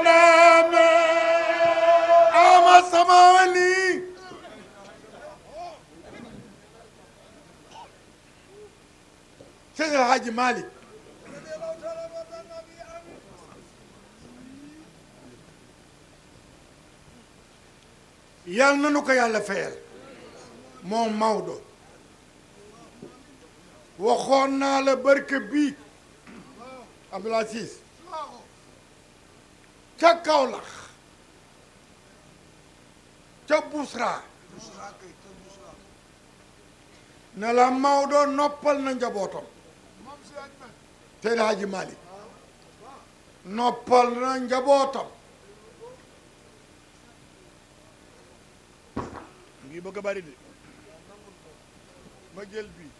sëñ Alhaji Malick yàlla nanu ko yàlla fayal moom Maodo waxoon naa la barke bii Abdoul Aziz ca Kaolack ca Bousra ne la Maodo noppal na njabootam Seydi Hadji Malick noppal na njabootam ngi bëgg a bari de ma jël bii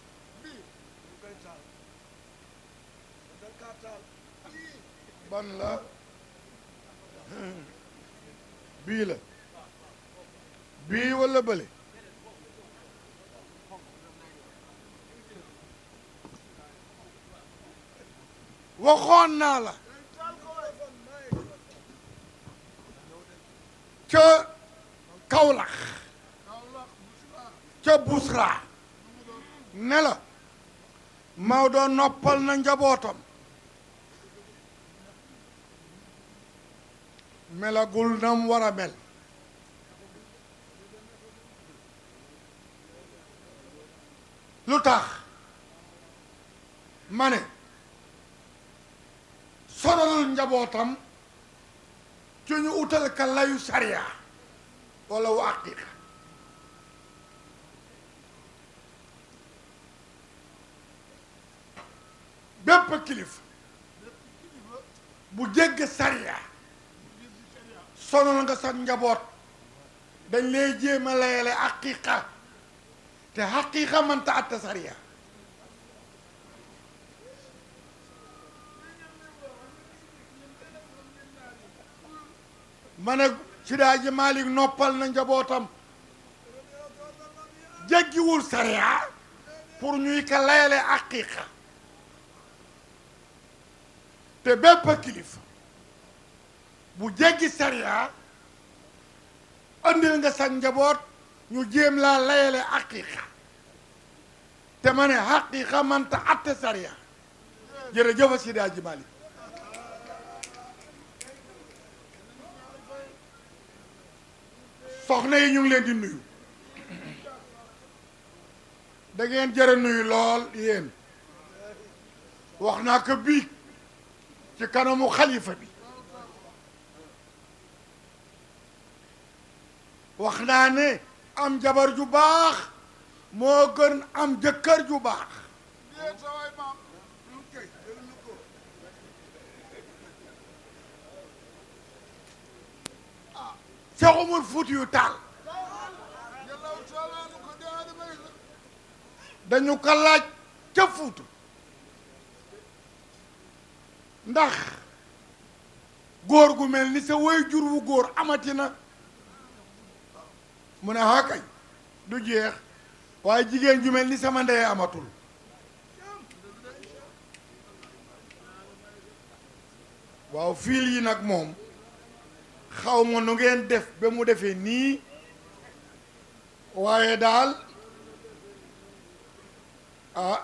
ban la bii la bii wala bële waxoon naa la ca Kaolack ca Bousra ne la Maodo noppal na njabootam melagul nam war mel lu tax ma ne soralul njabootam ci ñu utal ka layu sariya wala wu aqiqa bépp kilifa bu jégg sariya sonal nga sa njaboot dañ lay jéem a layale aqiqa te aqiqa mënta atte sariya ma ne Sida ji Malick noppal na njabootam jéggiwul sariya pour ñuy ko layale aqiqa te bépp kilifa bu jéggi sariya andil nga sag njaboot ñu jéem laa layale aqiqa te ma ne aqiqa man ta atte sariya jërëjëf Sida ji Malick soxna yi ñu ngi leen di nuyu da ngeen jërë nuyu lool yéen wax naa ko bii ci kanamu xalifa bi wax naa ne am jabar ju baax moo gën am jëkkër ju baax Cheikh Omar yu taal dañu ko laaj ca Fuuta ndax góor gu mel ni sa way jur wu góor amati na mu ne hakay du jeex waaye jigéen ju mel ni sama ndey amatul waaw fiil yi nag moom xaw ma nu ngeen def ba mu defee nii waaye daal ah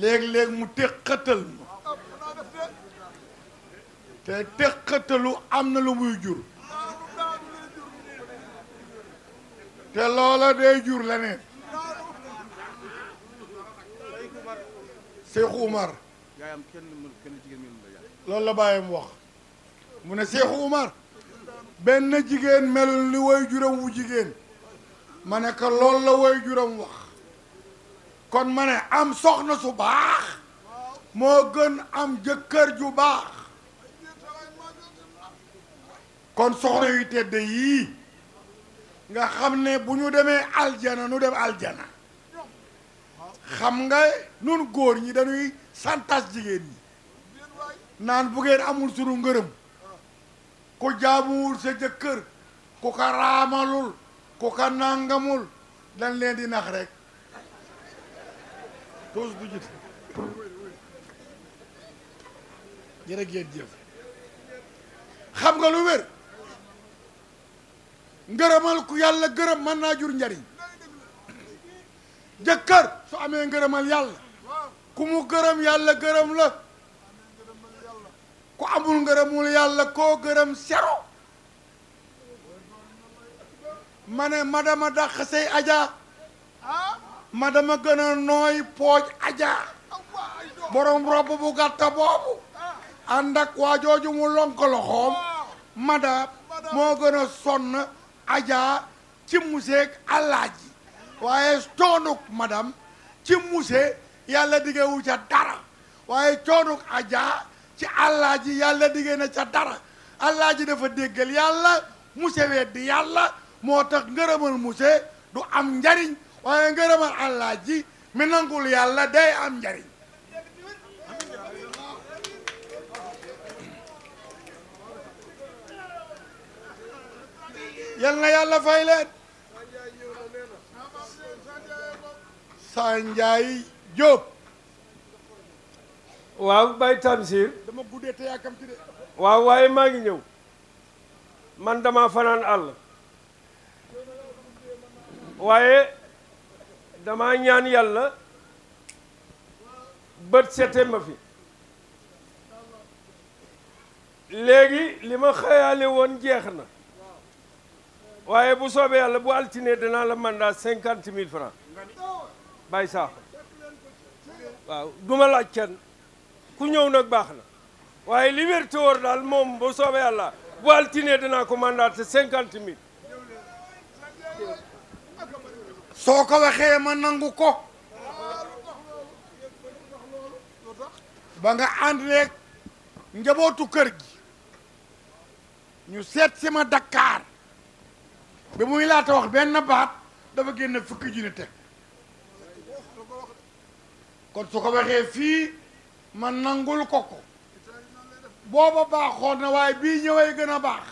léeg-léeg mu téqatal ma te téqatalu am na lu muy jur te loola day jur leneen Cheikh Oumar yaayam kenn mënu kenn jigéen mi mënu la loolu la bàyyam wax mu ne Seexu Umar benn jigéen mel ni way juram wu jigéen ma ne ko loolu la way juram wax kon ma ne am soxna su baax moo gën am jëkkër ju baax kon soxna yu tedd yii nga xam ne bu ñu demee aljana nu dem aljana xam nga nun góor ñi dañuy santas jigéen yi naan bu ngeen amul sunu ngërëm ku jaamuwul sa jëkkër ku ko raamalul ku ko nangamul dañ leen di nax rek toos xam nga lu wér ngërëmal ku yàlla gërëm mën naa jur njariñ jëkkër su amee ngërëmal yàlla ku mu gërëm yàlla gërëm la ku amul ngërëmul yàlla koo gërëm sero ma ne madama dàq say aja madama gën a nooy pooj aja borom robb bu gàtta boobu ànd ak waa jooju mu lonk loxoom mada moo gën a sonn aja ci museeg àllaaji waaye toonuk madam ci musee yalla dige wu ca dara waye cionuk aja ci allah ji yalla dige na ca dara allah ji dafa déggal yalla muse weddi yalla motax tax ngërëmal du am njariñ waye ngërëmal allah ji menangul yalla day am njariñ yal na yalla fay leen Diop. waaw Baye Tamsir. dama guddee waaw waaye maa ngi ñëw. man dama fanaan àll. waaye damaa ñaan yàlla bët sete ma fi. léegi li ma xëyaale woon jeex na waaye bu soobee yàlla bu altine danaa la mandat cinquante mille francs bàyyi saako waaw du ma laaj kenn ku ñëw nag baax na waaye li wér daal moom bu soobee yàlla bu altine danaa ko mandaté cinquante mille soo ko waxee ma nangu ko ba nga ànd rek njabootu kër gi ñu seet si ma Dakar bi muy laata wax benn baat dafa génn fukki junni teg kon su ko waxe fi man nangul ko ko booba baaxoon na waaye bii ñëwee gën a baax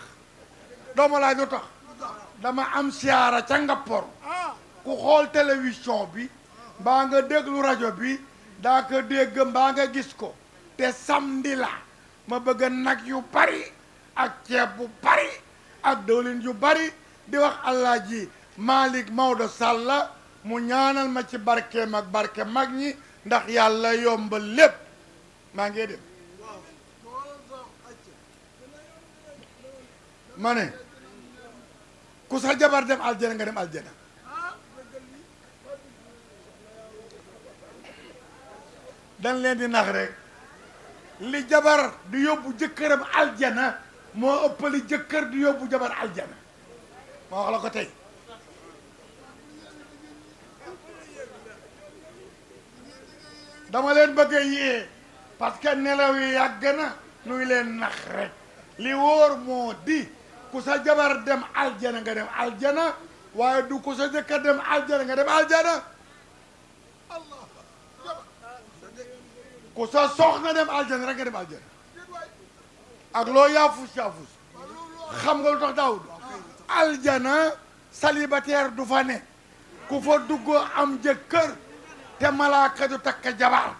dooma laaj lu tax dama am siara ca ngapor ku xol télévision bi ba nga déglu radio bi da ka dégg ba nga gis ko té samedi la ma bëgg nak yu bari ak ceeb bu bari ak dawlin yu bari di wax ji malik Maodo Sall mu ñaanal ma ci barké mak barké mag ñi ndax yàlla yombal lépp maa ngi dem ma ne ku sa jabar dem aljana nga dem aljana dañ leen di nax rek li jabar di yóbbu jëkkëram aljana moo ëpp li jëkkër di yóbbu jabar aljana ma wax la ko tey dama leen bëgg a yee parce que nelaw yi yàgg na nuy leen nax rek li wóor moo di ku sa jabar dem aljana nga dem aljana waaye du ku sa jëkkër dem soxna dem aljana rek nga dem aljana ak loo yaafus yaafus xam nga lu tax daawud aljana célibataire du fa ne ku fa dugg am jëkkër te malaaka du takk jabar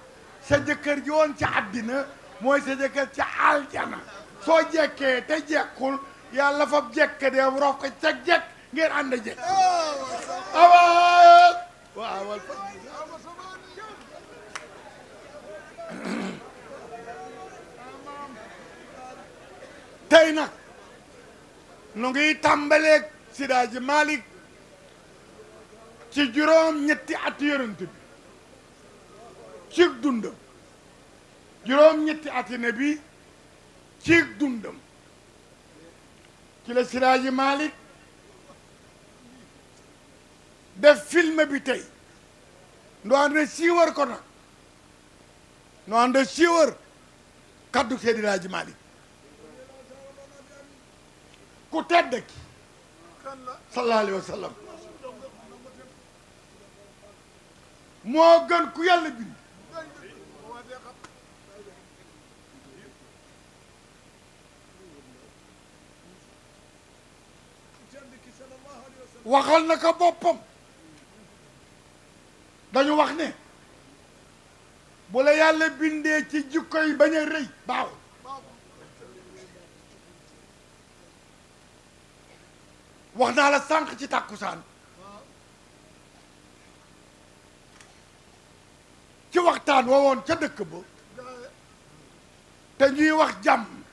sa jëkkër ji woon ci àddina mooy sa jëkkër ci aljana soo jekkee te jekkul yàlla fab jekk deem rof ko ceg jekk ngeen ànd jekk awal tey nag nu ngiy tàmbaleeg Sidaaji Malik ci juróom ñetti at yonent bi cig dundam juróom-ñetti ati na bi cig dundam ci la Siraaji Malik def film bi tey nu ànd siiwar ko nag nu ànd siiwar kaddu Seydi Malik ku tedd ki sallallahu alayhi wa sallam moo gën ku yàlla bind waxal na ko boppam dañu wax ne bu la yàlla bindee ci jikko yi bañ a rëy baaw wax naa la sànq ci tàkkusaan ci waxtaan wowoon ca dëkk ba te ñuy wax jàmm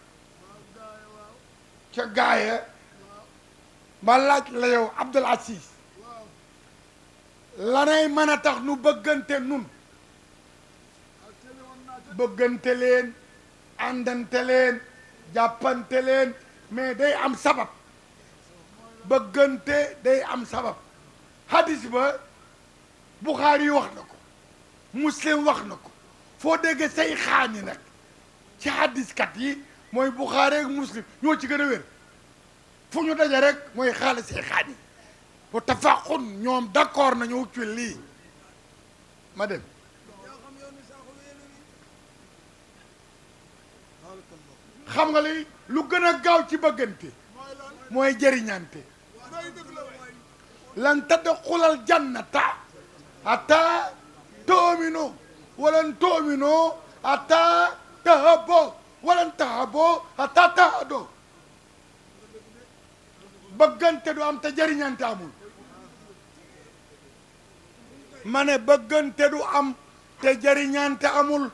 ca gaaya ma laaj la yow Abdul Aziz lanay mën a tax nu bëggante nun bëggante leen àndante leen jàppante leen mais day am sabab bëggante day am sabab hadis ba Buxaari yi wax na ko Muslim wax na ko foo déggee say xaani nag ci hadiskat yi mooy Buxaari ak Muslim ñoo ci gën a wér fu ñu daje rek mooy xaalis yi bu tafaqun ñoom d'accord nañu ci lii ma dem xam nga li lu gën a gaaw ci bëggante mooy jëriñante lan tadxulal jannata ata toomino walan toomino ata tahabo walan tahabo ata tahado bëggante du am te jëriñante amul ma ne bëggante du am te jëriñante amul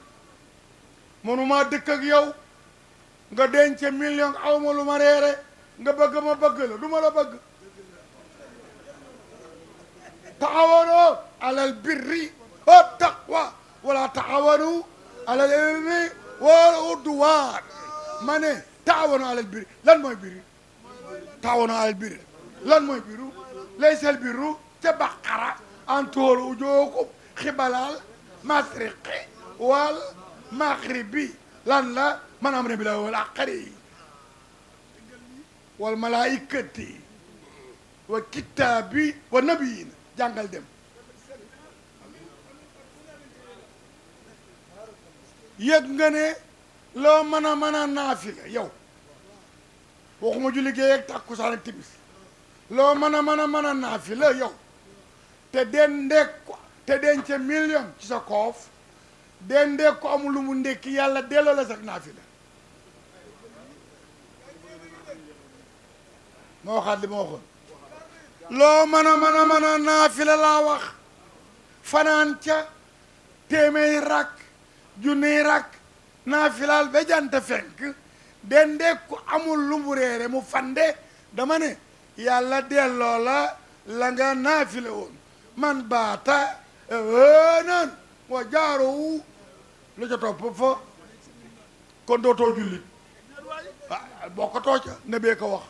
mënuma dëkk ak yow nga denc million awma lu ma reere nga bëgg ma bëgg la du la bëgg taawanu alal birri wa taqwa wala taawanu alal ilmi wal udwaan ma ne taawanu alal birri lan mooy birri تعاونوا على البر لان موي بيرو ليس البر تبقر أن تولوا وجوهكم خبال المشرق والمغرب لان لا من أمر بالله والعقري والملائكة وكتابي والنبيين جانجل دم yëg nga ne loo mën a mën a naafila waxuma ju liggéey ak tàkkusaan ak tibis loo mën a mën a mën a naa fi la yow te den ndeeg ko te denc million ci sa koof den ndeeg amul lu mu ndékki yàlla delloo la sax naa la ma waxaat li ma waxoon loo mën a mën a mën a naa fi la laa wax fanaan ca téeméeri rakk junniy rakk naa filaal ba jant fenk dende ku amul lu mu fande dama ne yàlla delloo la la nga naafile woon man baata hënaan eh, wa jaarowu lu ca topp fa kon dootoo jullit ah, bokkatoo ca nebee ko wax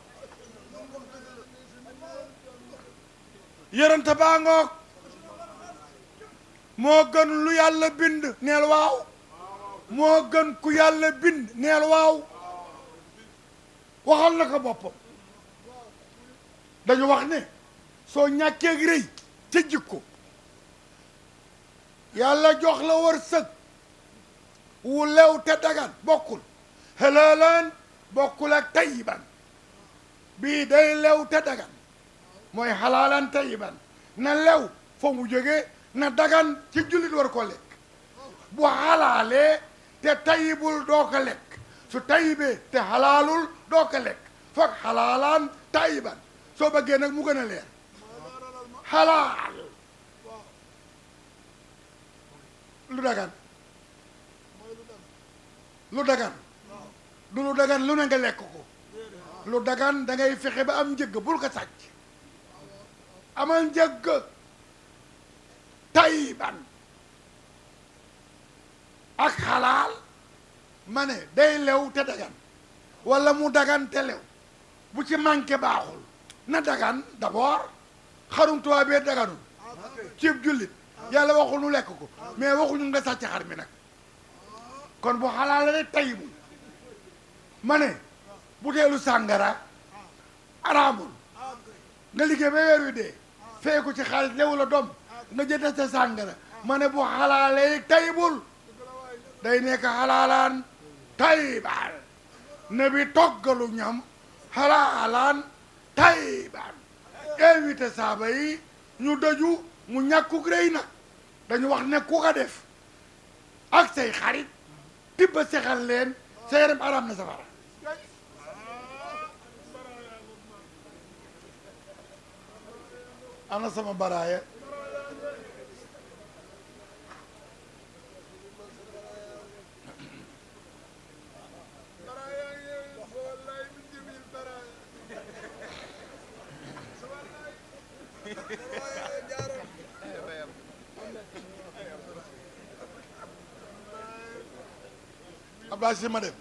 yërënta baa ngoog moo gën lu yàlla bind neel waaw moo gën ku yàlla bind neel waaw waxal na ko boppam dañu wax ne soo ñàkkee rëy ca jikko yàlla jox la wërsëg wu lew te dagan bokkul xalaalaan bokkul ak tayiban bii day lew te dagan mooy xalaalaan tayiban na lew fa mu jógee na dagan ci jullit war ko lekk bu xalaalee te tayibul doo ko lekk su tayibee te xalaalul doo ko lekk foog xalaalaan tayyiban soo bëggee nag mu gën a leer xalaal lu dagan lu dagan du lu dagan lu ne nga lekk ko lu dagan da ngay fexe ba am njëgg bul ko sàcc amal njëgg tayyiban ak xalaal ma ne day lew te dagan wala mu dagan telew bu ci manqué baaxul na dagan d'abord xarum tubaab bee daganul jullit yàlla waxul nu lekk ko mais waxuñu nga sàcc xar mi nag kon bu xalaal rek ma ne buteelu sàngara araamul nga liggéey ba weer wi feeku ci xaalis lewu la doom nga jënd sa sàngara ma ne bu xalaalee taybul day nekk xalaalaan taybal bi toggalu ñam xalaa alaan taybaan invité saaba yi ñu daju mu ñàkkuk rey nag dañu wax nekku ku ko def ak say xarit a sexal leen sa yaram araam na safara ana sama baraaya Abdoulaye Sy ma dem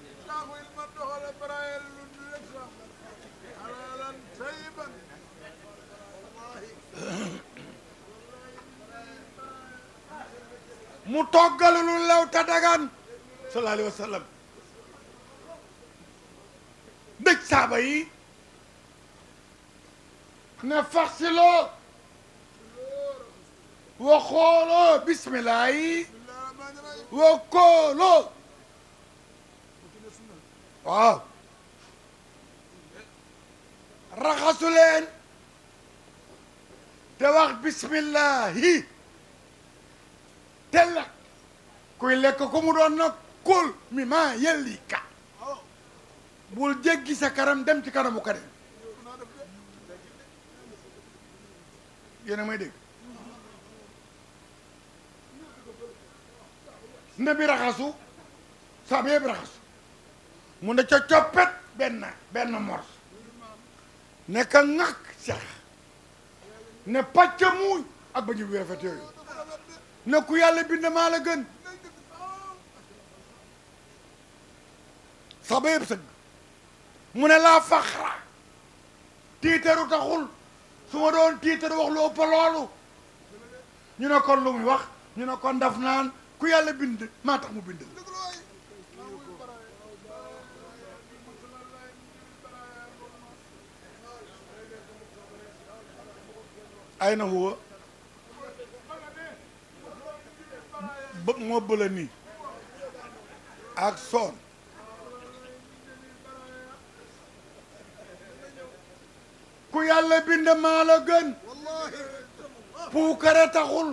mu toggal lu lew te dagaan sallallahu alayhi wa sallam yi ne faxsiloo وقولوا بسم الله وقولوا raxasu leen te wax bismillahi tel kuy lekk ko mu doon nag kul mi maa ka bul jéggi sa karam dem ci karamu karim yéen may dégg ndebi raxasu sabe raxasu mu ne ca coppet benn benn mors ne ka seex ne pàcca muuñ ak ba bi rafet yooyu ne ku yàlla bind maa la gën sabe sëgg mu ne laa faxra tiitaru taxul su ma doon tiitaru wax lu ëpp loolu ñu ne kon lu muy wax ñu ne kon daf naan ku yàlla bind maa tax mu bind la ay na huwa moo bëla nii ak soon ku yàlla bind maa la gën puukare taxul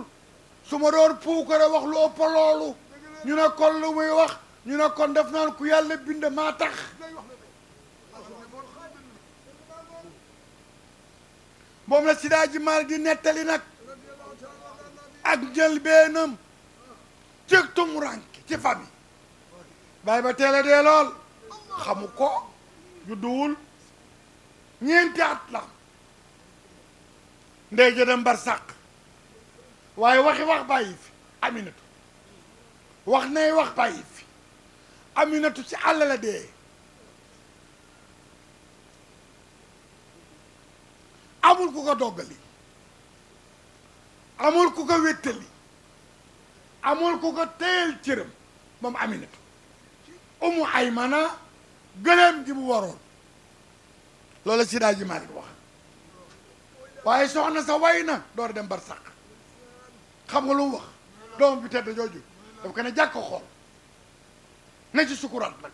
su ma doon puukare wax lu ëpp loolu ñu ne kon lu muy wax ñu ne kon def naan ku yàlla bind maa tax moom la Sida maal di nettali nag ak njëlbeenam cig tumuranke ci famille bàyyi ba teel lool xamu ko judduwul ñeenti at ndey ja dem sàq واي واخي واخ بايف امينتو واخ ناي واخ بايف امينتو سي الله لا دي امول كوكو دوغالي امول كوكو ويتالي امول كوكو تيل تيرم مام امينتو امو ايمانا گلم دي بو وارون لولا سي داجي مالك واخ واي سوخنا سا واينا دور دم برساخ xam nga lu mu wax doomam bi tedd jooju dafa ko ne jàkk xool na ci sukuraat nag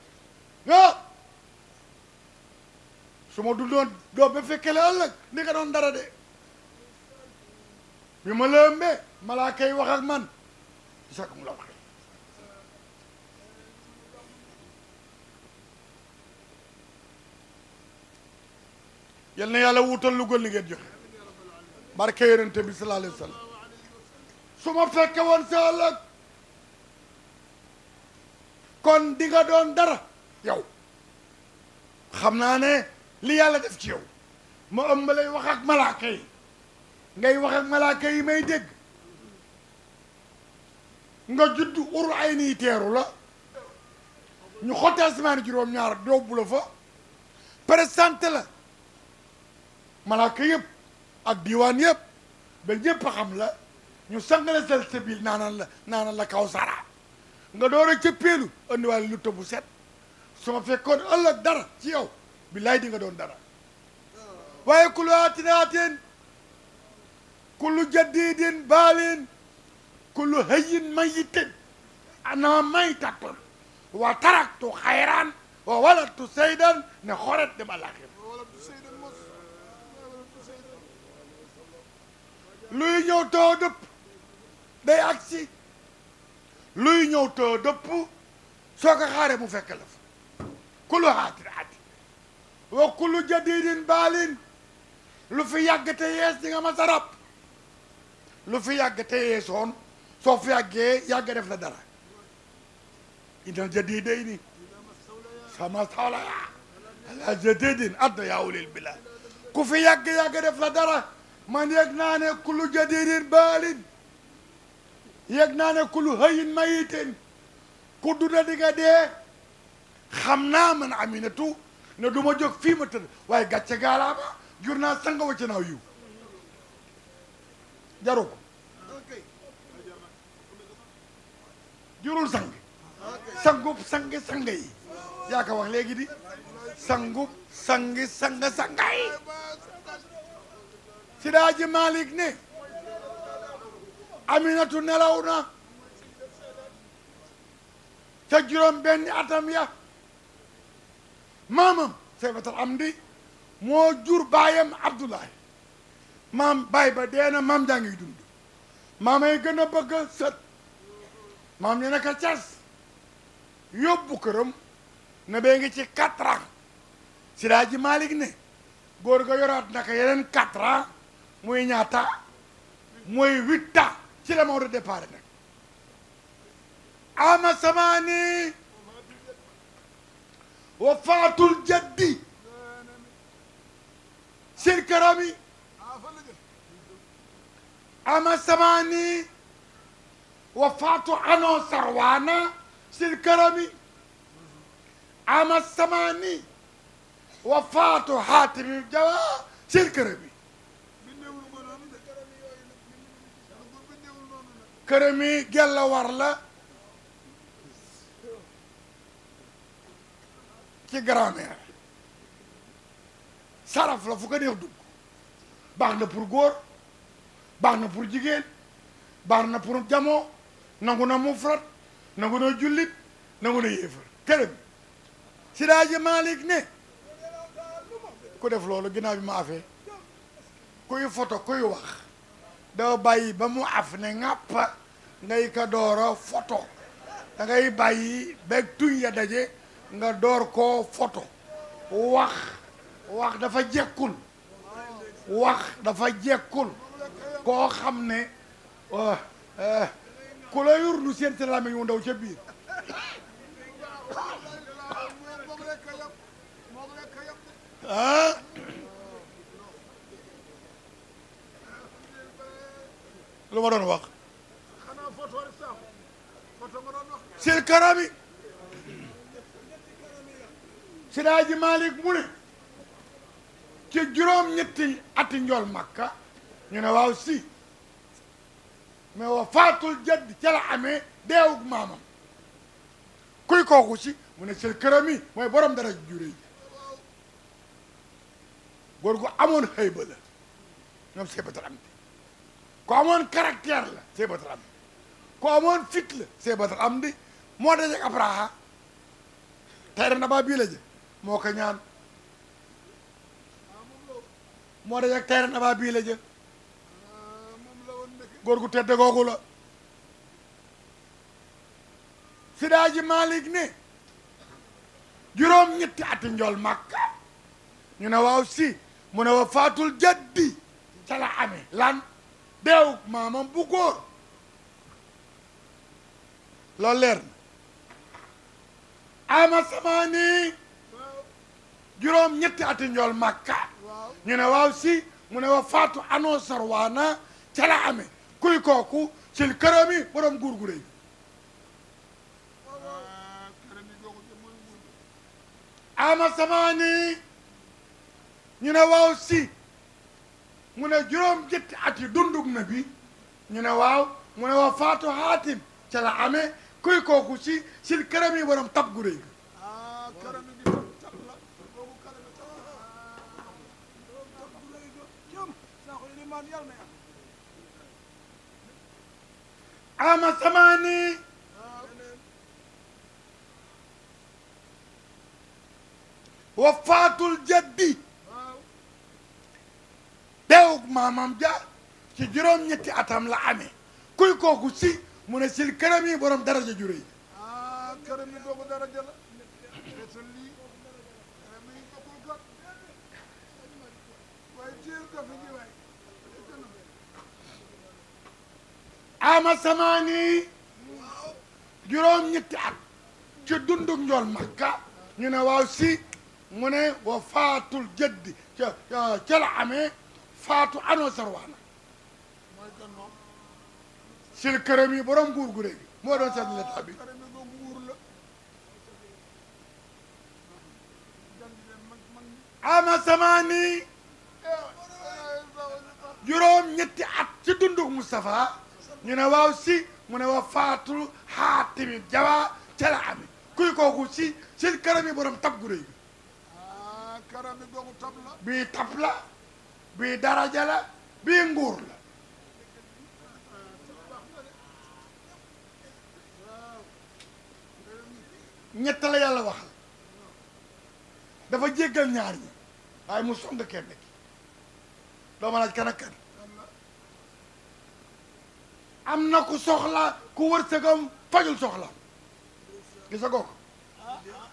yoo su ma dundoon doom ba fekkee la ëllëg ni nga doon dara de bi ma lëmbee malaaka yi wax ak man di sàkk yàlla wutal lu gën li ngeen joxe barke yonente bi sallallahu alayhi wa su ma fekke woon sa ëllëg kon di doon dara yow xam naa ne li yàlla def ci yow ma ëmb lay wax ak malaaka yi ngay wax ak malaaka yi may dégg nga judd ur ay nii teeru la ñu xotti asmaan juróom-ñaar yóbbu la fa présenté la malaaka yëpp ak diiwaan yëpp ba ñëpp xam la ñu sangale sel sabil naanal la naanal la kaw sara nga door a cëppeelu andiwaale lu tëbu set su ma fekkoon ëllëg dara ci yow billaay di nga doon dara waaye kullu aatinaatin kullu jadidin baalin kullu hayyin mayitin ana maytatun wa taraktu xayraan wa walatu saydan ne xoret dem alaxir luy ñëw too dëpp day agsi luy ñëw te dëpp soo ko xaaree mu fekk la fa kulu xaatir wa kulu jadidin baalin lu fi yàgg te yees di nga ma lu fi yàgg te yeesoon soo fi yàggee yàgg def la dara inal jadidey ni sama sawla yaa ala adda yaa ulil bilad ku fi yàgg yàgg def la dara man yëg naa ne kulu baalin yëg naa ne kul hëyin mayiteen ku dunda di nga dee xam naa man aminatu ne du ma jóg fii ma tëdd waaye gàcce gaalaama jur naa sanga wacc naaw yiw jaru ko jurul sang sangub sangi sanga yi yaa ko wax léegi di sangub sangi sanga sanga yi si daa ji ne aminatu nelaw na ca juróom benn atam ya maamam saybatal am di moo jur baayam abdoulahi maam baay ba dee na maam jaa ngi dund maamay a bëgg sët maam ñu naka cas yóbbu këram na bee ci quatre ans si daa ji ne góor ga yoraat naka yeneen quatre ans ñaata muy huit ci la Maodo départ nag ama samaani wafaatul jaddi seen karami ama samaani wafaatu ano sarwaana seen karami ama samaani wafaatu haatimi jawa seen karami këramii gella war la ci grammaire saraf la fu ko neex dugg baax na pour góor baax na pour jigéen baax na pour jamoo nangu na mufrat nangu na jullit nangu na yéefar këram si daaji Malick ne ku def loolu ginnaaw bi ma afee kuy foto kuy wax doo bàyyi ba mu af ne ŋàpp ngay ko doora photo da bàyyi beeg tuñ ya daje nga door koo photo wax wax dafa jekkul wax dafa jekkul koo xam ne oh, eh, ku la yur lu seen sa làmmiñ wu ndaw ca biir ah? لما دون واخ سي الكرامي سي الحاج مالك مولى كي جروم نيتي اتي نجول مكه ني نوا اوسي مي وفات الجد تاع العمي ديوك ماما كوي كوكو سي من سي الكرامي موي بروم درج جوري غورغو امون هيبه لا نم سي بتر عمي ku amoon caractère la Cheikh Badar Amdi ku fit la Cheikh Badar Amdi moo dajeeg Abraha tey rek na baa bii la jë moo ñaan moo dajeeg tey rek na baa bii la jë gu tedd googu la Sidaa ji Malick juróom ñetti ati njool Makka ñu ne waaw si mu ne wa faatul jaddi ca la amee lan deew maamam bu góor loolu leer na ama samaani juróom ñetti ati njool màkka ñu waaw si mu ne wa faatu anoo sarwaana ca la kuy kooku sil kërami borom guur gu rëy ama samaani ñu waaw si mu ne juróom jëtti at yi na bi ñu ne waaw mu ne waa faatu xaatim ca la amee kuy kooku si sil këram yi tab gu réy ah, ama samaani wa faatul maamam ja ci juróom-ñetti atam la amee kuy kooku si mu ne sil këram yi borom daraja ju rëy këram yi doogu daraja la ama samaani juróom-ñetti at ci dundug njool makka ñu ne waaw si mu ne wa faatul jëddi ca ca la amee faatu anoo sarwaana mooy kan moom sil këram yi borom nguur gu moo doon seet l'état bi ama samaani juróom ñetti at ci dunduk Moustapha ñu ne waaw si mu ne waa faatu xaatimi jaba ca ami kuy kooku si sil këram yi borom tab gu ah, bii tab la bii daraja la bii nguur la ñett la yàlla waxal dafa jéggal ñaar ñi waaye mu song kenn ki doo ma laaj kan am na ku soxla ku wërsëgam fajul soxla gisa ko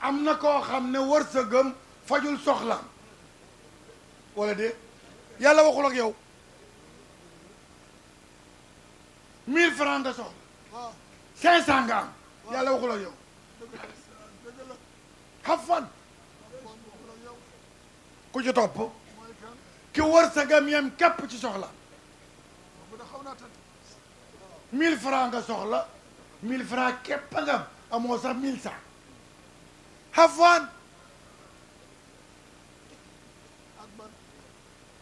am na koo xam ne wërsëgam fajul soxlaam wala de يلا وقول لك يا ميل فرانداسو 500 غرام يلا وقول لك يا كفن كوجي توب كي ورسا غام يم كاب تي سوخلا ميل فران غا ميل فران كيب غام امو سا ميل سا هافوان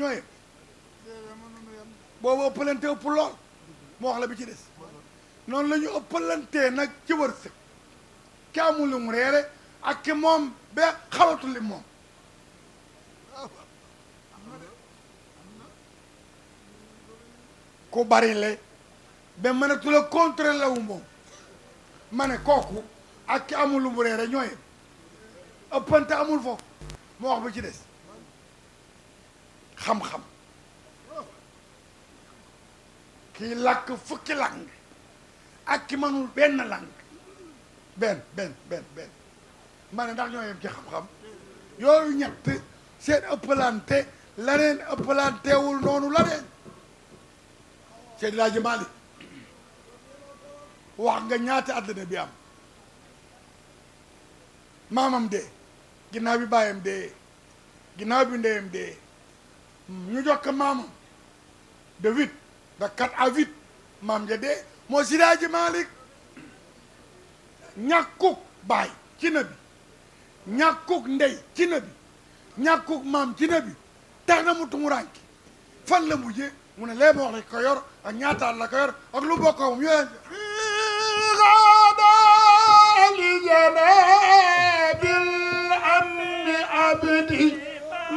ñoo yem boobu ëppalante ëpp lool moo wax la bi ci des noonu la ñu nag ci wërsëg ki amul lu mu reere ak ki moom ba xalatu li moom ku bari le ba mënatu la contrôler la wu moom ma ne kooku ak ki amul lu mu reere ñoo yem ëppante amul foofu mu wax bi ci des xam-xam kii làkk fukki làng ak ki mënul ben làng ben benn benn benn ma ne ndax ñoo yem ci xam-xam yooyu ñett seen ëppalante laneen ëppalantewul noonu laneen Seydi Laaji Maalik wax nga ñaata àddina bi am maamam dee ginnaaw bi baayam dee ndeyam dee ñu jox ko maamam de huit de quatre à huit maam ja dee moo sidaaji Malick ñàkkuk baay ci na bi ñàkkuk ndey ci na bi ñàkkuk maam ci na bi tax na mu tumuraanki fan la mujjee mu ne lee ma wax la ko yor ak ñaataat la ko yor ak lu bokkoo moom yooleen li janabil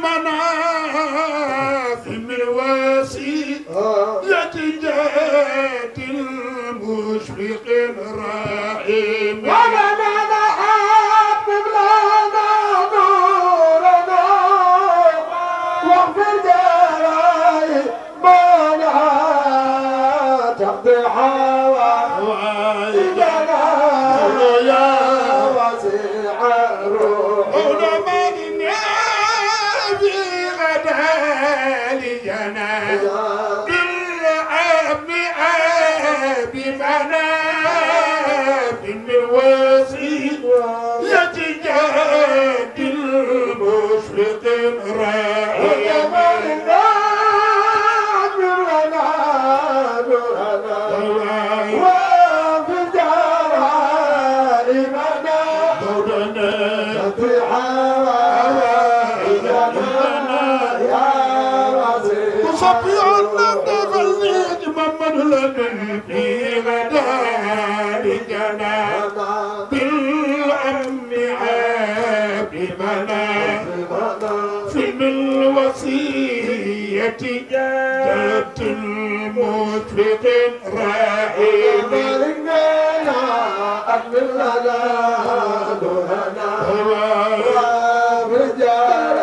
المناقم الوسيلة لتجات المشفق الرحيم مشفق رحيم مالكنا أكمل لنا دهنا رجال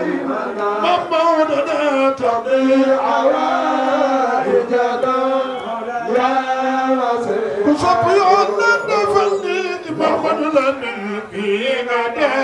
إيمانا مموضنا تضيع عوائجنا يا وسيم تصبحنا فلني محمد لنا في غدا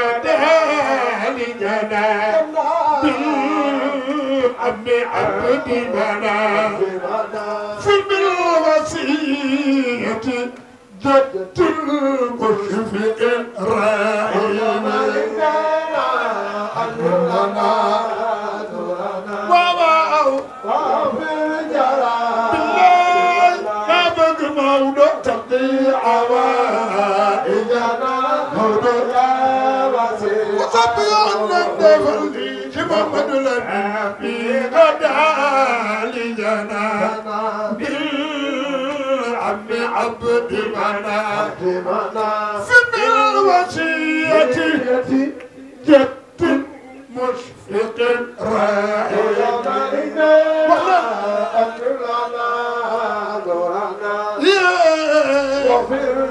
لنا بالأب عبد لنا فبالوصية جد المشفق الرحيم علمنا لنا الدخل في محمد لنا في غدا لجنا بالعم عبد منا سن الوصية جد مشفق راعي ولا أكرنا دورنا واغفر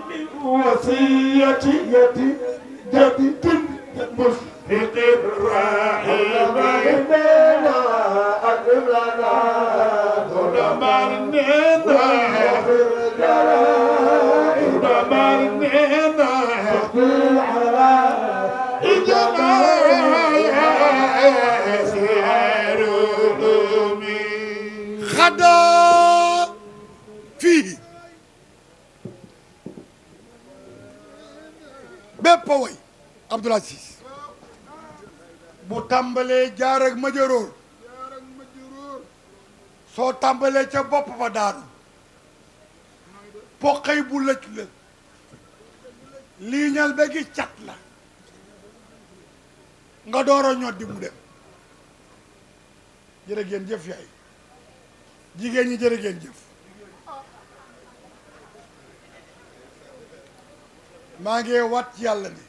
وصية يدي جدي مشفق الرحيم بيننا أقلنا ظلمنا اغفر لنا ظلمنا اغفر على إجماع سير قدر bépp woy Abdoul Aziz bu tàmbalee jaar ak majaróor soo tàmbalee ca bopp ba daanu poqay bu lëcc la liiñal ba gi cat la nga door a ñoddi mu dem jërë ngeen jëf yaay jigéen ñi jërë jëf maa wat yalla bi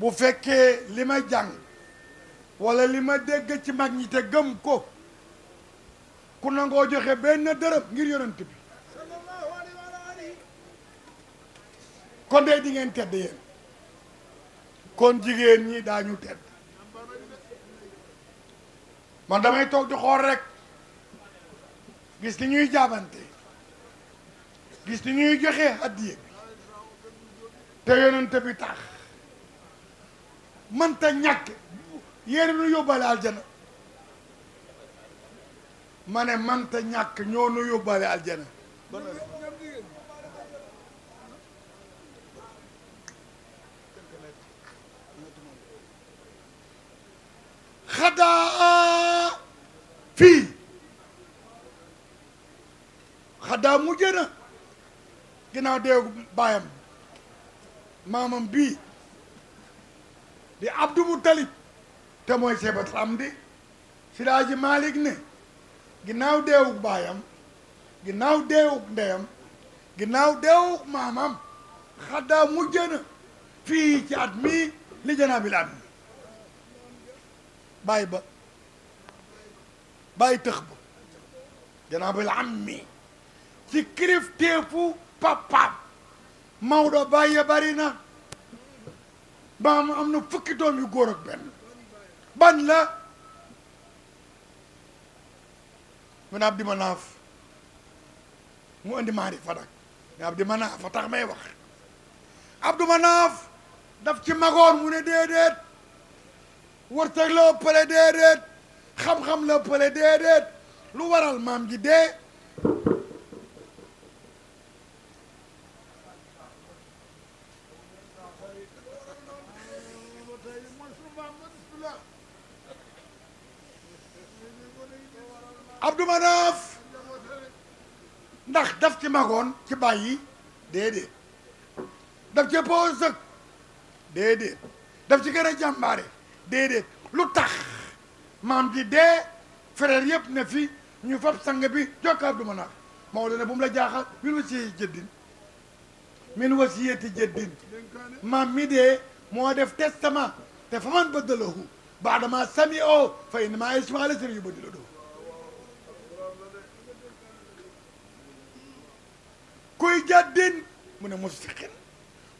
bu fekke lima jang wala lima ma ci mag ñi te gem ko ku nango joxe ben deureup ngir yonent bi kon di ngeen tedd kon tedd man damay tok di xor rek gis ni ñuy gis ni ñuy joxee addiya bi te yonent bi tax mënta ñàkk yéen nu yóbbaale aljana ma ne mënta ñàkk ñoo nu yóbbaale aljana xadaa fii xadaa mujj na ginnaaw deewu baayam maamam bii di Abdou Moutalib te mooy seeba sam di sidaaji Malick ne ginnaaw deewuk baayam ginnaaw deewuk ndeyam ginnaaw deewuk maamam xaddaa mujjana fii ci at mii li janaabil am bàyyi ba bàyyi tëx ba janaabil am mi ci kirif teefu pap pap Maodo bàyyi ya bari na ba am am na fukki doom yu góor ak benn ban la mu ne ma Manaaf mu indi maari fadak ne Abdi Manaaf a tax may wax Abdu Manaaf daf ci magoon mu ne déedéet wërtëg la ëppale déedéet xam-xam la ëppale déedéet lu waral maam ji dee Abdou Manaf ndax daf ci magoon ci bàyyi déedéet daf ci poo sëg déedéet daf ci gën a jàmbaare déedéet lu tax maam ji dee frère yëpp ne fi ñuy fab sang bi jokk Abdou Manaf Maodo ne bu mu la jaaxal min wasiyee jëddin min wasiyeti jëddin maam mi dee moo def testament te faman baddalahu baadama sami o fa innamaa ismaila sami yu badiladoo كوي جادين من مسخن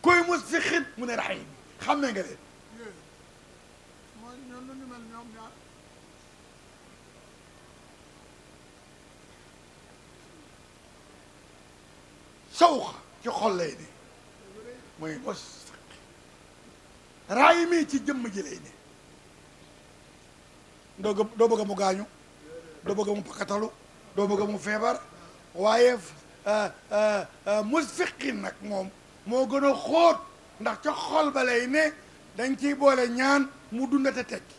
كوي مسخن من رحيم خمّن من قليل سوخ كي خول ليدي موي مسخ رايمي تي جيم جيليني دو دو بغا مو غاغنو دو بغا مو فكاتالو دو بغا مو فيبر وايف Euh, euh, euh, musfiqin nag moom moo gën a xóot ndax ca xol ba lay ne dañ ciy boole ñaan mu dundate tekki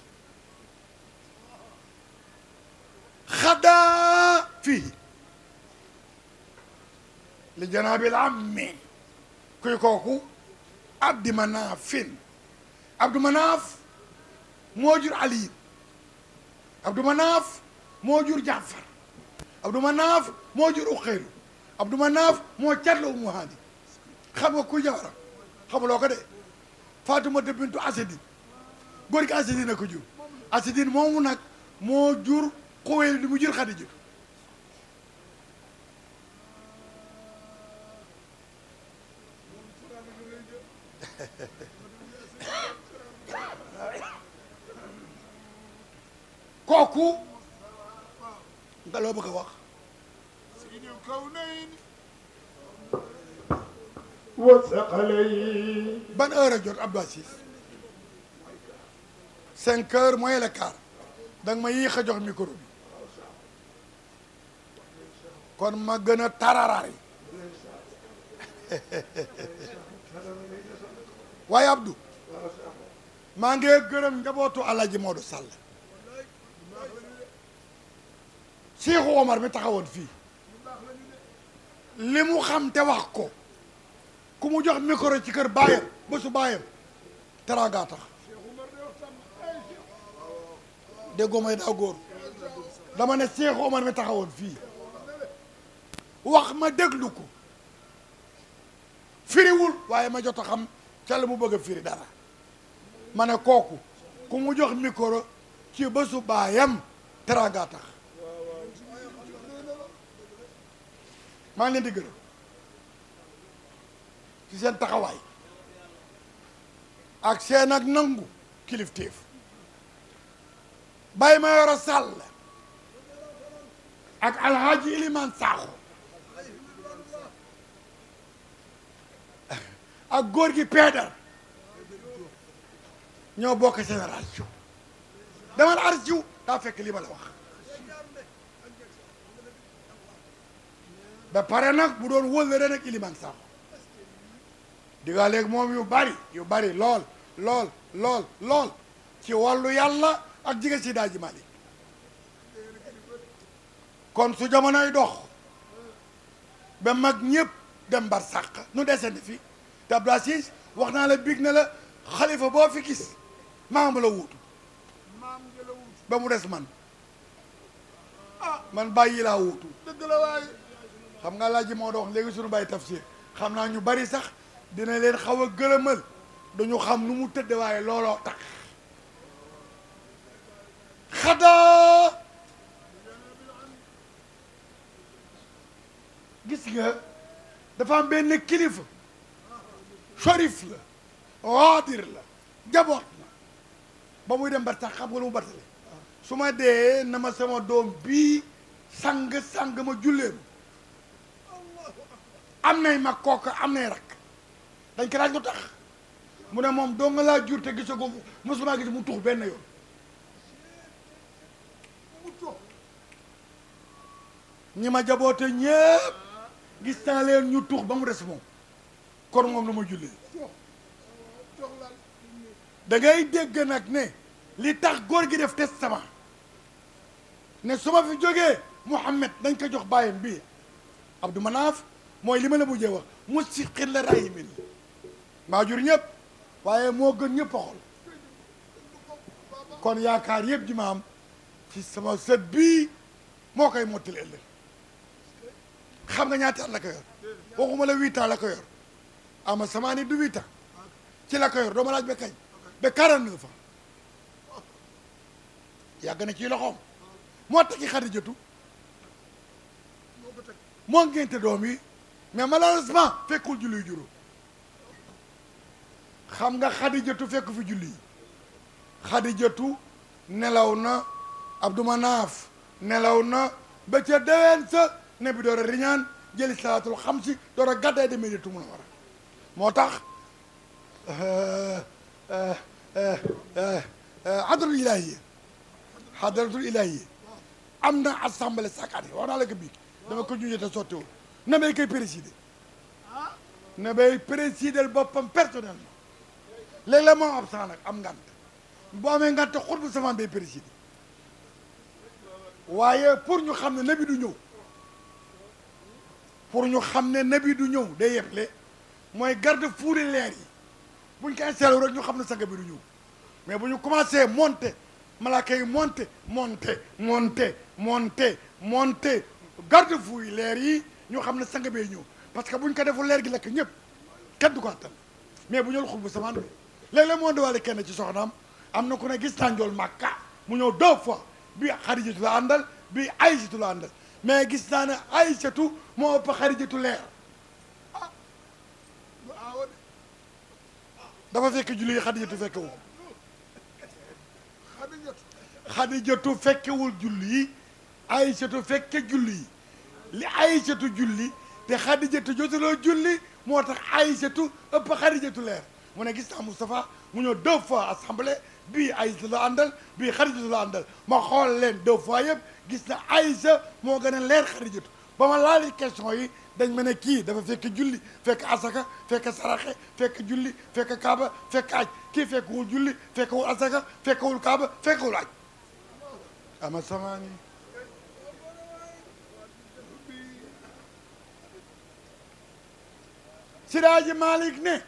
xadaa fii li janaabil ammi kuy kooku abdi manaafin abdu manaaf moo jur ali abdu manaaf moo jur jaafar abdu manaaf moo jur uqaylu عبد مناف مو تشلو مو هادي خمو كو يارا خمو لوكا دي فاطمه دي بنت اسدين غورك اسدين نكو جو اسدين مومو نك مو جور قويل دي مو جور خديجه كوكو دا لو واخ الكونين وثقلين ban heure ak jot Abdou a jox micro kon ma gën a tararaar yi waaye Abdou maa ngi gërëm njabootu Alaaji Moodu Sàll Seexu Omar mi taxawoon fii li mu xam te wax ko ku mu jox micro ci kër baayam bésu baayam teraanga tax déggoo may daa dama ne Cheikh Omar mi taxawoon fii wax ma déglu ko firiwul waaye ma jot a xam ca la mu bëgg a firi dara ma ne kooku ku mu jox micro ci bésu baayam teraanga tax maa ngi leen di gërëm ci seen taxawaay ak seen ak nangu kilifteef Baye Mayoro Sall ak Alhaji Iliman Sakho ak góor gi Pédar ñoo bokk génération demal arjiw daa fekk li ma la wax da pare nak bu doon wëllëre nag Iliman Sakho digaleeg mom yu bari yu bari lol lol lol lol ci walu yalla ak jige ci daaji malik kon su jamonoy dox ba mag ñepp dem bar sax nu desandi fi te blasis waxna la big na la khalifa bo fi gis maam la wut ba mu dess man ah, man bayila laa deug la waye xam nga laaj ji moo doon léegi suñu bàyyi tafsir xam naa ñu bari sax dina leen xaw a gëlëmal dañu xam nu mu tëdd waaye looloo tax xadaa gis nga dafa am benn kilifa chorif la waadir la jaboot la ba muy dem ba xam nga lu mu batale su ma dee na ma sama doom bii sang sang ma julleem am nay mag kooka am nay rak dañ ko laaj lu tax mu ne moom doo nga laa jur te gis ko mosuma gis mu tux benn yoon ñi ma jaboote ñépp gis naa leen ñu tux ba mu des moom kon moom la ma julli da ngay dégg nag ne li tax góor gi def te sama ne su ma fi jógee Mouhamed dañ ko jox bàyyam bii Abdou Manaaf mooy li ma la mujjee wax mu si xil la rayi min maa jur waaye moo gën ñëpp a xol kon yaakaar yëpp ji ma am ci sama sët bii moo koy mottali ëllëg xam nga ñaati at la ko waxuma la huit ans la ko yor ama sama ni du huit ans ci la ko laaj ba kañ ba quarante neuf ans yàgg na ci loxoom moo takki Xadijatu moo ngénte doom yi mais malheureusement fekkul julli juróom xam nga xadijatu fekk fi julli yi xadijatu nelaw na abdu manaaf nelaw na ba ca déwén sa ne door a riñaan jëli salaatul xam si door a gàddaay demee di tumu na war a moo tax xadratul ilaahi xadratul ilaahi am na assemblée chaque année wax naa la ko dama ko junjee te Je ne présider personnellement absent L'élément am ne présider pour nous, nous ne nabi du pour nous, nabi garde fouille leer yi mais si commencé monter monter monter monter monter monter garde ñoo xam ne sang bee ñëw parce que buñ ko defu leer gi lakk ñëpp kenn du ko attan mais bu ñëw xub bu samaan bi léeg-léeg moo diwaale kenn ci soxnaam am na ko ne gis naa njool màkka mu ñëw deux fois bi xarijatu la àndal bi aysatu la àndal mais gis naa ne ay aysatu moo ëpp xarijatu leer ah dafa fekk julli xarijatu fekkewul xarijatu fekkewul julli aysatu fekke julli li aysatu julli te xadijatu jotuloo julli moo tax aysatu ëpp xadijatu leer mu ne gis naa Moustapha mu ñëw deux fois assemblée bii aysatu la àndal bii xadijatu la àndal ma xool leen deux fois yëpp gis na aysa moo gën a leer xadijatu ba ma laali question yi dañ ma ne kii dafa fekk julli fekk asaka fekk saraxe fekk julli fekk kaaba fekk aj kii fekkwul julli fekkwul asaka fekkwul kaaba fekkwul aj ama samaani ci Siraaji Malik ne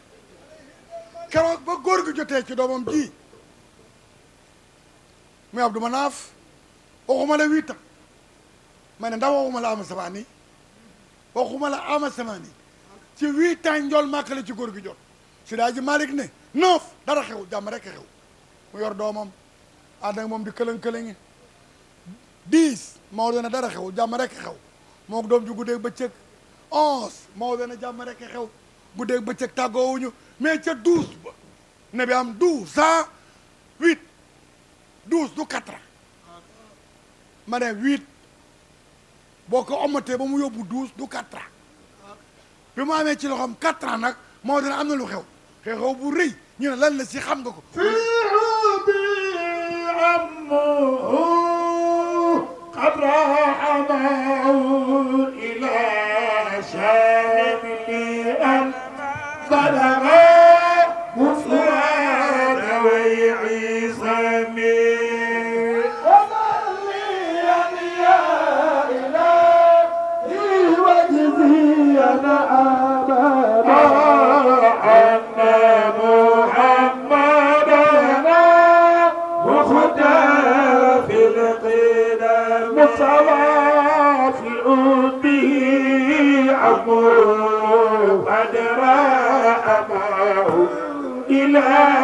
keroog ba góor gi jotee ci doomam ji muy Abdou Manaaf waxuma la huit ans ma ne ndax waxuma la ama samaani waxuma la ama samaani ci huit ans njool màkk la ci góor gi jot Siraaji Malik ne neuf dara xew jàmm rek xew mu yor doomam ànd ak moom di këlëng-këlëngi dix Maodo na dara xew jàmm rek xew moo doom ju guddeeg bëccëg onze Maodo ne jàmm rek xew guddeeg bëccëg tàggoowuñu mais ca douze ba ne bi am douze ans du quatre ma ne huit boo ko omatee ba mu yóbbu douze du quatre bi mu amee ci loxoom quatre ans nag moo dina am na lu xew xew bu rëy ñu ne lan la si xam nga ko bi ammuhu qad raxamahu ila shami قد هغيت الله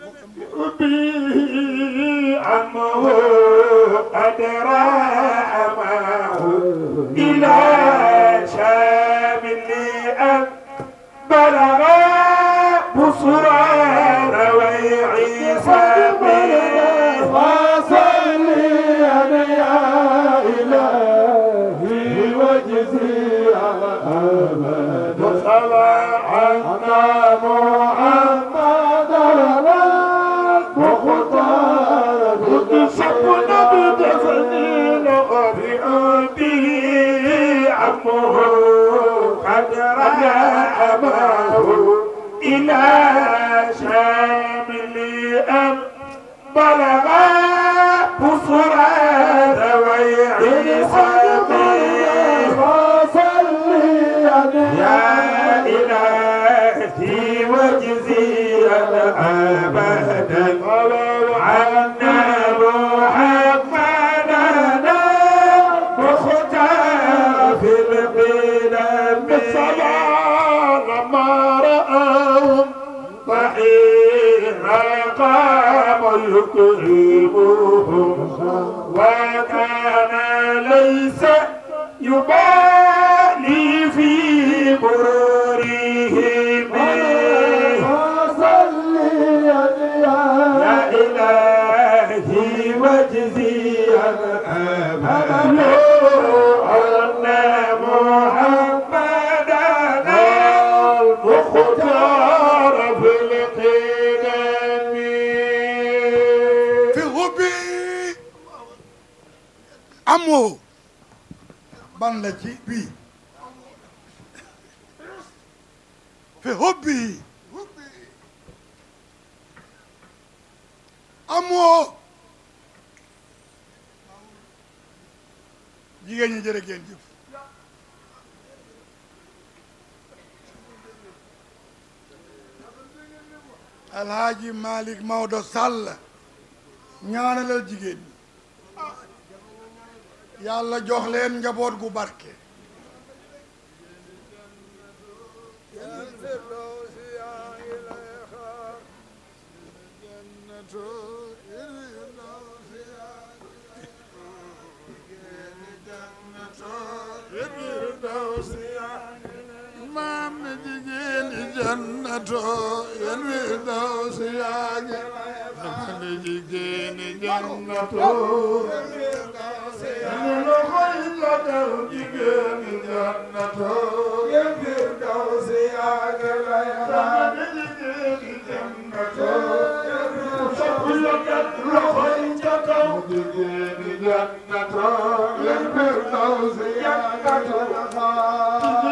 به عمه أدرى معه إلى شام لأن بلغ بصرى يا شاملي أم بلغت يكذبه وكان ليس يبالي في برد ban la ci bii fi hubbi amoo jigéen ñi jërë ngeen jëf alhaaji malik maodo sàll ñaanalal jigéen ñi yàlla jox leen njaboot gu barke maam ne jigéen i jannato yan wi daw si yaagi maam ne jigéen i jannato ñu la koy jotal jigéen i jannato yan wi daw si yaagi maam ne jigéen i jannato ñu la koy jotal jigéen i jannato yan wi daw si yaagi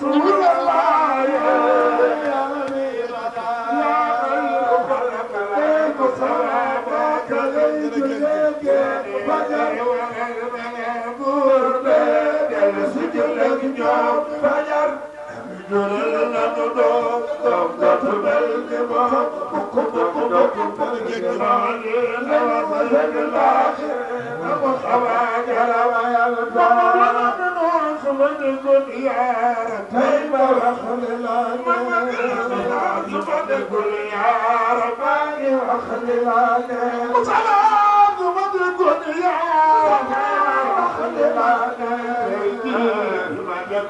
رسول الله léegi ñoom fajar ñu ne la la tuddoo doom dootu mel ni moom bokk bokk bokk bokk noonu la ma leen laaxe amul xamaa jarama yàlla doon sama déggoon yaar tey ma wax ne laa ne sama déggoon yaar maa ngi wax ne laa ne sama déggoon yaar maa ngi wax ne laa ne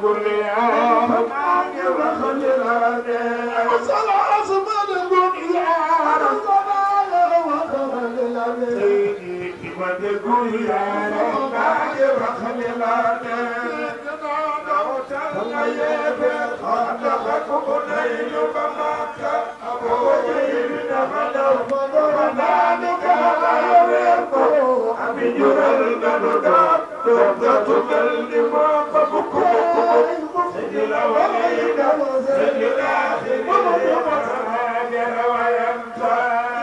كل يوم فمعك وخل الأرض وصلاة صفات الدنيا وصلاة وخل الأرض سيدي كما تقول يا فمعك وخل الأرض خلقكم الليل فماك أبو جهل نغلو فنادك لا يريق أبي جرى القلب لذة الإمام بكم سيد الأولين سيد الآخرين ومن يمر هاجر ويمتاز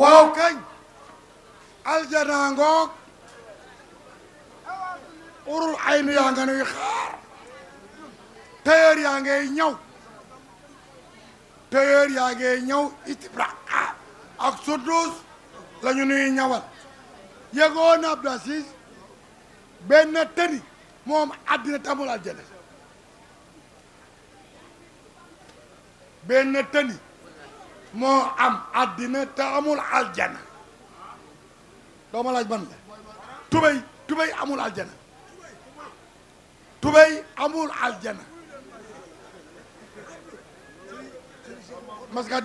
waaw kañ aljanaa ngoog urul ay nu yaa nga nuy xaar tailleur yaa ngay ñëw tailleur yaa ngay ñëw itibra ak sudduus la nuy ñawal yëgoon Abdou Aziz benn tëni moom àddina tamul aljana benn tëni moo am àddina te amul aljana doo ma laaj ban la tubéy tubéy amul aljana tubéy amul aljana mas nga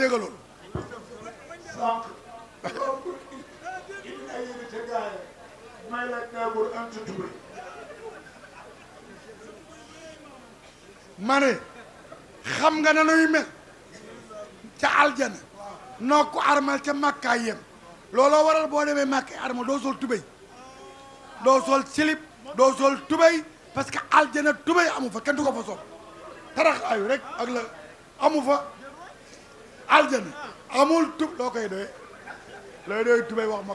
xam nga na nuy mel ca aljana noo ko ca makkaay yem looloo waral boo demee makkaay armal doo sol tubéy doo silip doo sol parce que aljana tubéy amu fa kenn du ko fa sol tarax ayu rek ak la amu fa aljana amul tub loo koy doye looy doy tubéy wax ma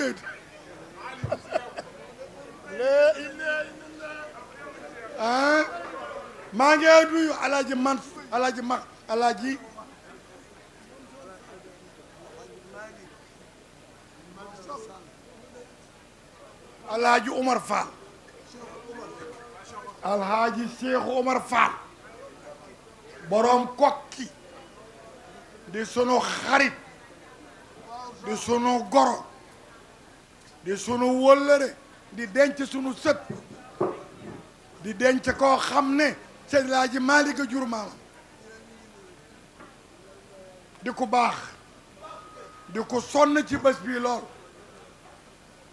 rek ah maa ngi nuyu alaaji man alaaji mag alaaji alaaji Umar Fall alhaaji Cheikh Umar Fall boroom kokki di sunu xarit di sunu goro di sunu wóllëre di denc sunu sët di denc koo xam ne Seydi ji Maalik a jur di ku baax di ku sonn ci bés bii lool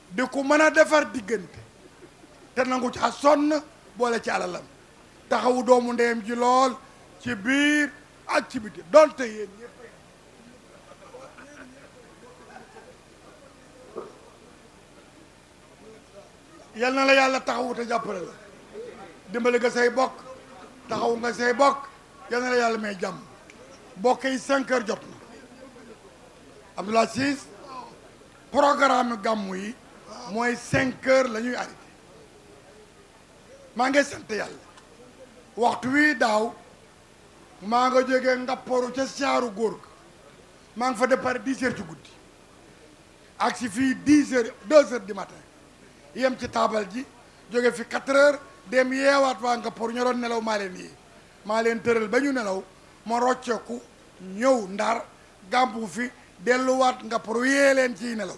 di ku mën a defar diggante te nangu caa sonn boole ci alalam taxawu doomu ndeyam ji lool ci biir ak ci biti doonte yéen yal na la yàlla taxawu jàppale la dimbali nga say bokk taxawu nga say bokk yal na la yàlla may jàmm bokk yi cinq heures jot na Abdoulaye Ciss programme gàmmu yi mooy cinq heures la ñuy arrêté maa ngi sant yàlla waxtu wii daaw maa nga jógee ngapporu ca saaru góor ga maa ngi fa départ dix heures ci guddi ak si fii dix deux heures du matin yem ci taabal ji jóge fi 4 heures dem yeewaat waa nga pour ñoroon nelaw maa leen yee maa leen tëral ba ñu nelaw ma rocceeku ñëw ndar gàmbu fi delluwaat nga pour yee leen ciy nelaw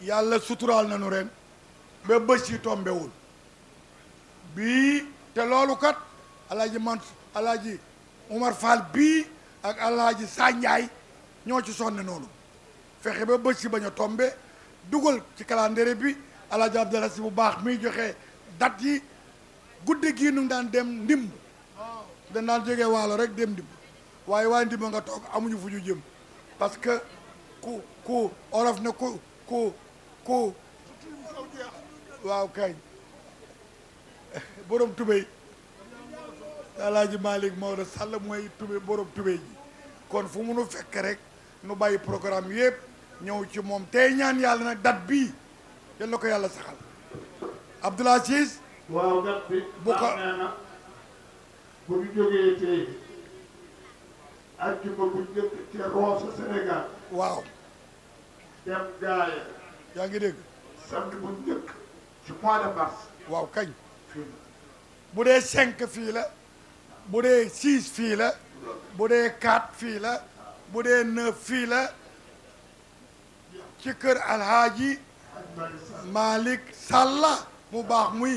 yàlla suturaal nañu ren ba bés yi tombewul bii te loolu kat alaaji man alaaji Umar Fall bii ak alaaji Sanjaay ñoo ci sonne noonu fexe ba bés si bañ a tombe dugal ci calendrier bi alaaji Abdalla si bu baax muy joxe date yi gudde gii nu daan dem ndimb dañ daan waalo rek dem ndimb waaye waaye ndimb nga toog amuñu fu ñu jëm parce que ku ku olof ne ku ku ku waaw kañ borom tubéy alaaji Malick Maodo Sall mooy tubéy borom tubéy ji kon fu munu fekk rek nu bàyyi programme yëpp ñëw ci moom tey ñaan yàlla nag date bii yal na ko yàlla saxal Abdoul Aziz bu ko waaw yaa ngi dégg samedi bu waaw kañ bu dee cinq fii la bu dee six fii la bu dee quatre fii la bu dee neuf fii la ci kër alhaaji Malick Sàlla mu baax muy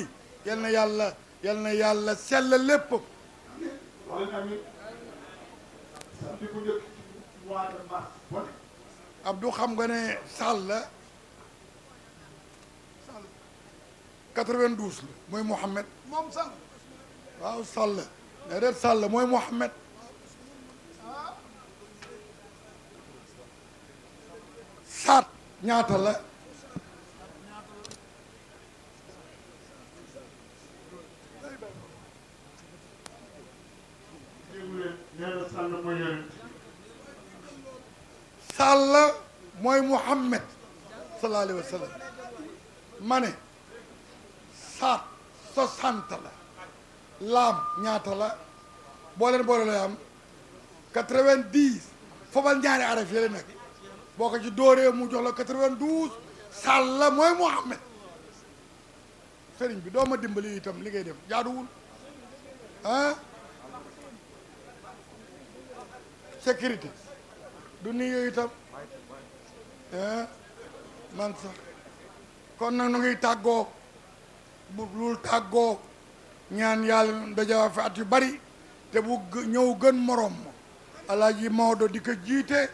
yal na yàlla yal na yàlla sell lépp Abdou xam nga ne Sàlla 92 la mooy Mouhamed moom Sàll waaw Sàll ne deet Sàll mooy Mouhamed Saat ñaata la sàlla mooy muhammad sallallahu alayhi wa sallam ma ne saat soixante la laam ñaata la boo leen boole fobal ñaari araf yi la boo ko ci dóoree mu jox la 92 sàlla mooy Mouhamed sëriñ bi doo ma dimbali itam li ngay def jaaduwul ah sécurité du ni yooyu itam ah man sax kon nag nu tàggoo bu lul tàggoo ñaan yàlla daja fi at yu bari te bu ñëw gën moroom ma alaaji Maodo di ko jiite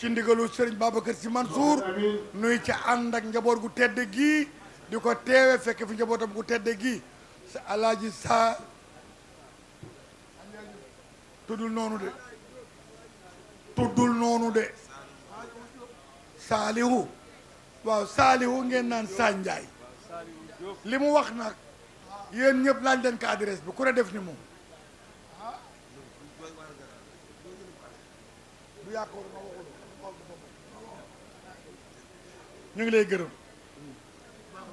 ci ndigalu Serigne Babacar Sy Mansour nuy ca ànd ak njaboot gu tedd gii di ko teewe fekk fi njabootam gu tedd gii sa alaaji saa tuddul noonu de tuddul noonu de saalihu waaw saalihu ngeen naan sandiaay li mu wax nag yéen ñëpp laaj leen ko adresse bi ku ne def ni moom du yàkkoor ñu ngi lay gërëm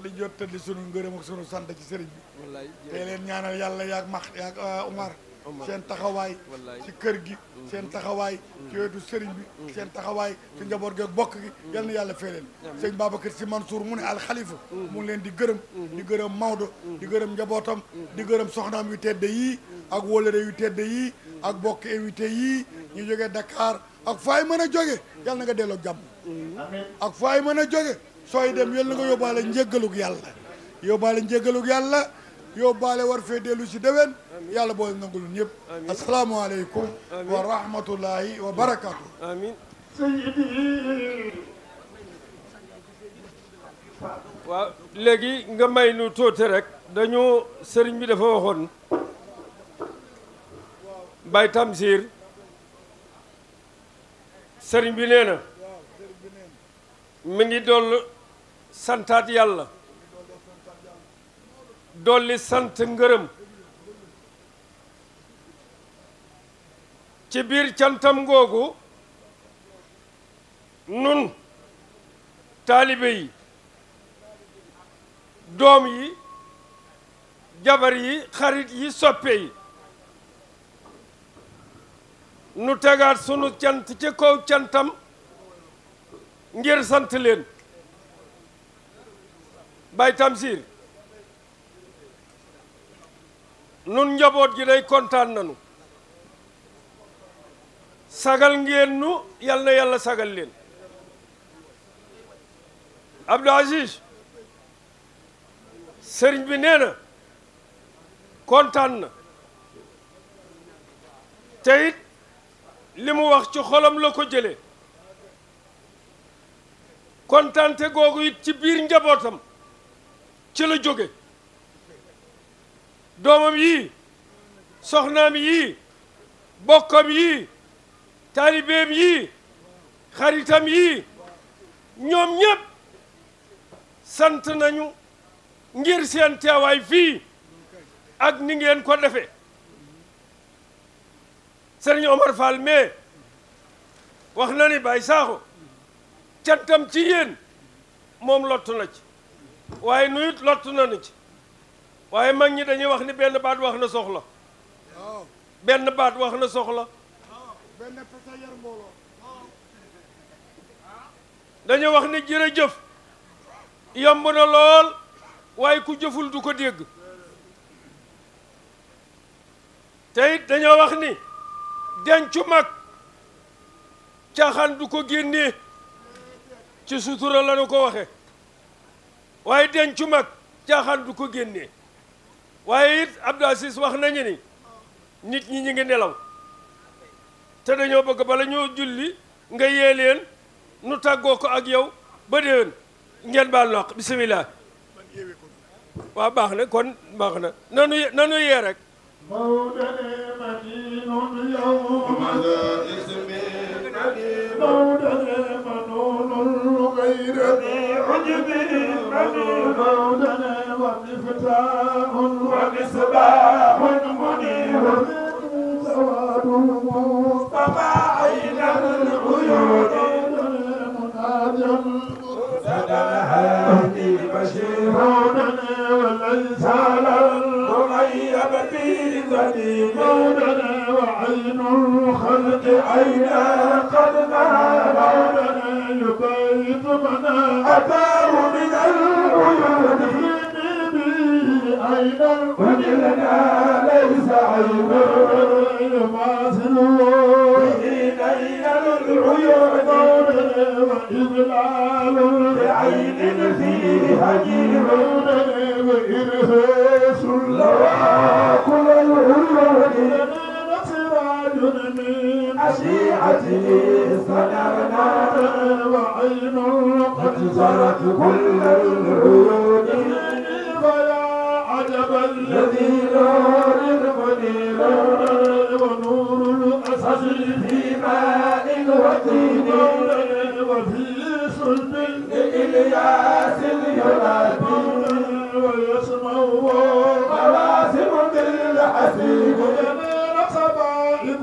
li jottali sunu ngërëm ak sunu sant ci sëriñ bi tey leen ñaanal yàlla yaag max yaag Umar uh, seen taxawaay ci kër gi mhm. seen taxawaay ci wetu sëriñ bi mhm. seen taxawaay ci njaboot gi bokk gi mhm. yal na yàlla fee leen sëñ Babacar Sy Mansour mu ne alxalifa mu ngi leen di gërëm di gërëm Maodo di gërëm njabootam di gërëm soxnaam yu tedd yii ak wóolare yu tedd yii ak bokk invité yii ñu jógee Dakar ak faay mën a jóge yal na nga delloo jàmm ak foo ay mën a jóge sooy dem yal na nga yóbbaale njéggalug yàlla yóbbaale njéggalug yàlla yóbbaale war fee dellu si déwén yàlla boo nangul ñëpp asalaamaaleykum wa rahmatullahi wa barakaatu léegi nga may nu tuuti rek dañu sëriñ bi dafa waxoon Baye Tamsir sëriñ bi nee na mi ngi dolli santaat yàlla dolli sant ngërëm ci biir cantam googu nun taalibe yi doom yi jabar yi xarit yi soppe yi nu tegaat sunu cant ci kaw cantam ngir sant leen Baye Tamsir nun njaboot gi day kontaan nanu sagal ngeen nu yal na yàlla sagal leen Abdou Aziz sëriñ bi nee na kontaan na te it li mu wax ci xolam la ko jële kontante googu it ci biir njabootam ci la jóge doomam yii soxnaam yii bokkam yii taalibeem yii xaritam yii ñoom ñépp sant nañu ngir seen teewaay fii ak ni ngeen ko defee sëriñ Omar Fall mais wax na ni Baye Sakho cantam ci yeen mom lottu na ci waaye nuyut lottu ni ci waye mag ñi dañuy wax ni benn baat wax na soxla benn baat wax na soxla dañu wax ni jërëjëf yomb na lool waye ku jëful du ko deg tay dañoo wax ni dencu mag caaxaan du ko ci sutura la ko waxe waye denchu mak caaxaan du ko genné waye it Abdou Aziz wax nañu ni nit ñi ñi ngi nelaw té dañu bëgg ba lañu julli nga yéléen nu taggo ko ak yow ba deen ngeen ba bismillah wa kon baax na nanu nanu ye rek مودا ومفتاح ومصباح منير سواد مصطفى عين العيون مناد سدى هادي بشير وليس للمغيب في ذليل مودا وعين الخلق اين قد نهى مودا المنى من العيون عينا وجلنا ليس عينا ما سلوه حين العيون وإذلال بعين فيه حجير وإرهاس لواكل العيون شيعته سنرنا وعين قد جرت كل العيون فيا عجبا الذي نور منير ونور الاسد في ماء وتين وفي صلب الياس ينادي ويسمع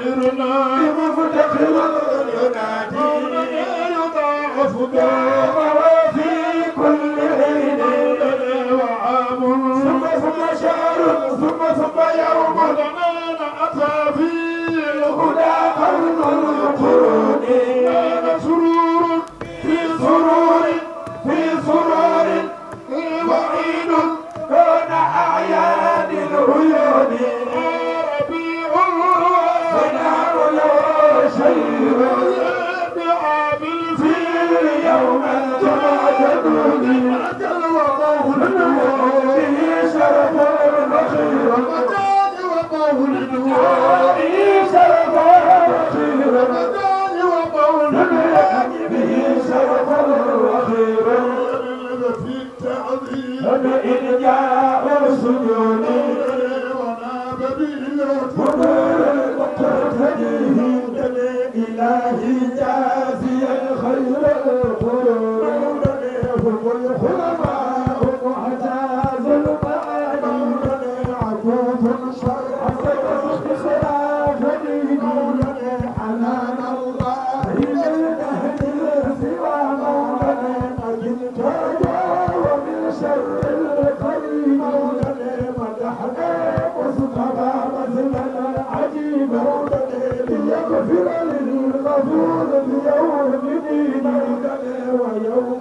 فقيرنا مفتقرا ينادي يضاعف في كل حين وعام ثم ثم شهر ثم ثم يوم لنا أتى في الهدى قرن القرون كان سرور في سرور في سرور وعيد كان أعياد العيون بشير بعامل في يوم تمادنني أتى الله النور به شرف البخير مدان وقول النور به شرف البخير مدان وقول به شرف البخير في التعظيم ويوم